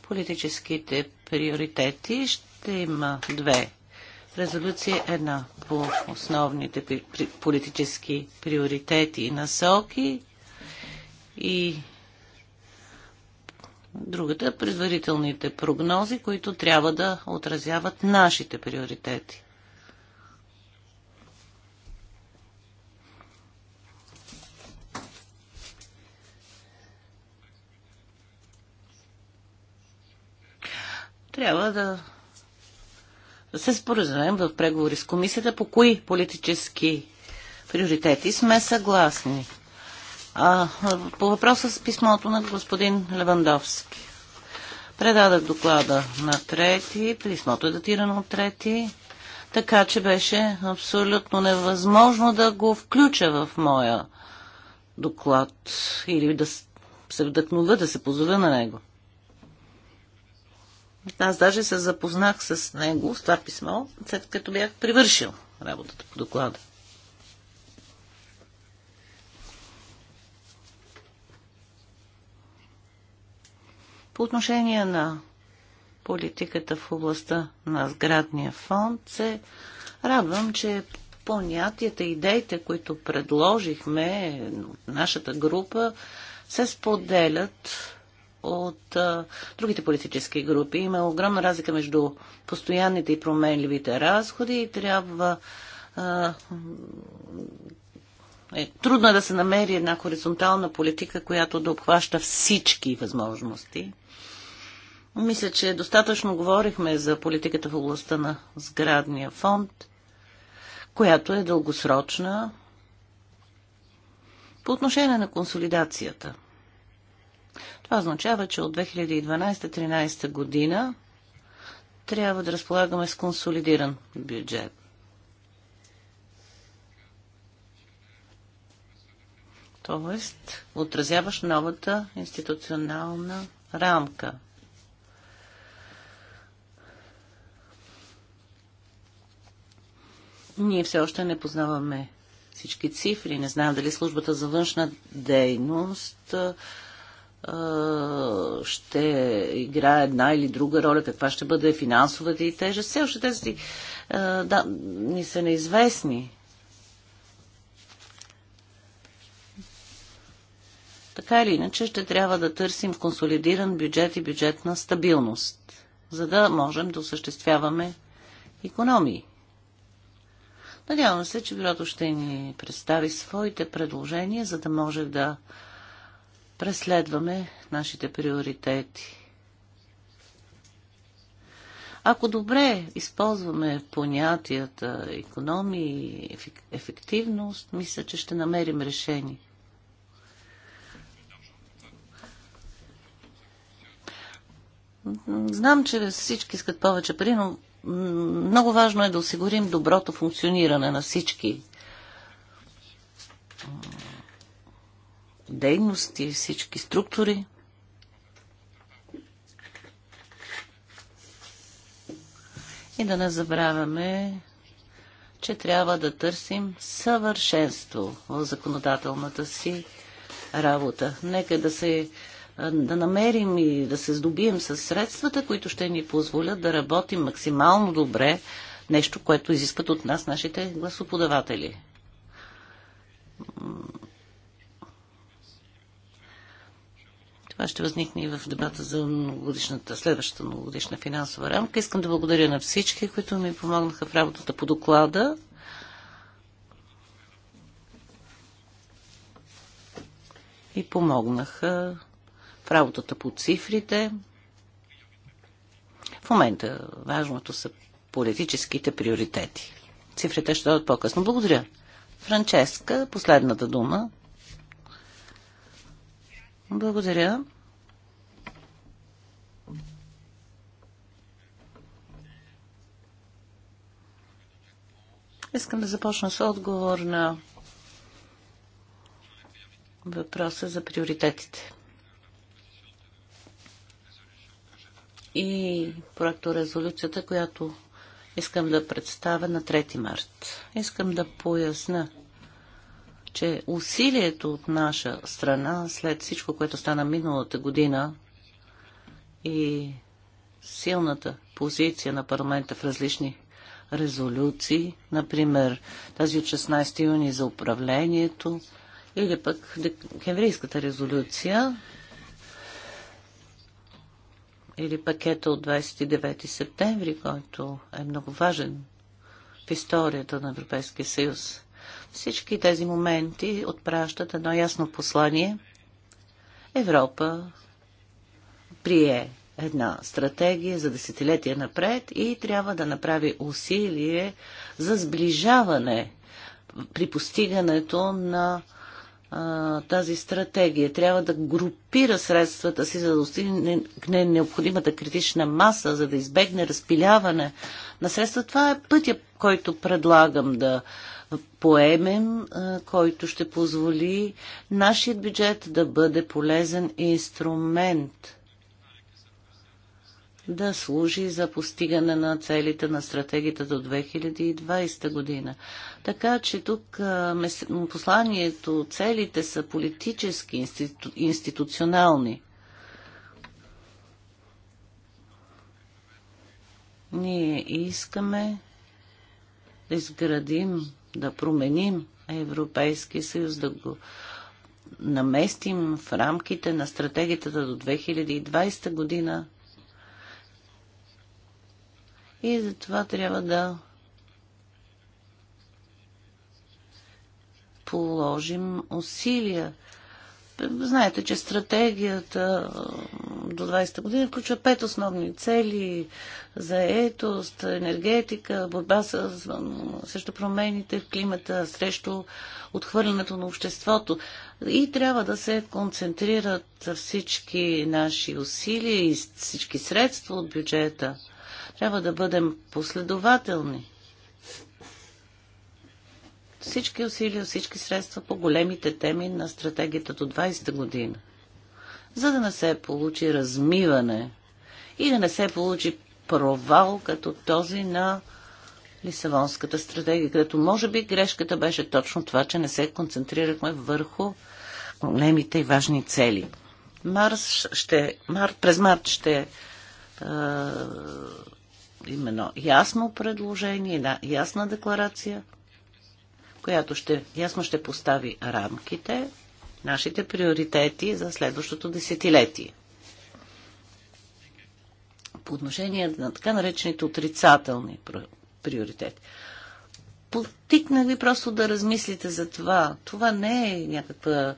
Speaker 2: политическите приоритети ще има две резолюции. Една по основните политически приоритети и насоки и Другата е предварителните прогнози, които трябва да отразяват нашите приоритети. Трябва да се споразумеем в преговори с комисията по кои политически приоритети сме съгласни. А, по въпроса с писмото на господин Левандовски. Предадах доклада на трети, писмото е датирано от трети, така че беше абсолютно невъзможно да го включа в моя доклад или да се вдъхнува, да се позова на него. Аз даже се запознах с него, с това писмо, след като бях привършил работата по доклада. По отношение на политиката в областта на сградния фонд се радвам, че понятията, идеите, които предложихме от нашата група, се споделят от а, другите политически групи. Има огромна разлика между постоянните и променливите разходи и трябва. А, е, трудно е да се намери една хоризонтална политика, която да обхваща всички възможности. Мисля, че достатъчно говорихме за политиката в областта на сградния фонд, която е дългосрочна по отношение на консолидацията. Това означава, че от 2012-2013 година трябва да разполагаме с консолидиран бюджет. Тоест, отразяваш новата институционална рамка – Ние все още не познаваме всички цифри. Не знам дали службата за външна дейност ще играе една или друга роля, каква ще бъде финансовата и тежест. Все още тези да, ни са неизвестни. Така или иначе ще трябва да търсим консолидиран бюджет и бюджетна стабилност, за да можем да осъществяваме економии. Надявам се, че бюрото ще ни представи своите предложения, за да може да преследваме нашите приоритети. Ако добре използваме понятията економии и ефективност, мисля, че ще намерим решение. Знам, че всички искат повече пари, но много важно е да осигурим доброто функциониране на всички дейности, всички структури. И да не забравяме, че трябва да търсим съвършенство в законодателната си работа. Нека да се да намерим и да се здобием с средствата, които ще ни позволят да работим максимално добре, нещо, което изискват от нас нашите гласоподаватели. Това ще възникне и в дебата за многогодишната, следващата многогодишна финансова рамка. Искам да благодаря на всички, които ми помогнаха в работата по доклада. И помогнаха в работата по цифрите. В момента важното са политическите приоритети. Цифрите ще дойдат по-късно. Благодаря. Франческа, последната дума. Благодаря. Искам да започна с отговор на въпроса за приоритетите. и проекторезолюцията, която искам да представя на 3 март. Искам да поясна, че усилието от наша страна, след всичко, което стана миналата година и силната позиция на парламента в различни резолюции, например тази от 16 юни за управлението или пък хеврейската резолюция, или пакета от 29 септември, който е много важен в историята на Европейския съюз. Всички тези моменти отпращат едно ясно послание. Европа прие една стратегия за десетилетия напред и трябва да направи усилие за сближаване при постигането на а, тази стратегия. Трябва да групира средствата си, за да достигне необходимата критична маса, за да избегне разпиляване на средства. Това е пътя, който предлагам да поемем, а, който ще позволи нашият бюджет да бъде полезен инструмент да служи за постигане на целите на стратегията до 2020 година. Така че тук посланието, целите са политически, институ, институционални. Ние искаме да изградим, да променим Европейския съюз, да го наместим в рамките на стратегията до 2020 година и затова трябва да положим усилия. Знаете, че стратегията до 20-та година включва пет основни цели за етост, енергетика, борба с, срещу промените в климата, срещу отхвърлянето на обществото. И трябва да се концентрират всички наши усилия и всички средства от бюджета – трябва да бъдем последователни. Всички усилия, всички средства по големите теми на стратегията до 20-та година. За да не се получи размиване и да не се получи провал като този на Лисавонската стратегия, където може би грешката беше точно това, че не се концентрирахме върху големите и важни цели. Марс ще, мар, през март ще е, Именно едно ясно предложение, една ясна декларация, която ще, ясно ще постави рамките, нашите приоритети за следващото десетилетие. По отношение на така наречените отрицателни приоритети. Потикна ви просто да размислите за това. Това не е някаква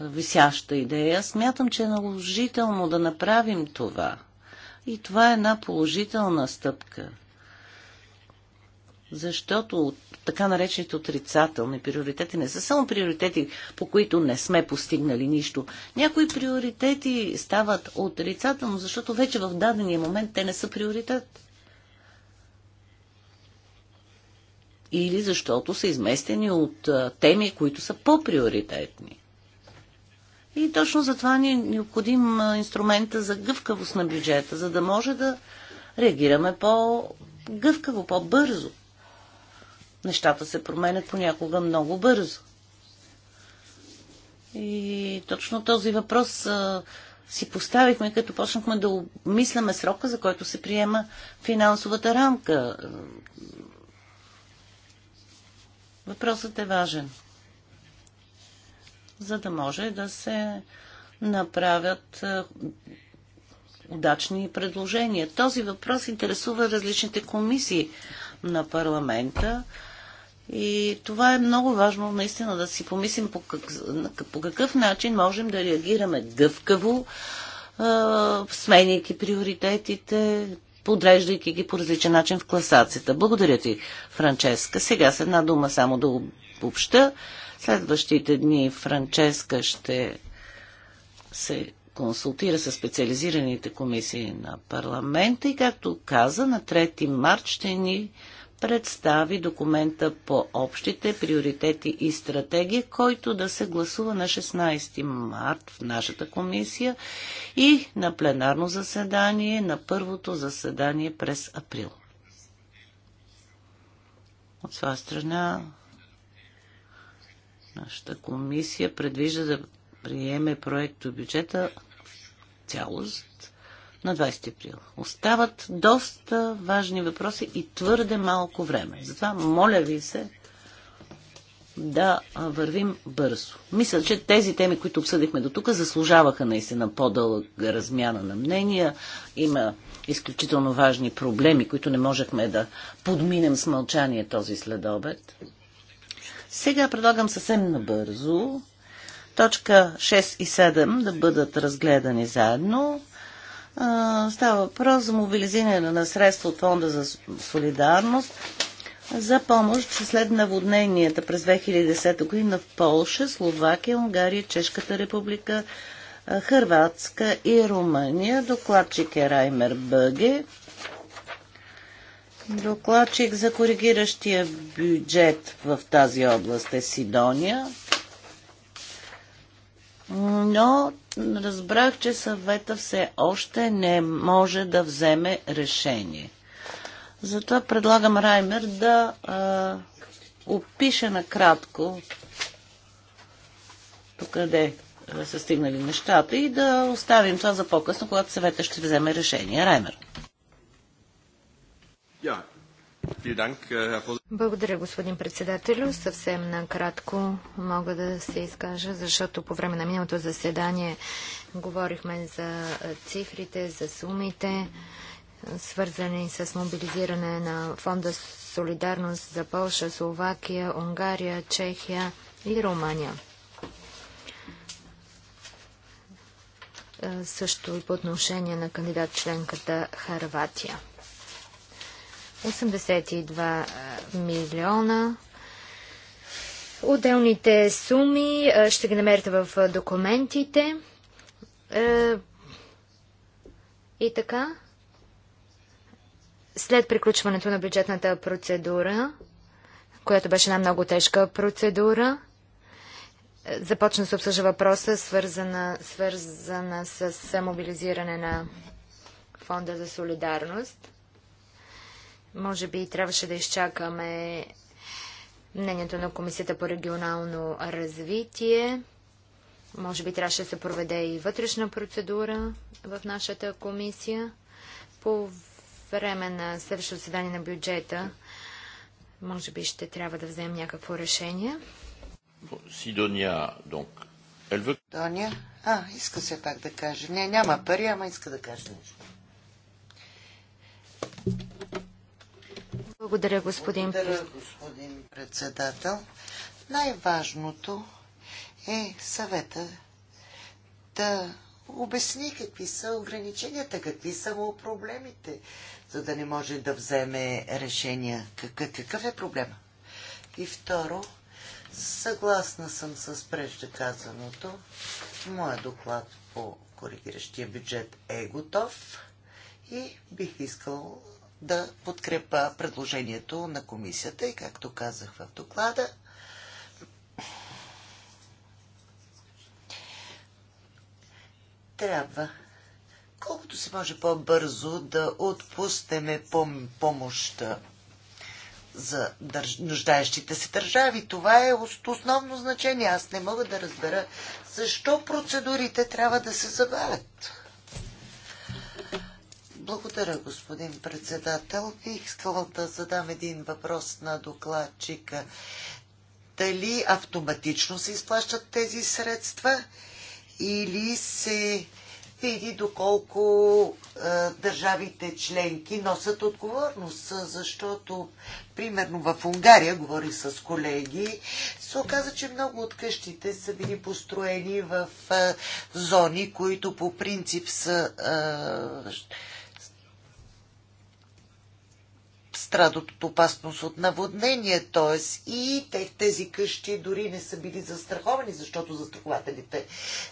Speaker 2: висяща идея. Смятам, че е наложително да направим това. И това е една положителна стъпка. Защото така наречените отрицателни приоритети не са само приоритети, по които не сме постигнали нищо. Някои приоритети стават отрицателно, защото вече в дадения момент те не са приоритет. Или защото са изместени от теми, които са по-приоритетни. И точно за това ни е необходим инструмента за гъвкавост на бюджета, за да може да реагираме по-гъвкаво, по-бързо. Нещата се променят понякога много бързо. И точно този въпрос а, си поставихме, като почнахме да обмисляме срока, за който се приема финансовата рамка. Въпросът е важен за да може да се направят е, удачни предложения. Този въпрос интересува различните комисии на парламента. И това е много важно наистина да си помислим по, как, по какъв начин можем да реагираме гъвкаво, е, сменяйки приоритетите, подреждайки ги по различен начин в класацията. Благодаря ти, Франческа. Сега с една дума само да обобща. Следващите дни Франческа ще се консултира с специализираните комисии на парламента и, както каза, на 3 март ще ни представи документа по общите приоритети и стратегия, който да се гласува на 16 март в нашата комисия и на пленарно заседание, на първото заседание през април. От своя страна Нашата комисия предвижда да приеме проект от бюджета в цялост на 20 април. Остават доста важни въпроси и твърде малко време. Затова моля ви се да вървим бързо. Мисля, че тези теми, които обсъдихме до тук, заслужаваха наистина по-дълга размяна на мнения. Има изключително важни проблеми, които не можехме да подминем с мълчание този следобед. Сега предлагам съвсем набързо точка 6 и 7 да бъдат разгледани заедно. Става въпрос за мобилизиране на средства от Фонда за солидарност за помощ след наводненията през 2010 година в Полша, Словакия, Унгария, Чешката република, Хърватска и Румъния. Докладчик е Раймер Бъге. Докладчик за коригиращия бюджет в тази област е Сидония. Но разбрах, че съвета все още не може да вземе решение. Затова предлагам Раймер да а, опише накратко къде са стигнали нещата и да оставим това за по-късно, когато съвета ще вземе решение. Раймер.
Speaker 1: Äh,
Speaker 4: Благодаря, господин председателю. Съвсем накратко мога да се изкажа, защото по време на миналото заседание говорихме за цифрите, за сумите, свързани с мобилизиране на фонда Солидарност за Полша, Словакия, Унгария, Чехия и Румъния. Също и по отношение на кандидат членката Харватия. 82 милиона. Отделните суми ще ги намерите в документите. И така, след приключването на бюджетната процедура, която беше една много тежка процедура, започна да се обсъжда въпроса, свързана, свързана с мобилизиране на Фонда за солидарност. Може би трябваше да изчакаме мнението на Комисията по регионално развитие. Може би трябваше да се проведе и вътрешна процедура в нашата комисия. По време на следващото заседание на бюджета, може би ще трябва да вземем някакво решение.
Speaker 1: Сидония, donc, Доня, а, иска
Speaker 4: се
Speaker 3: пак да каже. Не, няма пари, ама иска да каже нещо. Благодаря, господин, Благодаря, господин председател. Най-важното е съвета да обясни какви са ограниченията, какви са му проблемите, за да не може да вземе решения. Какъв, какъв е проблема? И второ, съгласна съм с преждеказаното. Моя доклад по коригиращия бюджет е готов и бих искал да подкрепа предложението на комисията и както казах в доклада, трябва колкото се може по-бързо да отпуснеме пом- помощ за държ... нуждаещите се държави. Това е основно значение. Аз не мога да разбера защо процедурите трябва да се забавят. Благодаря, господин председател. Бих искала да задам един въпрос на докладчика. Дали автоматично се изплащат тези средства или се види доколко е, държавите членки носят отговорност, защото примерно в Унгария, говори с колеги, се оказа, че много от къщите са били построени в е, зони, които по принцип са е, страдат от опасност от наводнение, т.е. и тези къщи дори не са били застраховани, защото застрахователите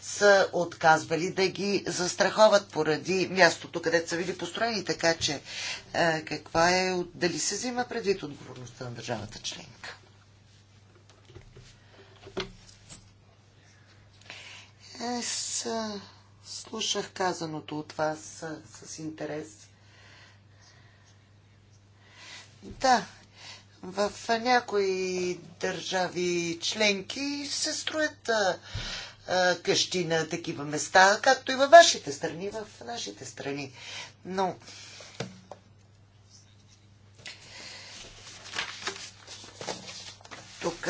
Speaker 3: са отказвали да ги застраховат поради мястото, където са били построени. Така че е, каква е, дали се взима предвид отговорността на държавата членка? Аз слушах казаното от вас с интерес. Да, в някои държави членки се строят а, къщи на такива места, както и във вашите страни, в нашите страни. Но тук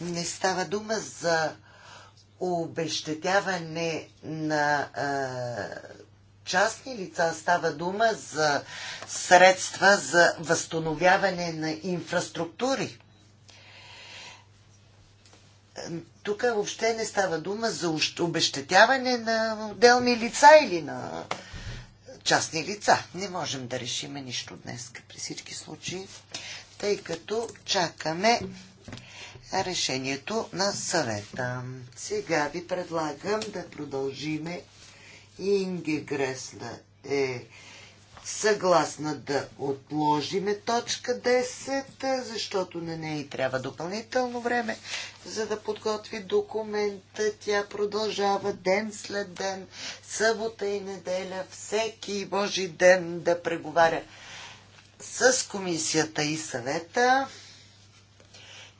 Speaker 3: не става дума за обещетяване на а, частни лица. Става дума за средства за възстановяване на инфраструктури. Тук въобще не става дума за обещетяване на отделни лица или на частни лица. Не можем да решиме нищо днес при всички случаи, тъй като чакаме решението на съвета. Сега ви предлагам да продължиме Инге Гресла е съгласна да отложиме точка 10, защото на нея и трябва допълнително време, за да подготви документа. Тя продължава ден след ден, събота и неделя, всеки Божи ден да преговаря с комисията и съвета.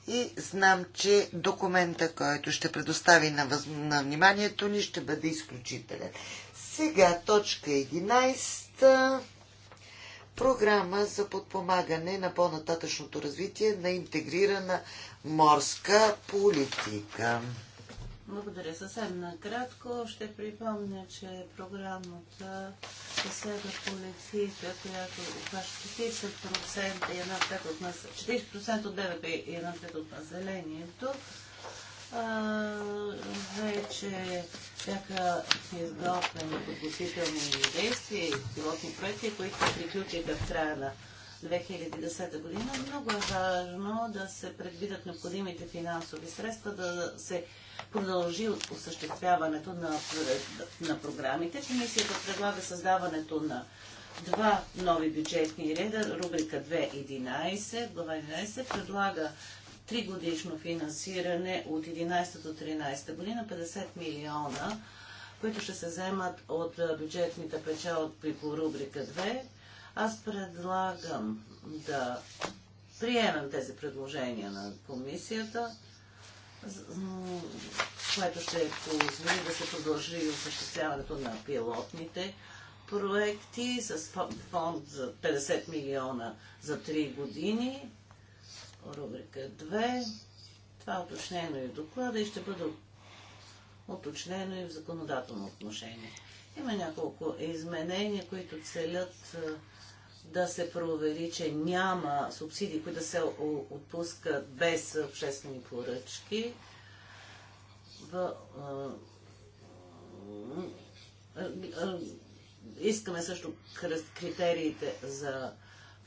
Speaker 3: И знам, че документа, който ще предостави на, въз... на вниманието ни, ще бъде изключителен. Сега точка 11. Програма за подпомагане на по-нататъчното развитие на интегрирана морска политика.
Speaker 2: Благодаря. Съвсем накратко ще припомня, че програмата съседна политика, която обхваща 40% и една от нас, 40% от ДВП и една от населението, вече бяха изготвени подготвителни действия и пилотни проекти, които приключиха в края на 2010 година. Много е важно да се предвидят необходимите финансови средства, да се продължи осъществяването на, на програмите. Комисията предлага създаването на два нови бюджетни реда, рубрика 2.11, глава 11, предлага тригодишно финансиране от 11 до 13 година, 50 милиона, които ще се вземат от бюджетните печалби по рубрика 2. Аз предлагам да приемем тези предложения на комисията, което ще позволи да се продължи и осъществяването на пилотните проекти с фонд за 50 милиона за 3 години рубрика 2. Това е уточнено и в доклада и ще бъде уточнено и в законодателно отношение. Има няколко изменения, които целят да се провери, че няма субсидии, които да се отпускат без обществени поръчки. В, искаме също критериите за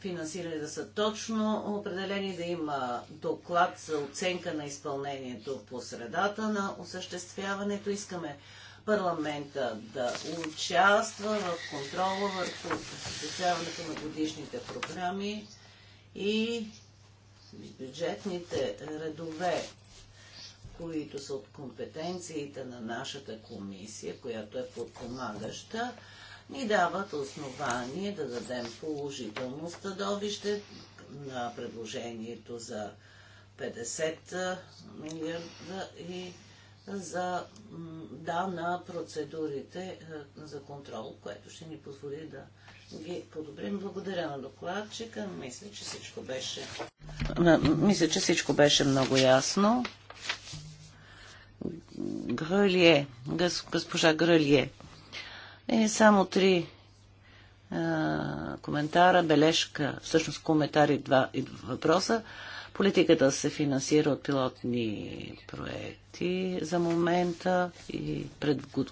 Speaker 2: финансиране да са точно определени, да има доклад за оценка на изпълнението по средата на осъществяването. Искаме парламента да участва в контрола върху осъществяването на годишните програми и бюджетните редове, които са от компетенциите на нашата комисия, която е подпомагаща ни дават основание да дадем положително стадовище на предложението за 50 милиарда и за да на процедурите за контрол, което ще ни позволи да ги подобрим. Благодаря на докладчика. Мисля, че всичко беше. Мисля, че всичко беше много ясно. Грълие, госпожа Грълие. Е, само три а, коментара, бележка, всъщност коментари два и въпроса. Политиката се финансира от пилотни проекти за момента и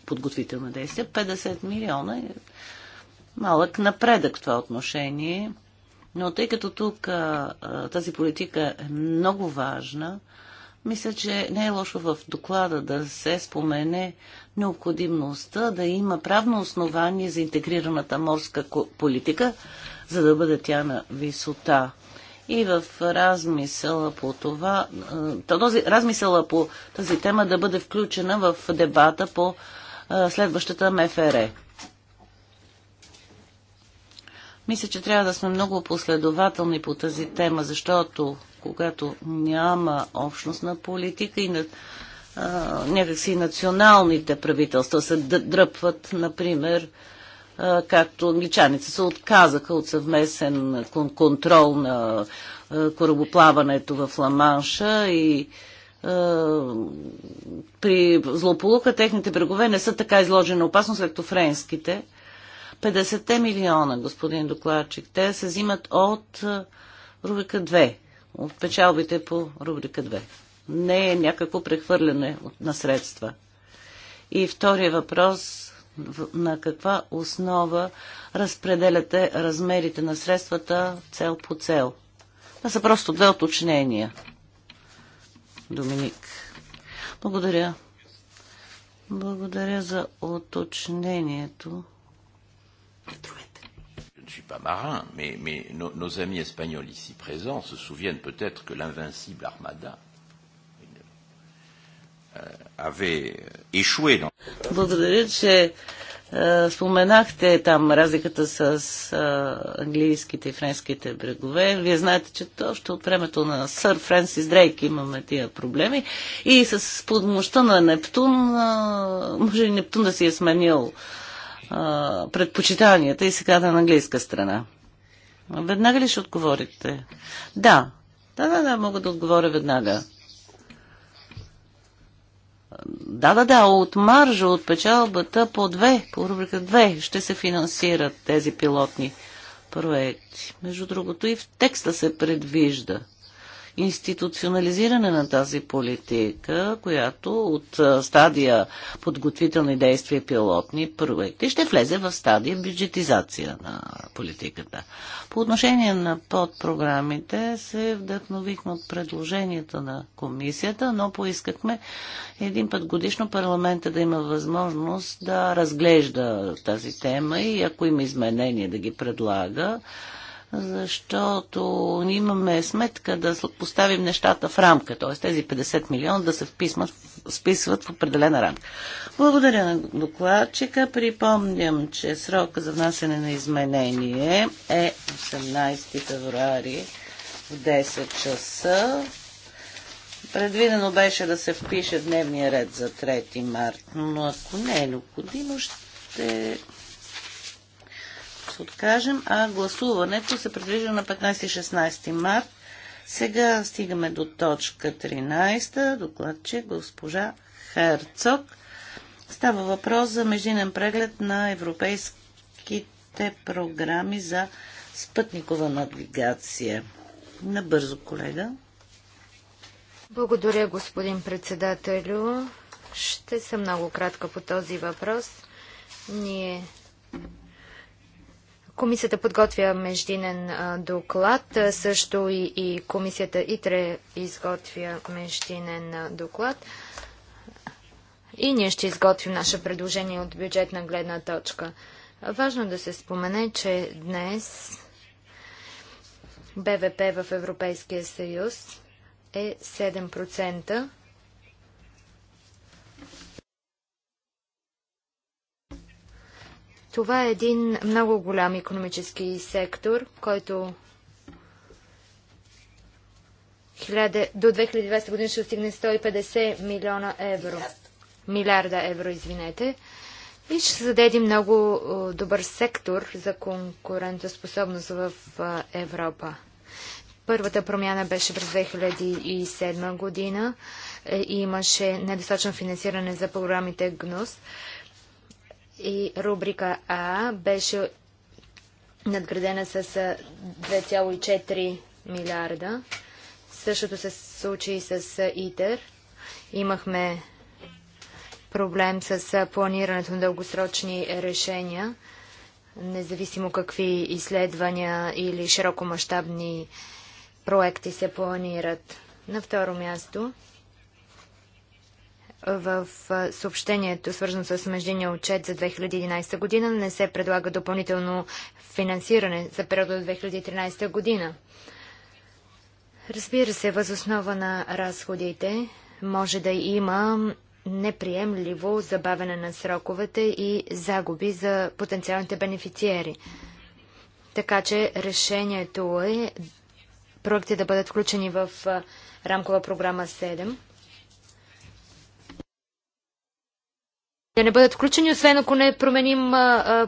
Speaker 2: подготвителна действия. 50 милиона е малък напредък в това отношение. Но тъй като тук а, тази политика е много важна, мисля, че не е лошо в доклада да се спомене необходимостта да има правно основание за интегрираната морска политика, за да бъде тя на висота. И в размисъла по това, този, размисъла по тази тема да бъде включена в дебата по следващата МФР. Мисля, че трябва да сме много последователни по тази тема, защото когато няма общност на политика и на, а, някакси националните правителства се дръпват, например, а, както англичаните се отказаха от съвместен контрол на а, корабоплаването в Ламанша и при злополука техните брегове не са така изложени на опасност, както френските. 50 милиона, господин докладчик, те се взимат от рубрика 2 от печалбите по рубрика 2. Не е някакво прехвърляне на средства. И втория въпрос на каква основа разпределяте размерите на средствата цел по цел? Това са просто две уточнения. Доминик. Благодаря. Благодаря за уточнението.
Speaker 1: Другата ne suis pas marin, mais, mais nos, nos amis espagnols ici présents se souviennent peut-être que l'invincible Armada euh, avait euh, échoué dans...
Speaker 2: Благодаря, че е, споменахте там разликата с е, английските и френските брегове. Вие знаете, че още от времето на сър Френсис Дрейк имаме тия проблеми. И с помощта на Нептун, е, може и Нептун да си е сменил е, а, предпочитанията и сега е на английска страна. Веднага ли ще отговорите? Да. Да, да, да, мога да отговоря веднага. Да, да, да, от маржа, от печалбата по две, по рубрика две ще се финансират тези пилотни проекти. Между другото и в текста се предвижда – институционализиране на тази политика, която от стадия подготвителни действия пилотни проекти ще влезе в стадия бюджетизация на политиката. По отношение на подпрограмите се вдъхновихме от предложенията на комисията, но поискахме един път годишно парламента да има възможност да разглежда тази тема и ако има изменения да ги предлага, защото имаме сметка да поставим нещата в рамка, т.е. тези 50 милиона да се вписват, вписват в определена рамка. Благодаря на докладчика. Припомням, че срока за внасяне на изменение е 18 февруари в 10 часа. Предвидено беше да се впише дневния ред за 3 март, но ако не е необходимо, ще откажем, а гласуването се предвижда на 15-16 март. Сега стигаме до точка 13, докладче госпожа Херцог. Става въпрос за междинен преглед на европейските програми за спътникова навигация. Набързо, колега.
Speaker 4: Благодаря, господин председателю. Ще съм много кратка по този въпрос. Ние Комисията подготвя междинен доклад, също и, и комисията ИТРЕ изготвя междинен доклад. И ние ще изготвим наше предложение от бюджетна гледна точка. Важно да се спомене, че днес БВП в Европейския съюз е 7%. Това е един много голям економически сектор, който до 2020 година ще достигне 150 милиона евро. Милиарда евро, извинете. И ще зададе много добър сектор за конкурентоспособност в Европа. Първата промяна беше през 2007 година. Е, имаше недостатъчно финансиране за програмите ГНОС и рубрика А беше надградена с 2,4 милиарда. Същото се случи и с ИТЕР. Имахме проблем с планирането на дългосрочни решения, независимо какви изследвания или широкомащабни проекти се планират. На второ място в съобщението, свързано с междинния отчет за 2011 година, не се предлага допълнително финансиране за периода от 2013 година. Разбира се, възоснова на разходите може да има неприемливо забавяне на сроковете и загуби за потенциалните бенефициери. Така че решението е проекти да бъдат включени в рамкова програма 7 да не бъдат включени, освен ако не променим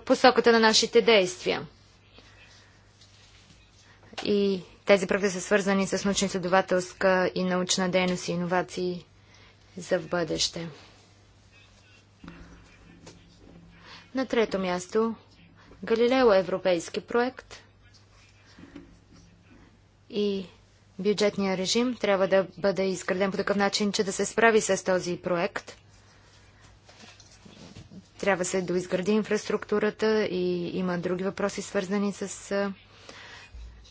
Speaker 4: посоката на нашите действия. И тези проекти са свързани с научно-изследователска и научна дейност и иновации за в бъдеще. На трето място Галилео е европейски проект и бюджетния режим трябва да бъде изграден по такъв начин, че да се справи с този проект. Трябва се да изгради инфраструктурата и има други въпроси, свързани с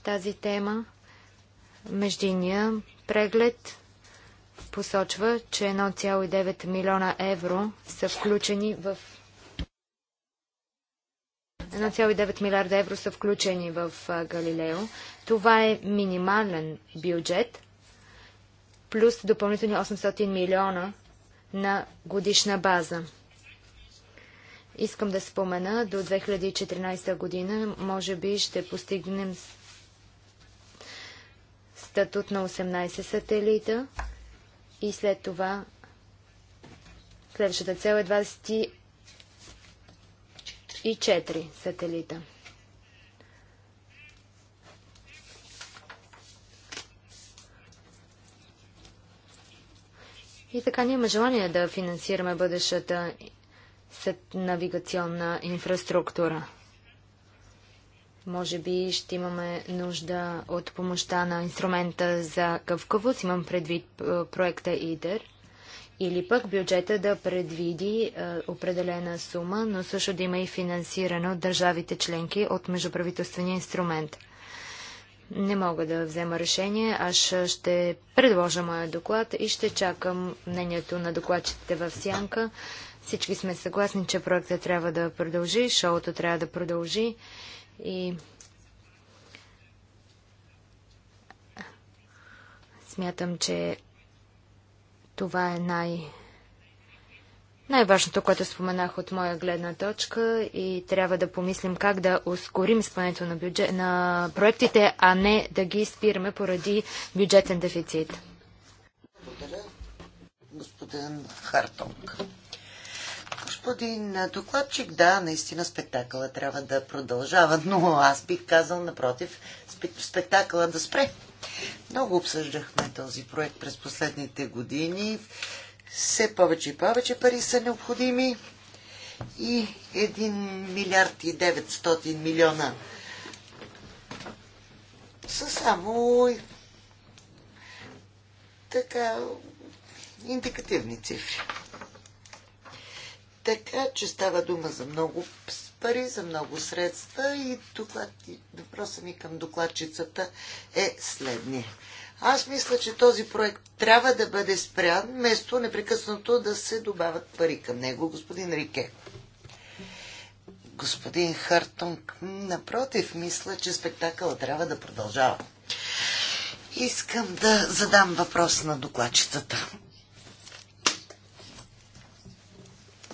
Speaker 4: тази тема. Междиния преглед посочва, че 1,9 милиона евро са включени в 1,9 милиарда евро са включени в Галилео. Това е минимален бюджет, плюс допълнителни 800 милиона на годишна база. Искам да спомена, до 2014 година може би ще постигнем статут на 18 сателита и след това следващата цел е 24 сателита. И така ние желание да финансираме бъдещата след навигационна инфраструктура. Може би ще имаме нужда от помощта на инструмента за гъвкавост, имам предвид е, проекта ИДЕР, или пък бюджета да предвиди е, определена сума, но също да има и финансиране от държавите членки от междуправителствения инструмент. Не мога да взема решение, аз ще предложа моя доклад и ще чакам мнението на докладчите в сянка. Всички сме съгласни, че проектът трябва да продължи, шоуто трябва да продължи и смятам, че това е най- най-важното, което споменах от моя гледна точка и трябва да помислим как да ускорим изпълнението на, бюджет, на проектите, а не да ги спираме поради бюджетен дефицит.
Speaker 3: Благодаря, господин Хартонг.
Speaker 4: Господин
Speaker 3: докладчик, да, наистина спектакъла трябва да продължава, но аз бих казал напротив, спектакъла да спре. Много обсъждахме този проект през последните години. Все повече и повече пари са необходими и 1 милиард и 900 милиона са само така индикативни цифри. Така че става дума за много пари, за много средства и доклад, въпросът ми към докладчицата е следния. Аз мисля, че този проект трябва да бъде спрян, вместо непрекъснато да се добавят пари към него, господин Рике. Господин Хартунг, напротив, мисля, че спектакъла трябва да продължава. Искам да задам въпрос на докладчицата.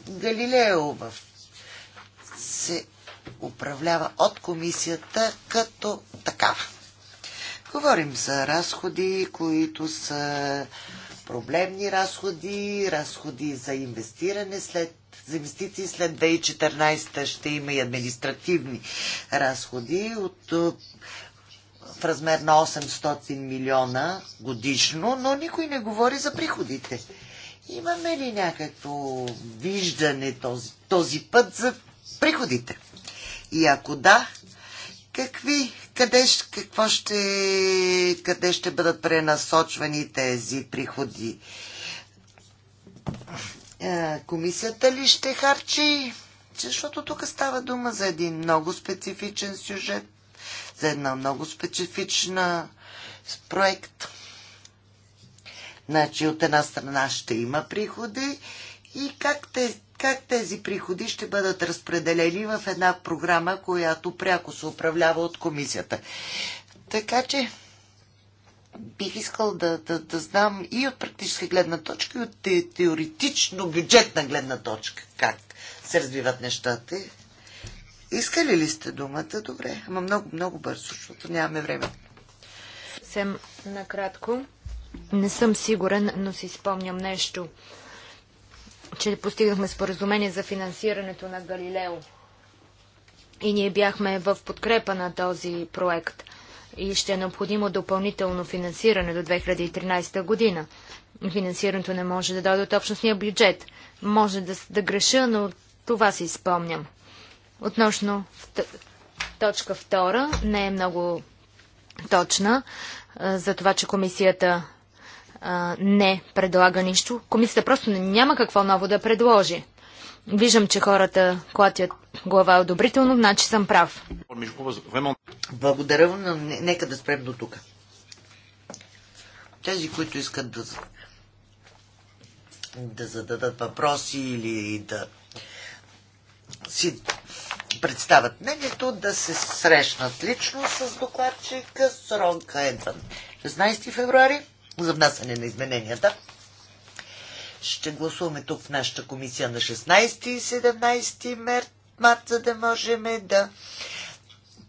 Speaker 3: Галилео в... се управлява от комисията като такава. Говорим за разходи, които са проблемни разходи, разходи за инвестиране след за инвестиции след 2014 ще има и административни разходи от, е, в размер на 800 милиона годишно, но никой не говори за приходите. Имаме ли някакво виждане този, този път за приходите? И ако да, какви, къде, какво ще, къде ще бъдат пренасочвани тези приходи? Е, комисията ли ще харчи? Защото тук става дума за един много специфичен сюжет, за една много специфична проект. Значи от една страна ще има приходи и как, те, как тези приходи ще бъдат разпределени в една програма, която пряко се управлява от комисията. Така че бих искал да, да, да знам и от практическа гледна точка, и от теоретично бюджетна гледна точка как се развиват нещата. Искали ли сте думата? Добре. Ама много, много бързо, защото нямаме време. Съвсем
Speaker 4: накратко. Не съм сигурен, но си спомням нещо, че постигнахме споразумение за финансирането на Галилео. И ние бяхме в подкрепа на този проект и ще е необходимо допълнително финансиране до 2013 година. Финансирането не може да дойде от общностния бюджет. Може да, да греша, но това си спомням. Относно точка втора, не е много точна за това, че комисията а, не предлага нищо. Комисията просто няма какво ново да предложи. Виждам, че хората клатят глава одобрително, значи съм прав.
Speaker 1: Благодаря,
Speaker 3: но нека да спрем до тук. Тези, които искат да, да зададат въпроси или да си представят мнението, да се срещнат лично с докладчика. Срока е 16 февруари за внасяне на измененията. Ще гласуваме тук в нашата комисия на 16 и 17 март, за да можем да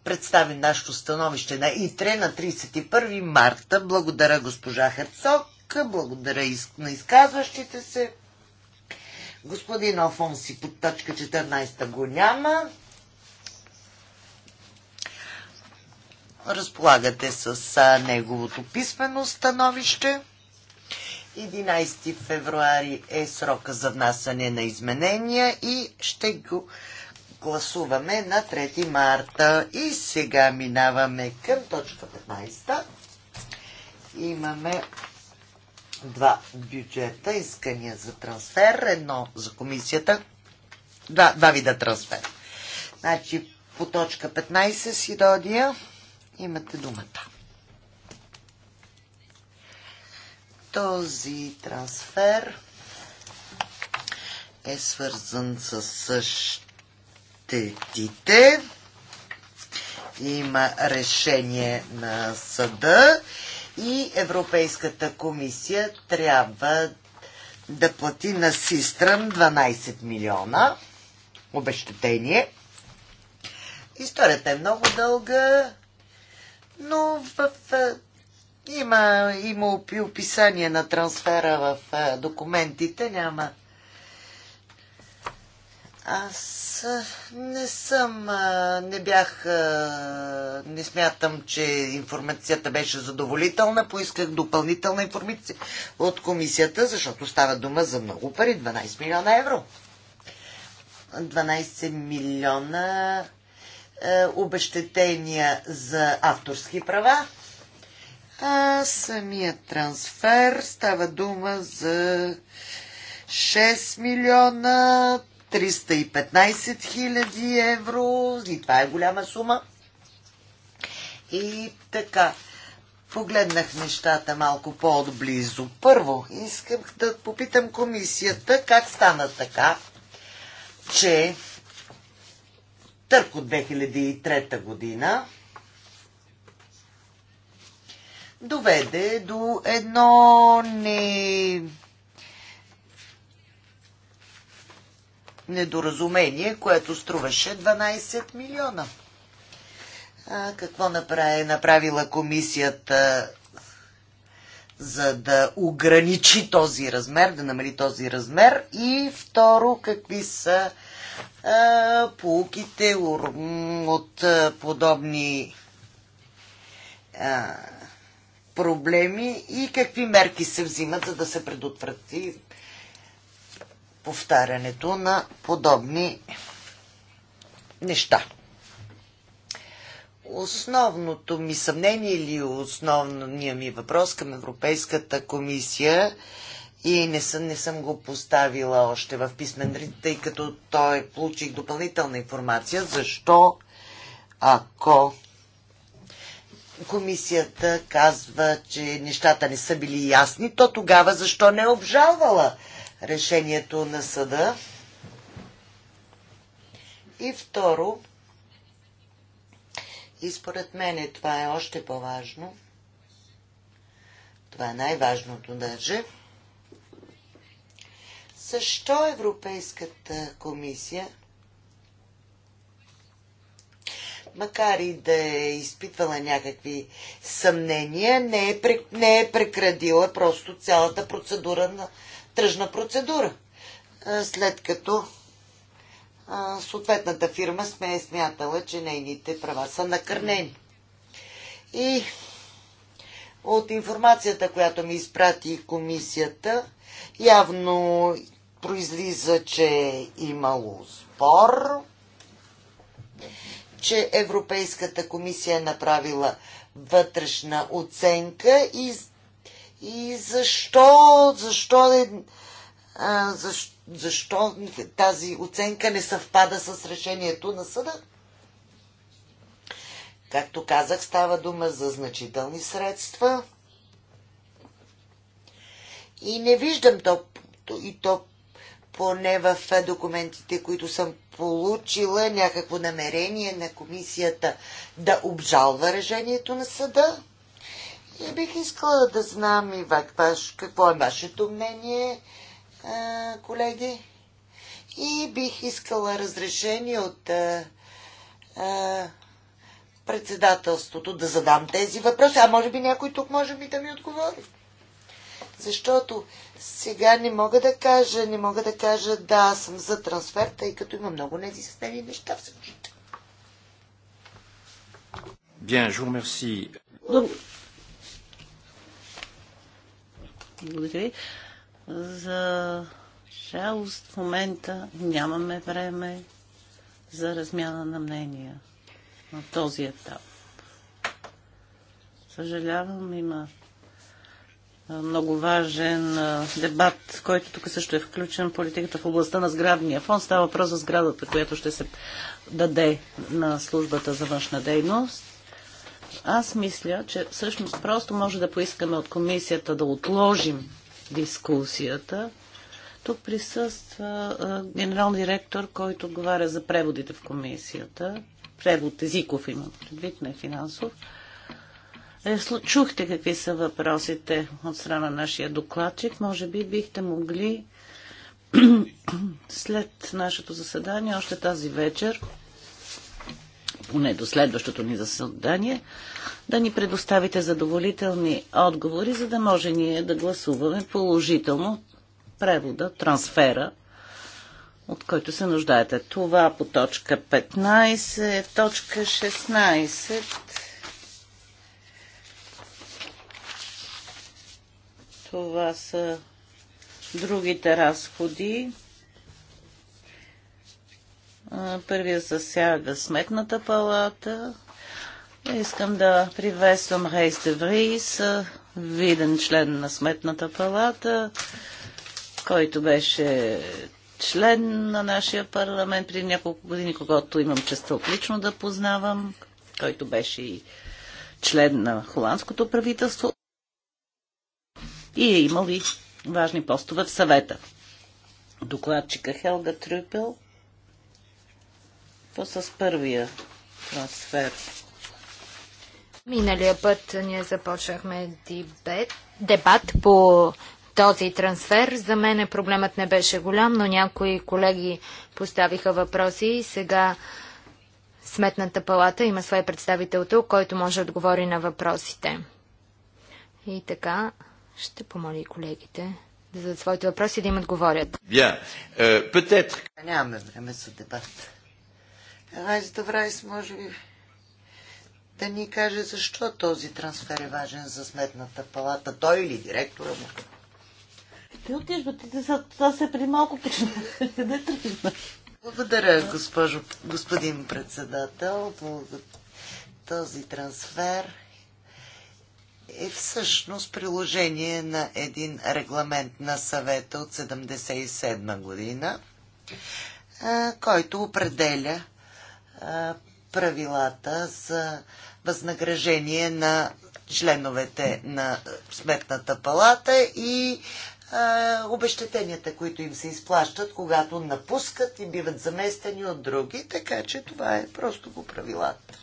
Speaker 3: представим нашето становище на ИТРЕ на 31 марта. Благодаря госпожа Херцог, благодаря на изказващите се. Господин Алфонси под точка 14 го няма. Разполагате с неговото писмено становище. 11 февруари е срока за внасяне на изменения и ще го гласуваме на 3 марта. И сега минаваме към точка 15. Имаме два бюджета, искания за трансфер, едно за комисията, два, два вида трансфер. Значи по точка 15 си додия. Имате думата. Този трансфер е свързан с щетите. Има решение на съда и Европейската комисия трябва да плати на систрам 12 милиона обещетение. Историята е много дълга но в, има, има описание на трансфера в документите, няма. Аз не съм, не бях, не смятам, че информацията беше задоволителна. Поисках допълнителна информация от комисията, защото става дума за много пари, 12 милиона евро. 12 милиона е, обещетения за авторски права. А самият трансфер става дума за 6 милиона 315 хиляди евро. И това е голяма сума. И така, погледнах нещата малко по-отблизо. Първо, искам да попитам комисията как стана така, че търк от 2003 година доведе до едно не... недоразумение, което струваше 12 милиона. А какво направи, направила комисията за да ограничи този размер, да намали този размер? И второ, какви са полуките от подобни проблеми и какви мерки се взимат, за да се предотврати повтарянето на подобни неща. Основното ми съмнение или основният ми въпрос към Европейската комисия и не съм, не съм го поставила още в писмен ред, тъй като той получих допълнителна информация, защо ако комисията казва, че нещата не са били ясни, то тогава защо не е обжалвала решението на съда? И второ, и според мен това е още по-важно, това е най-важното даже, защо Европейската комисия макар и да е изпитвала някакви съмнения, не е, не е прекрадила просто цялата процедура на тръжна процедура. След като съответната фирма сме е смятала, че нейните права са накърнени. И от информацията, която ми изпрати комисията, явно произлиза, че е имало спор, че Европейската комисия е направила вътрешна оценка и, и защо, защо, е, а, защо, защо тази оценка не съвпада с решението на съда. Както казах, става дума за значителни средства. И не виждам то, и то поне в документите, които съм получила, някакво намерение на комисията да обжалва решението на съда. И бих искала да знам и ваш, какво е вашето мнение, колеги. И бих искала разрешение от председателството да задам тези въпроси. А може би някой тук може ми да ми отговори. Защото сега не мога да кажа, не мога да кажа да, съм за трансфер, тъй като има много неизяснени неща в случаите.
Speaker 1: Bien, je vous remercie.
Speaker 2: Благодаря. За жалост в момента нямаме време за размяна на мнения на този етап. Съжалявам, има много важен дебат, който тук също е включен политиката в областта на сградния фонд. Става въпрос за сградата, която ще се даде на службата за външна дейност. Аз мисля, че всъщност просто може да поискаме от комисията да отложим дискусията. Тук присъства генерал директор, който отговаря за преводите в комисията. Превод езиков имам предвид, не финансов. Е, чухте какви са въпросите от страна на нашия докладчик. Може би бихте могли (clears throat) след нашето заседание, още тази вечер, поне до следващото ни заседание, да ни предоставите задоволителни отговори, за да може ние да гласуваме положително превода, трансфера, от който се нуждаете. Това по точка 15, точка 16 Това са другите разходи. Първия засяга сметната палата. Искам да приветствам Рейс Деврис, виден член на сметната палата, който беше член на нашия парламент преди няколко години, когато имам честа лично да познавам, който беше и член на холандското правителство и е имал и важни постове в съвета. Докладчика Хелга Трюпел по с първия трансфер.
Speaker 4: Миналия път ние започнахме дебет, дебат по този трансфер. За мен проблемът не беше голям, но някои колеги поставиха въпроси и сега Сметната палата има свой представител тук, който може да отговори на въпросите. И така, ще помоля и колегите да зададат своите въпроси и да им отговорят.
Speaker 3: Bien. Uh, peut-être... Нямаме време за дебат.
Speaker 4: Айз Даврайс, може би, да ни каже
Speaker 3: защо този трансфер е важен за сметната палата. Той или директора му?
Speaker 2: Ти отиш, бе, ти са, са се преди малко почнах. Къде е тръгна?
Speaker 3: Благодаря, госпожо, господин председател. Този трансфер е всъщност приложение на един регламент на съвета от 1977 година, който определя правилата за възнаграждение на членовете на Сметната палата и обещетенията, които им се изплащат, когато напускат и биват заместени от други. Така че това е просто го правилата.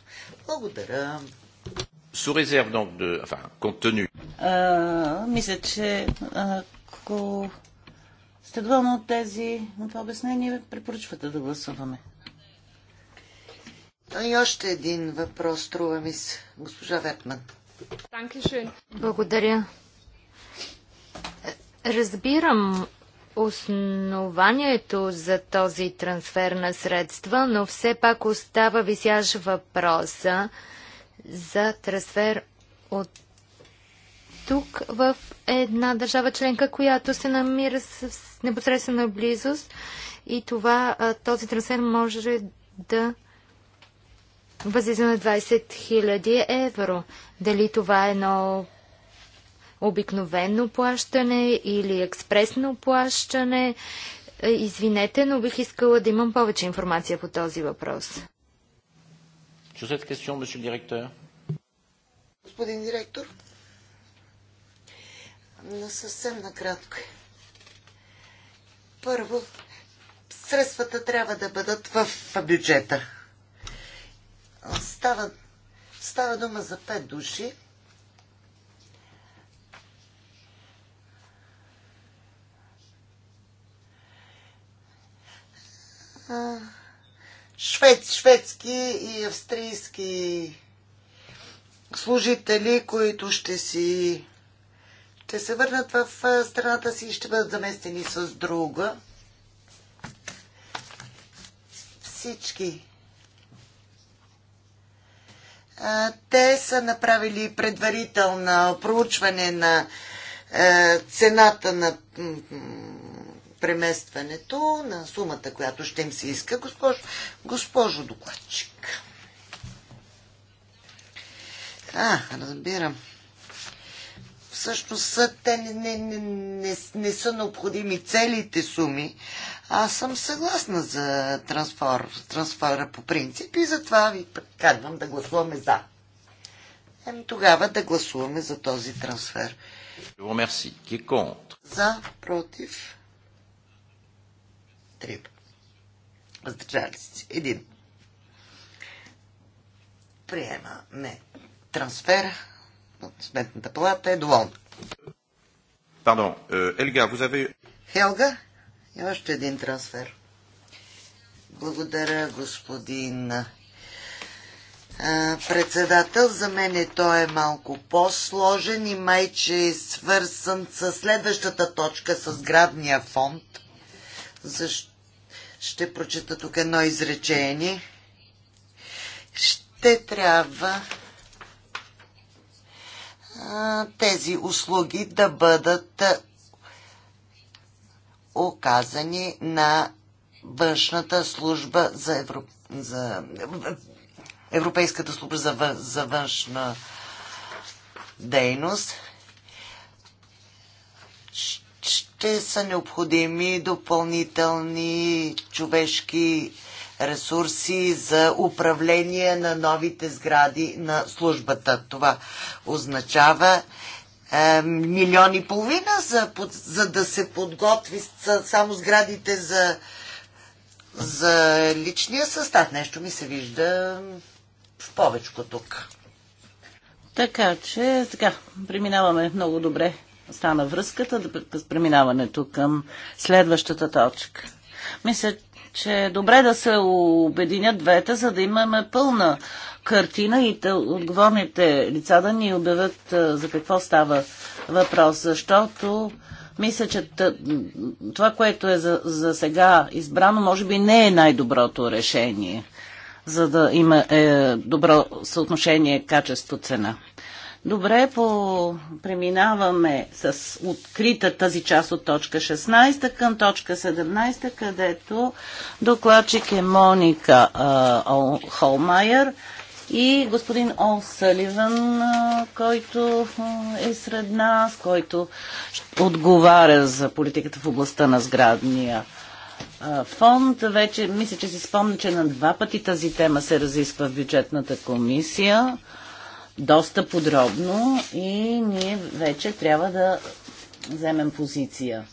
Speaker 3: Благодаря.
Speaker 1: Sous réserve donc de, enfin, compte tenu.
Speaker 2: мисля, че ако следваме от тези, това обяснение, препоръчвате да гласуваме.
Speaker 3: И още един въпрос, струва ми се, госпожа
Speaker 4: Вертман. Благодаря. Разбирам основанието за този трансфер на средства, но все пак остава висящ въпроса за трансфер от тук в една държава членка, която се намира с непосредствена близост и това, този трансфер може да възлиза на 20 000 евро. Дали това е едно обикновено плащане или експресно плащане? Е, извинете, но бих искала да имам повече информация по този въпрос.
Speaker 1: Sur cette question, monsieur le directeur.
Speaker 3: Господин директор, на съвсем накратко. Първо, средствата трябва да бъдат в бюджета. Става, става дума за пет души. А, швед, шведски и австрийски служители, които ще си ще се върнат в страната си и ще бъдат заместени с друга. Всички. Те са направили предварително проучване на цената на преместването на сумата, която ще им се иска, госпожо, госпожо докладчик. А, разбирам. Всъщност те не, не, не, не, не са необходими целите суми. Аз съм съгласна за трансфер, трансфера по принцип и затова ви предкарвам да гласуваме за. Ем тогава да гласуваме за този трансфер. За, против, Три. Въздържали
Speaker 1: се. Един. Приемаме
Speaker 3: трансфер от сметната палата е доволна.
Speaker 1: Пардон, Елга, vous avez...
Speaker 3: Хелга, и още един трансфер. Благодаря, господин председател. За мен е той е малко по-сложен и май, че е свързан с следващата точка, с градния фонд. Ще прочета тук едно изречение. Ще трябва тези услуги да бъдат оказани на външната служба за, Евро... за... Европейската служба за, за външна дейност ще са необходими допълнителни човешки ресурси за управление на новите сгради на службата. Това означава е, милион и половина, за, за да се подготви само сградите за, за личния състав. Нещо ми се вижда в повечко тук.
Speaker 2: Така че, така, преминаваме много добре стана връзката с преминаването към следващата точка. Мисля, че е добре да се обединят двете, за да имаме пълна картина и да отговорните лица да ни обявят за какво става въпрос, защото мисля, че това, което е за, за сега избрано, може би не е най-доброто решение, за да има е, добро съотношение качество-цена. Добре, по... преминаваме с открита тази част от точка 16 към точка 17, където докладчик е Моника а, Холмайер и господин Ол Саливан, а, който е сред нас, който отговаря за политиката в областта на сградния фонд. Вече мисля, че си спомня, че на два пъти тази тема се разисква в бюджетната комисия доста подробно и ние вече трябва да вземем позиция.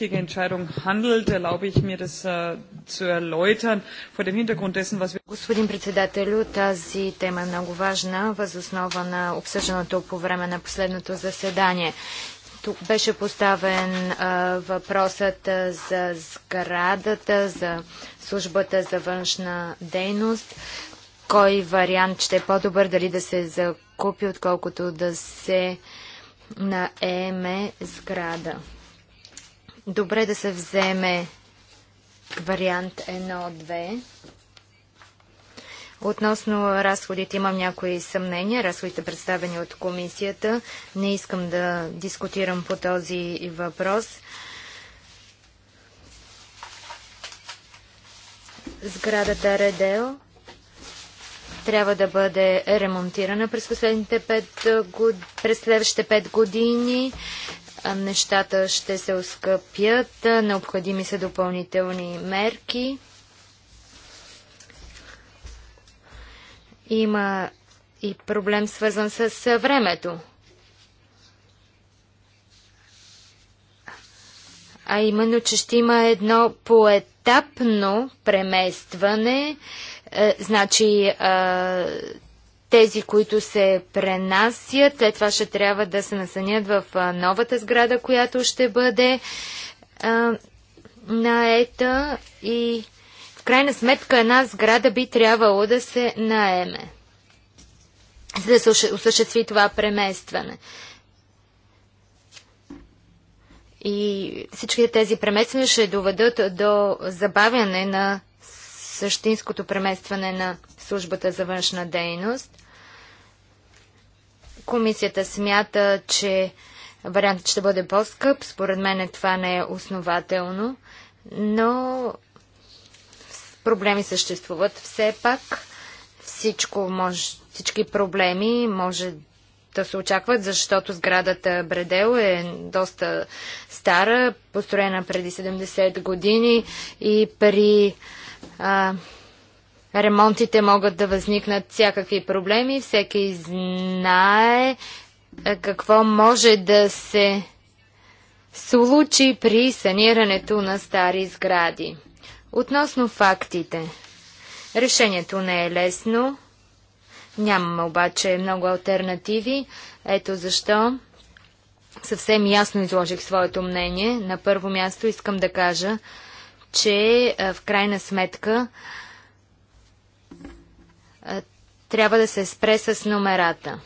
Speaker 4: Entscheidung handelt, erlaube ich mir das äh, zu erläutern vor dem Hintergrund dessen, was wir Господин председателю, тази тема е много важна, възоснова на обсъжданото по време на последното заседание. Тук беше поставен въпросът за сградата, за службата за външна дейност кой вариант ще е по-добър, дали да се закупи, отколкото да се наеме сграда. Добре да се вземе вариант 1-2. Относно разходите имам някои съмнения. Разходите представени от комисията. Не искам да дискутирам по този въпрос. Сградата Редел трябва да бъде ремонтирана през, последните 5 години, през следващите 5 години. Нещата ще се оскъпят, необходими са допълнителни мерки. Има и проблем свързан с времето. А именно, че ще има едно поетапно преместване е, значи, е, тези, които се пренасят, след това ще трябва да се насънят в е, новата сграда, която ще бъде наета и в крайна сметка една сграда би трябвало да се наеме, за да се осъществи това преместване. И всички тези премествания ще доведат до забавяне на същинското преместване на службата за външна дейност. Комисията смята, че вариантът ще бъде по-скъп. Според мен това не е основателно, но проблеми съществуват все пак. Всичко може, всички проблеми може да се очакват, защото сградата Бредел е доста стара, построена преди 70 години и при а, ремонтите могат да възникнат всякакви проблеми. Всеки знае какво може да се случи при санирането на стари сгради. Относно фактите. Решението не е лесно. Нямаме обаче много альтернативи. Ето защо съвсем ясно изложих своето мнение. На първо място искам да кажа, че в крайна сметка трябва да се спре с номерата.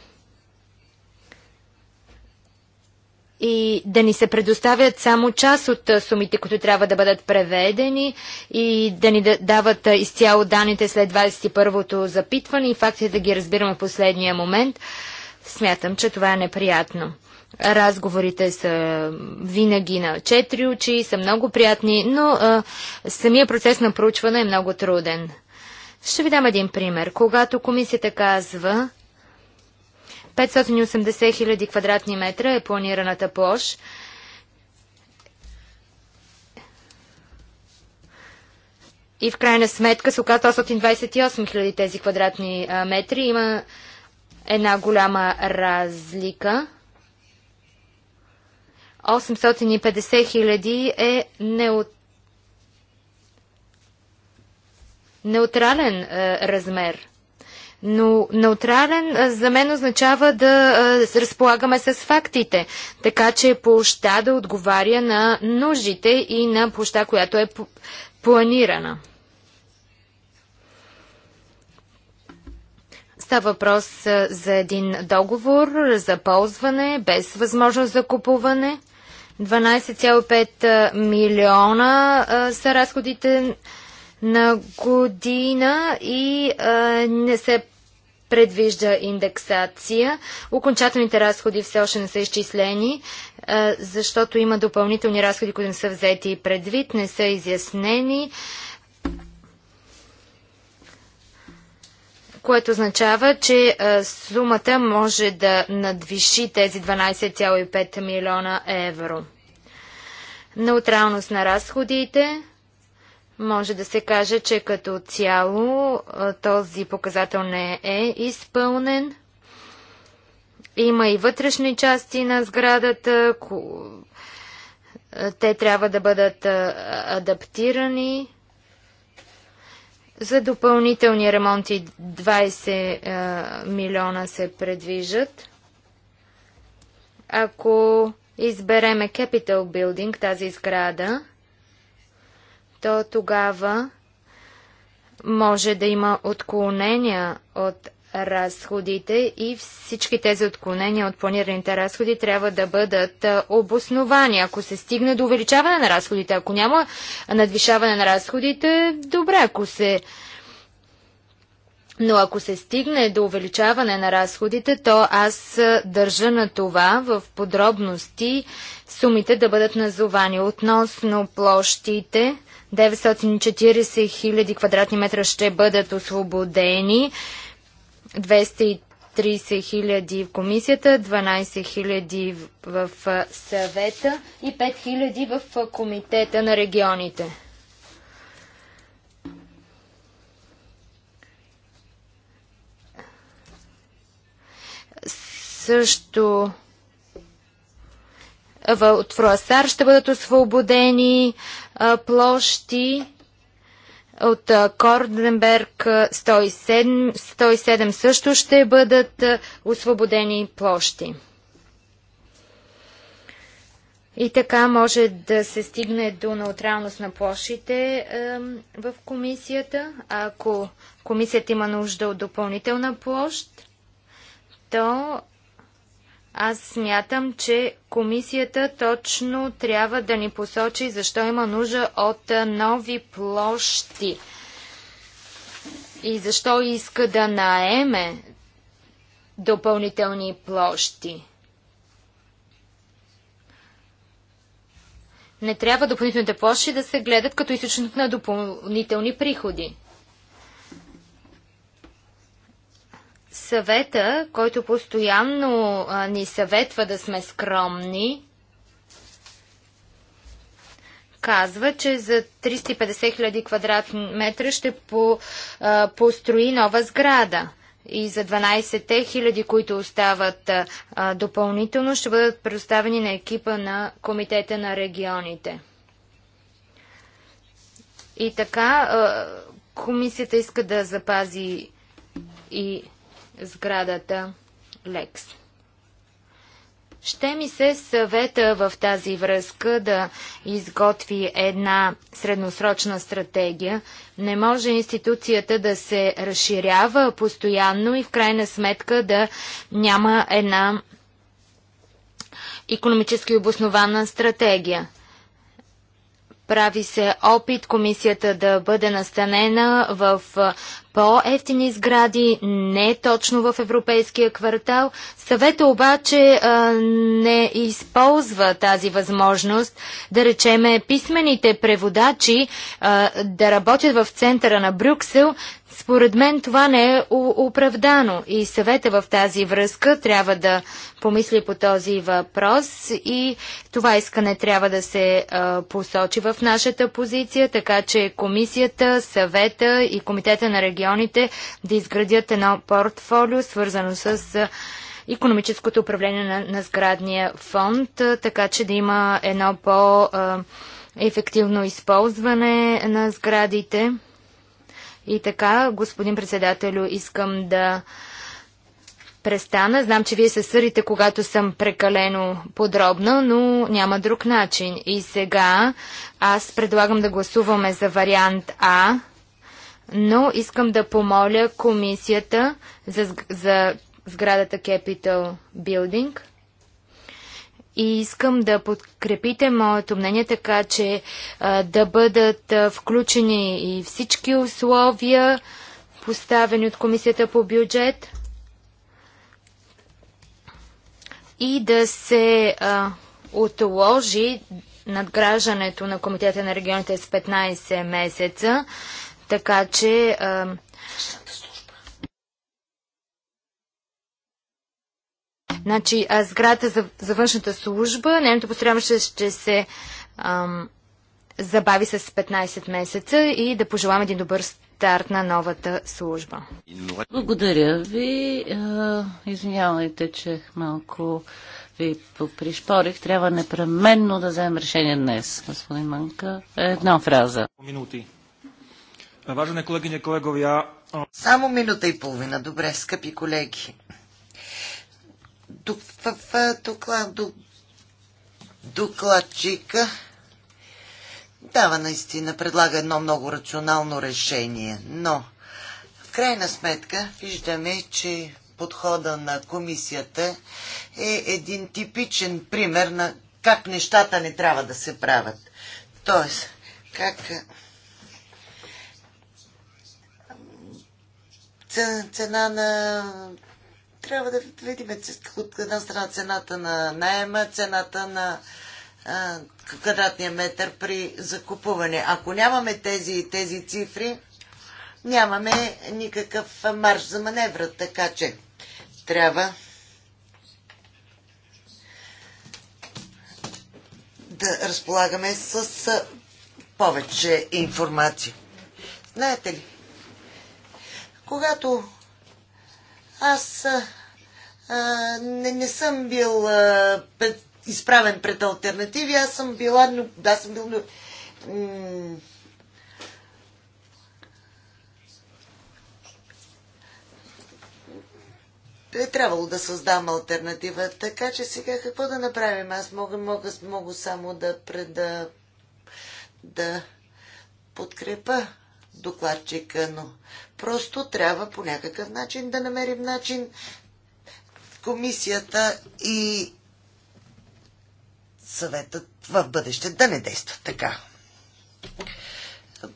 Speaker 4: И да ни се предоставят само част от сумите, които трябва да бъдат преведени и да ни дават изцяло данните след 21-то запитване и фактите да ги разбираме в последния момент, смятам, че това е неприятно. Разговорите са винаги на четири очи, са много приятни, но а, самия процес на проучване е много труден. Ще ви дам един пример. Когато комисията казва 580 хиляди квадратни метра е планираната площ, и в крайна сметка се оказа 828 хиляди тези квадратни метри. Има една голяма разлика. 850 хиляди е неот... неутрален е, размер. Но неутрален е, за мен означава да е, разполагаме с фактите, така че площа да отговаря на нуждите и на площа, която е планирана. Става въпрос е, за един договор за ползване без възможност за купуване – 12,5 милиона а, са разходите на година и а, не се предвижда индексация. Окончателните разходи все още не са изчислени, а, защото има допълнителни разходи, които не са взети предвид, не са изяснени. А, което означава, че сумата може да надвиши тези 12,5 милиона евро. Неутралност на разходите. Може да се каже, че като цяло този показател не е изпълнен. Има и вътрешни части на сградата. Те трябва да бъдат адаптирани. За допълнителни ремонти 20 е, милиона се предвижат. Ако избереме Capital Building, тази сграда, то тогава може да има отклонения от разходите и всички тези отклонения от планираните разходи трябва да бъдат обосновани. Ако се стигне до увеличаване на разходите, ако няма надвишаване на разходите, добре, ако се. Но ако се стигне до увеличаване на разходите, то аз държа на това в подробности сумите да бъдат назовани. Относно площите, 940 000 квадратни метра ще бъдат освободени. 230 хиляди в комисията, 12 хиляди в съвета и 5 хиляди в комитета на регионите. Също от Фруасар ще бъдат освободени площи от Корденберг 107, 107 също ще бъдат освободени площи. И така може да се стигне до неутралност на площите е, в комисията. Ако комисията има нужда от допълнителна площ, то аз смятам, че комисията точно трябва да ни посочи защо има нужда от нови площи и защо иска да наеме допълнителни площи. Не трябва допълнителните площи да се гледат като източник на допълнителни приходи. Съвета, който постоянно а, ни съветва да сме скромни, казва, че за 350 хиляди метра ще по, а, построи нова сграда. И за 12 хиляди, които остават а, допълнително, ще бъдат предоставени на екипа на Комитета на регионите. И така, а, комисията иска да запази и сградата Лекс. Ще ми се съвета в тази връзка да изготви една средносрочна стратегия. Не може институцията да се разширява постоянно и в крайна сметка да няма една економически обоснована стратегия. Прави се опит комисията да бъде настанена в по-ефтини сгради, не точно в европейския квартал. Съвета обаче а, не използва тази възможност, да речеме писмените преводачи а, да работят в центъра на Брюксел, според мен това не е оправдано и съвета в тази връзка трябва да помисли по този въпрос и това искане трябва да се посочи в нашата позиция, така че комисията, съвета и комитета на регионите да изградят едно портфолио, свързано с економическото управление на, на сградния фонд, така че да има едно по- ефективно използване на сградите. И така, господин председателю, искам да престана. Знам, че вие се съдите, когато съм прекалено подробна, но няма друг начин. И сега аз предлагам да гласуваме за вариант А, но искам да помоля комисията за, за сградата Capital Building – и искам да подкрепите моето мнение така, че а, да бъдат а, включени и всички условия, поставени от Комисията по бюджет и да се а, отложи надграждането на Комитета на регионите с 15 месеца, така че а, Значи, а, сградата за, за външната служба, нейното построяване ще, ще се ам, забави с 15 месеца и да пожелам един добър старт на новата служба.
Speaker 2: Благодаря ви. Извинявайте, че малко ви попришпорих. Трябва непременно да вземем решение днес, господин Манка. Една фраза.
Speaker 3: Минути. Важен е, колегови, а. Само минута и половина. Добре, скъпи колеги в, в доклад, докладчика дава наистина, предлага едно много рационално решение, но в крайна сметка виждаме, че подхода на комисията е един типичен пример на как нещата не трябва да се правят. Тоест, как цена на трябва да видим от една страна цената на найема, цената на а, квадратния метър при закупуване. Ако нямаме тези, тези цифри, нямаме никакъв марш за маневра, така че трябва да разполагаме с повече информация. Знаете ли, когато аз а, не, не съм бил а, пред, изправен пред альтернативи, аз съм била, но, аз съм бил е трябвало да създам альтернатива. Така че сега какво да направим? Аз мога, мога, мога само да, преда, да подкрепа докладчика, но Просто трябва по някакъв начин да намерим начин комисията и съветът в бъдеще да не действат така.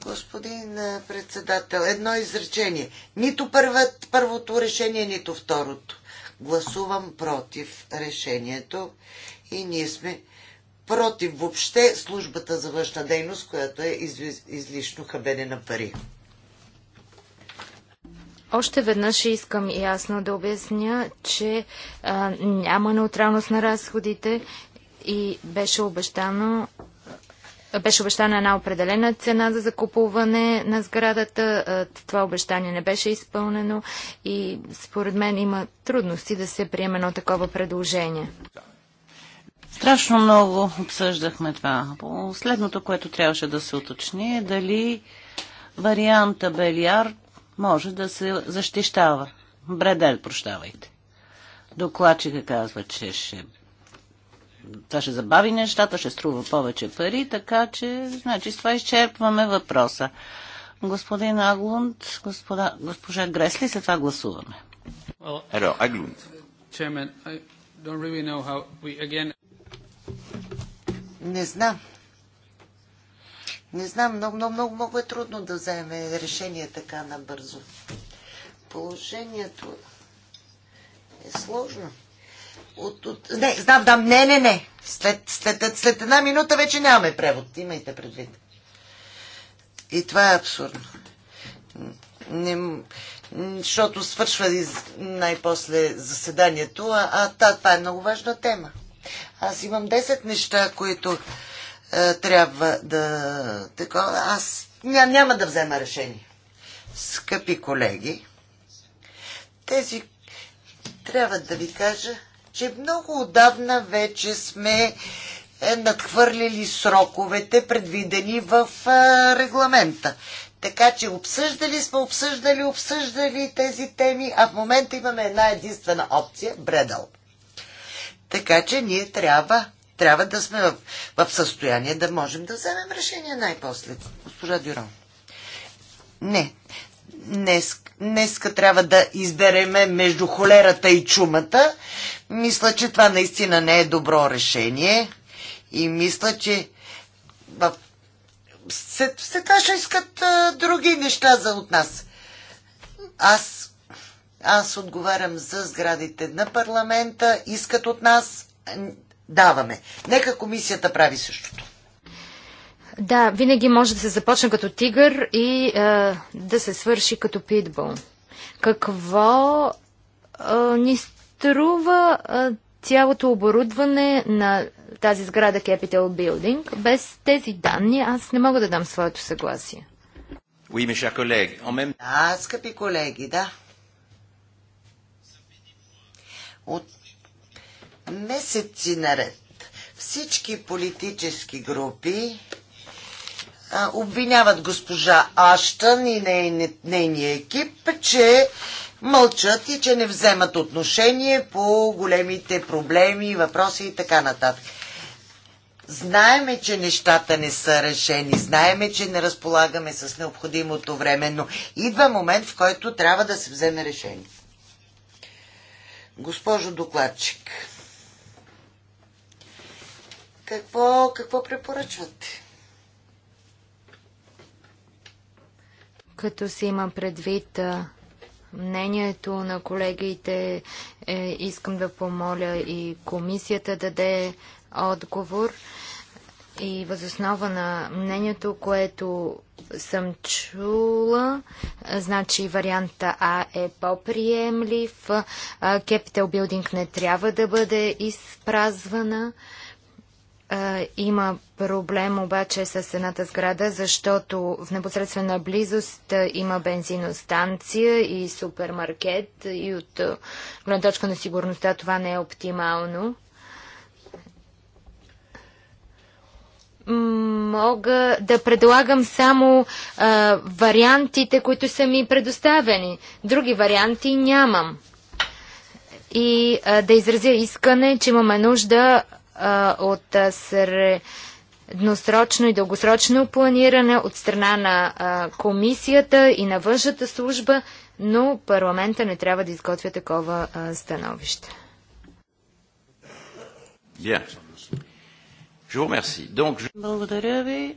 Speaker 3: Господин председател, едно изречение. Нито първът, първото решение, нито второто. Гласувам против решението и ние сме против въобще службата за външна дейност, която е излишно хабене на пари.
Speaker 4: Още веднъж искам ясно да обясня, че а, няма неутралност на разходите и беше обещано беше обещана една определена цена за закупуване на сградата. Това обещание не беше изпълнено и според мен има трудности да се приеме едно такова предложение.
Speaker 2: Страшно много обсъждахме това. Последното, което трябваше да се уточни е дали варианта Белиард може да се защищава. Бредел, прощавайте. Докладчика казва, че ще... това ще забави нещата, ще струва повече пари, така че, значи, с това изчерпваме въпроса. Господин Аглунд, господа, госпожа Гресли, след това гласуваме. Hello, Аглунд.
Speaker 1: I don't really know how we, again...
Speaker 3: Не знам не знам, много, много, много, много е трудно да вземе решение така набързо. Положението е сложно. От, от... Не, знам, дам, не, не, не. След, след, след една минута вече нямаме превод. Имайте предвид. И това е абсурдно. Не, защото свършва най-после заседанието, а, а това е много важна тема. Аз имам 10 неща, които е, трябва да... Такова, аз ня, няма да взема решение. Скъпи колеги, тези трябва да ви кажа, че много отдавна вече сме е, надхвърлили сроковете, предвидени в е, регламента. Така че обсъждали сме, обсъждали, обсъждали тези теми, а в момента имаме една единствена опция – бредъл. Така че ние трябва трябва да сме в, в състояние да можем да вземем решение най-после. Госпожа Дюрон. Не. Днес, днеска трябва да избереме между холерата и чумата. Мисля, че това наистина не е добро решение. И мисля, че в сега ще искат а, други неща за от нас. Аз, аз отговарям за сградите на парламента, искат от нас даваме. Нека комисията прави същото.
Speaker 4: Да, винаги може да се започне като тигър и е, да се свърши като питбол. Какво е, ни струва е, цялото оборудване на тази сграда Capital Building? Без тези данни аз не мога да дам своето съгласие.
Speaker 1: Oui, mes chers collègues, en même...
Speaker 3: Да, скъпи колеги, да. От месеци наред всички политически групи а, обвиняват госпожа Аштън и нейния ней, ней екип, че мълчат и че не вземат отношение по големите проблеми, въпроси и така нататък. Знаеме, че нещата не са решени, знаеме, че не разполагаме с необходимото време, но идва момент, в който трябва да се вземе решение. Госпожо докладчик, какво, какво препоръчвате?
Speaker 4: Като си има предвид мнението на колегите, е, искам да помоля и комисията да даде отговор. И възоснова на мнението, което съм чула, значи варианта А е по-приемлив, Capital Building не трябва да бъде изпразвана. Има проблем обаче с едната сграда, защото в непосредствена близост има бензиностанция и супермаркет и от гледна точка на сигурността това не е оптимално. Мога да предлагам само а, вариантите, които са ми предоставени. Други варианти нямам. И а, да изразя искане, че имаме нужда от средносрочно и дългосрочно планиране от страна на комисията и на външната служба, но парламента не трябва да изготвя такова становище.
Speaker 2: Благодаря ви.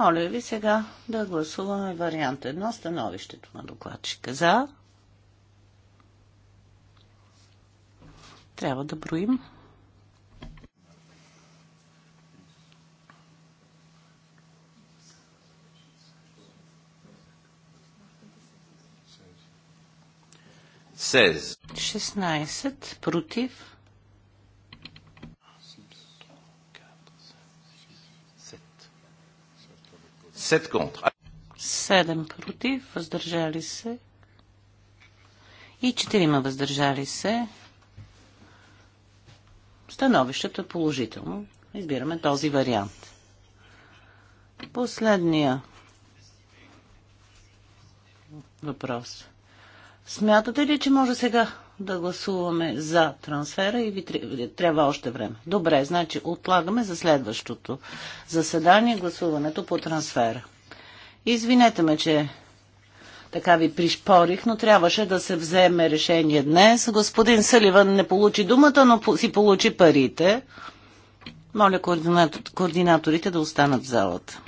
Speaker 2: Моля ви сега да гласуваме вариант едно. становището на докладчика. За. Трябва да броим. says. 16 против.
Speaker 1: Сет contre.
Speaker 2: 7 против, въздържали се. И четирима въздържали се. Становището е положително. Избираме този вариант. Последния въпрос. Смятате ли, че може сега да гласуваме за трансфера и ви трябва още време? Добре, значи отлагаме за следващото заседание гласуването по трансфера. Извинете ме, че така ви пришпорих, но трябваше да се вземе решение днес. Господин Съливан не получи думата, но си получи парите. Моля координаторите да останат в залата.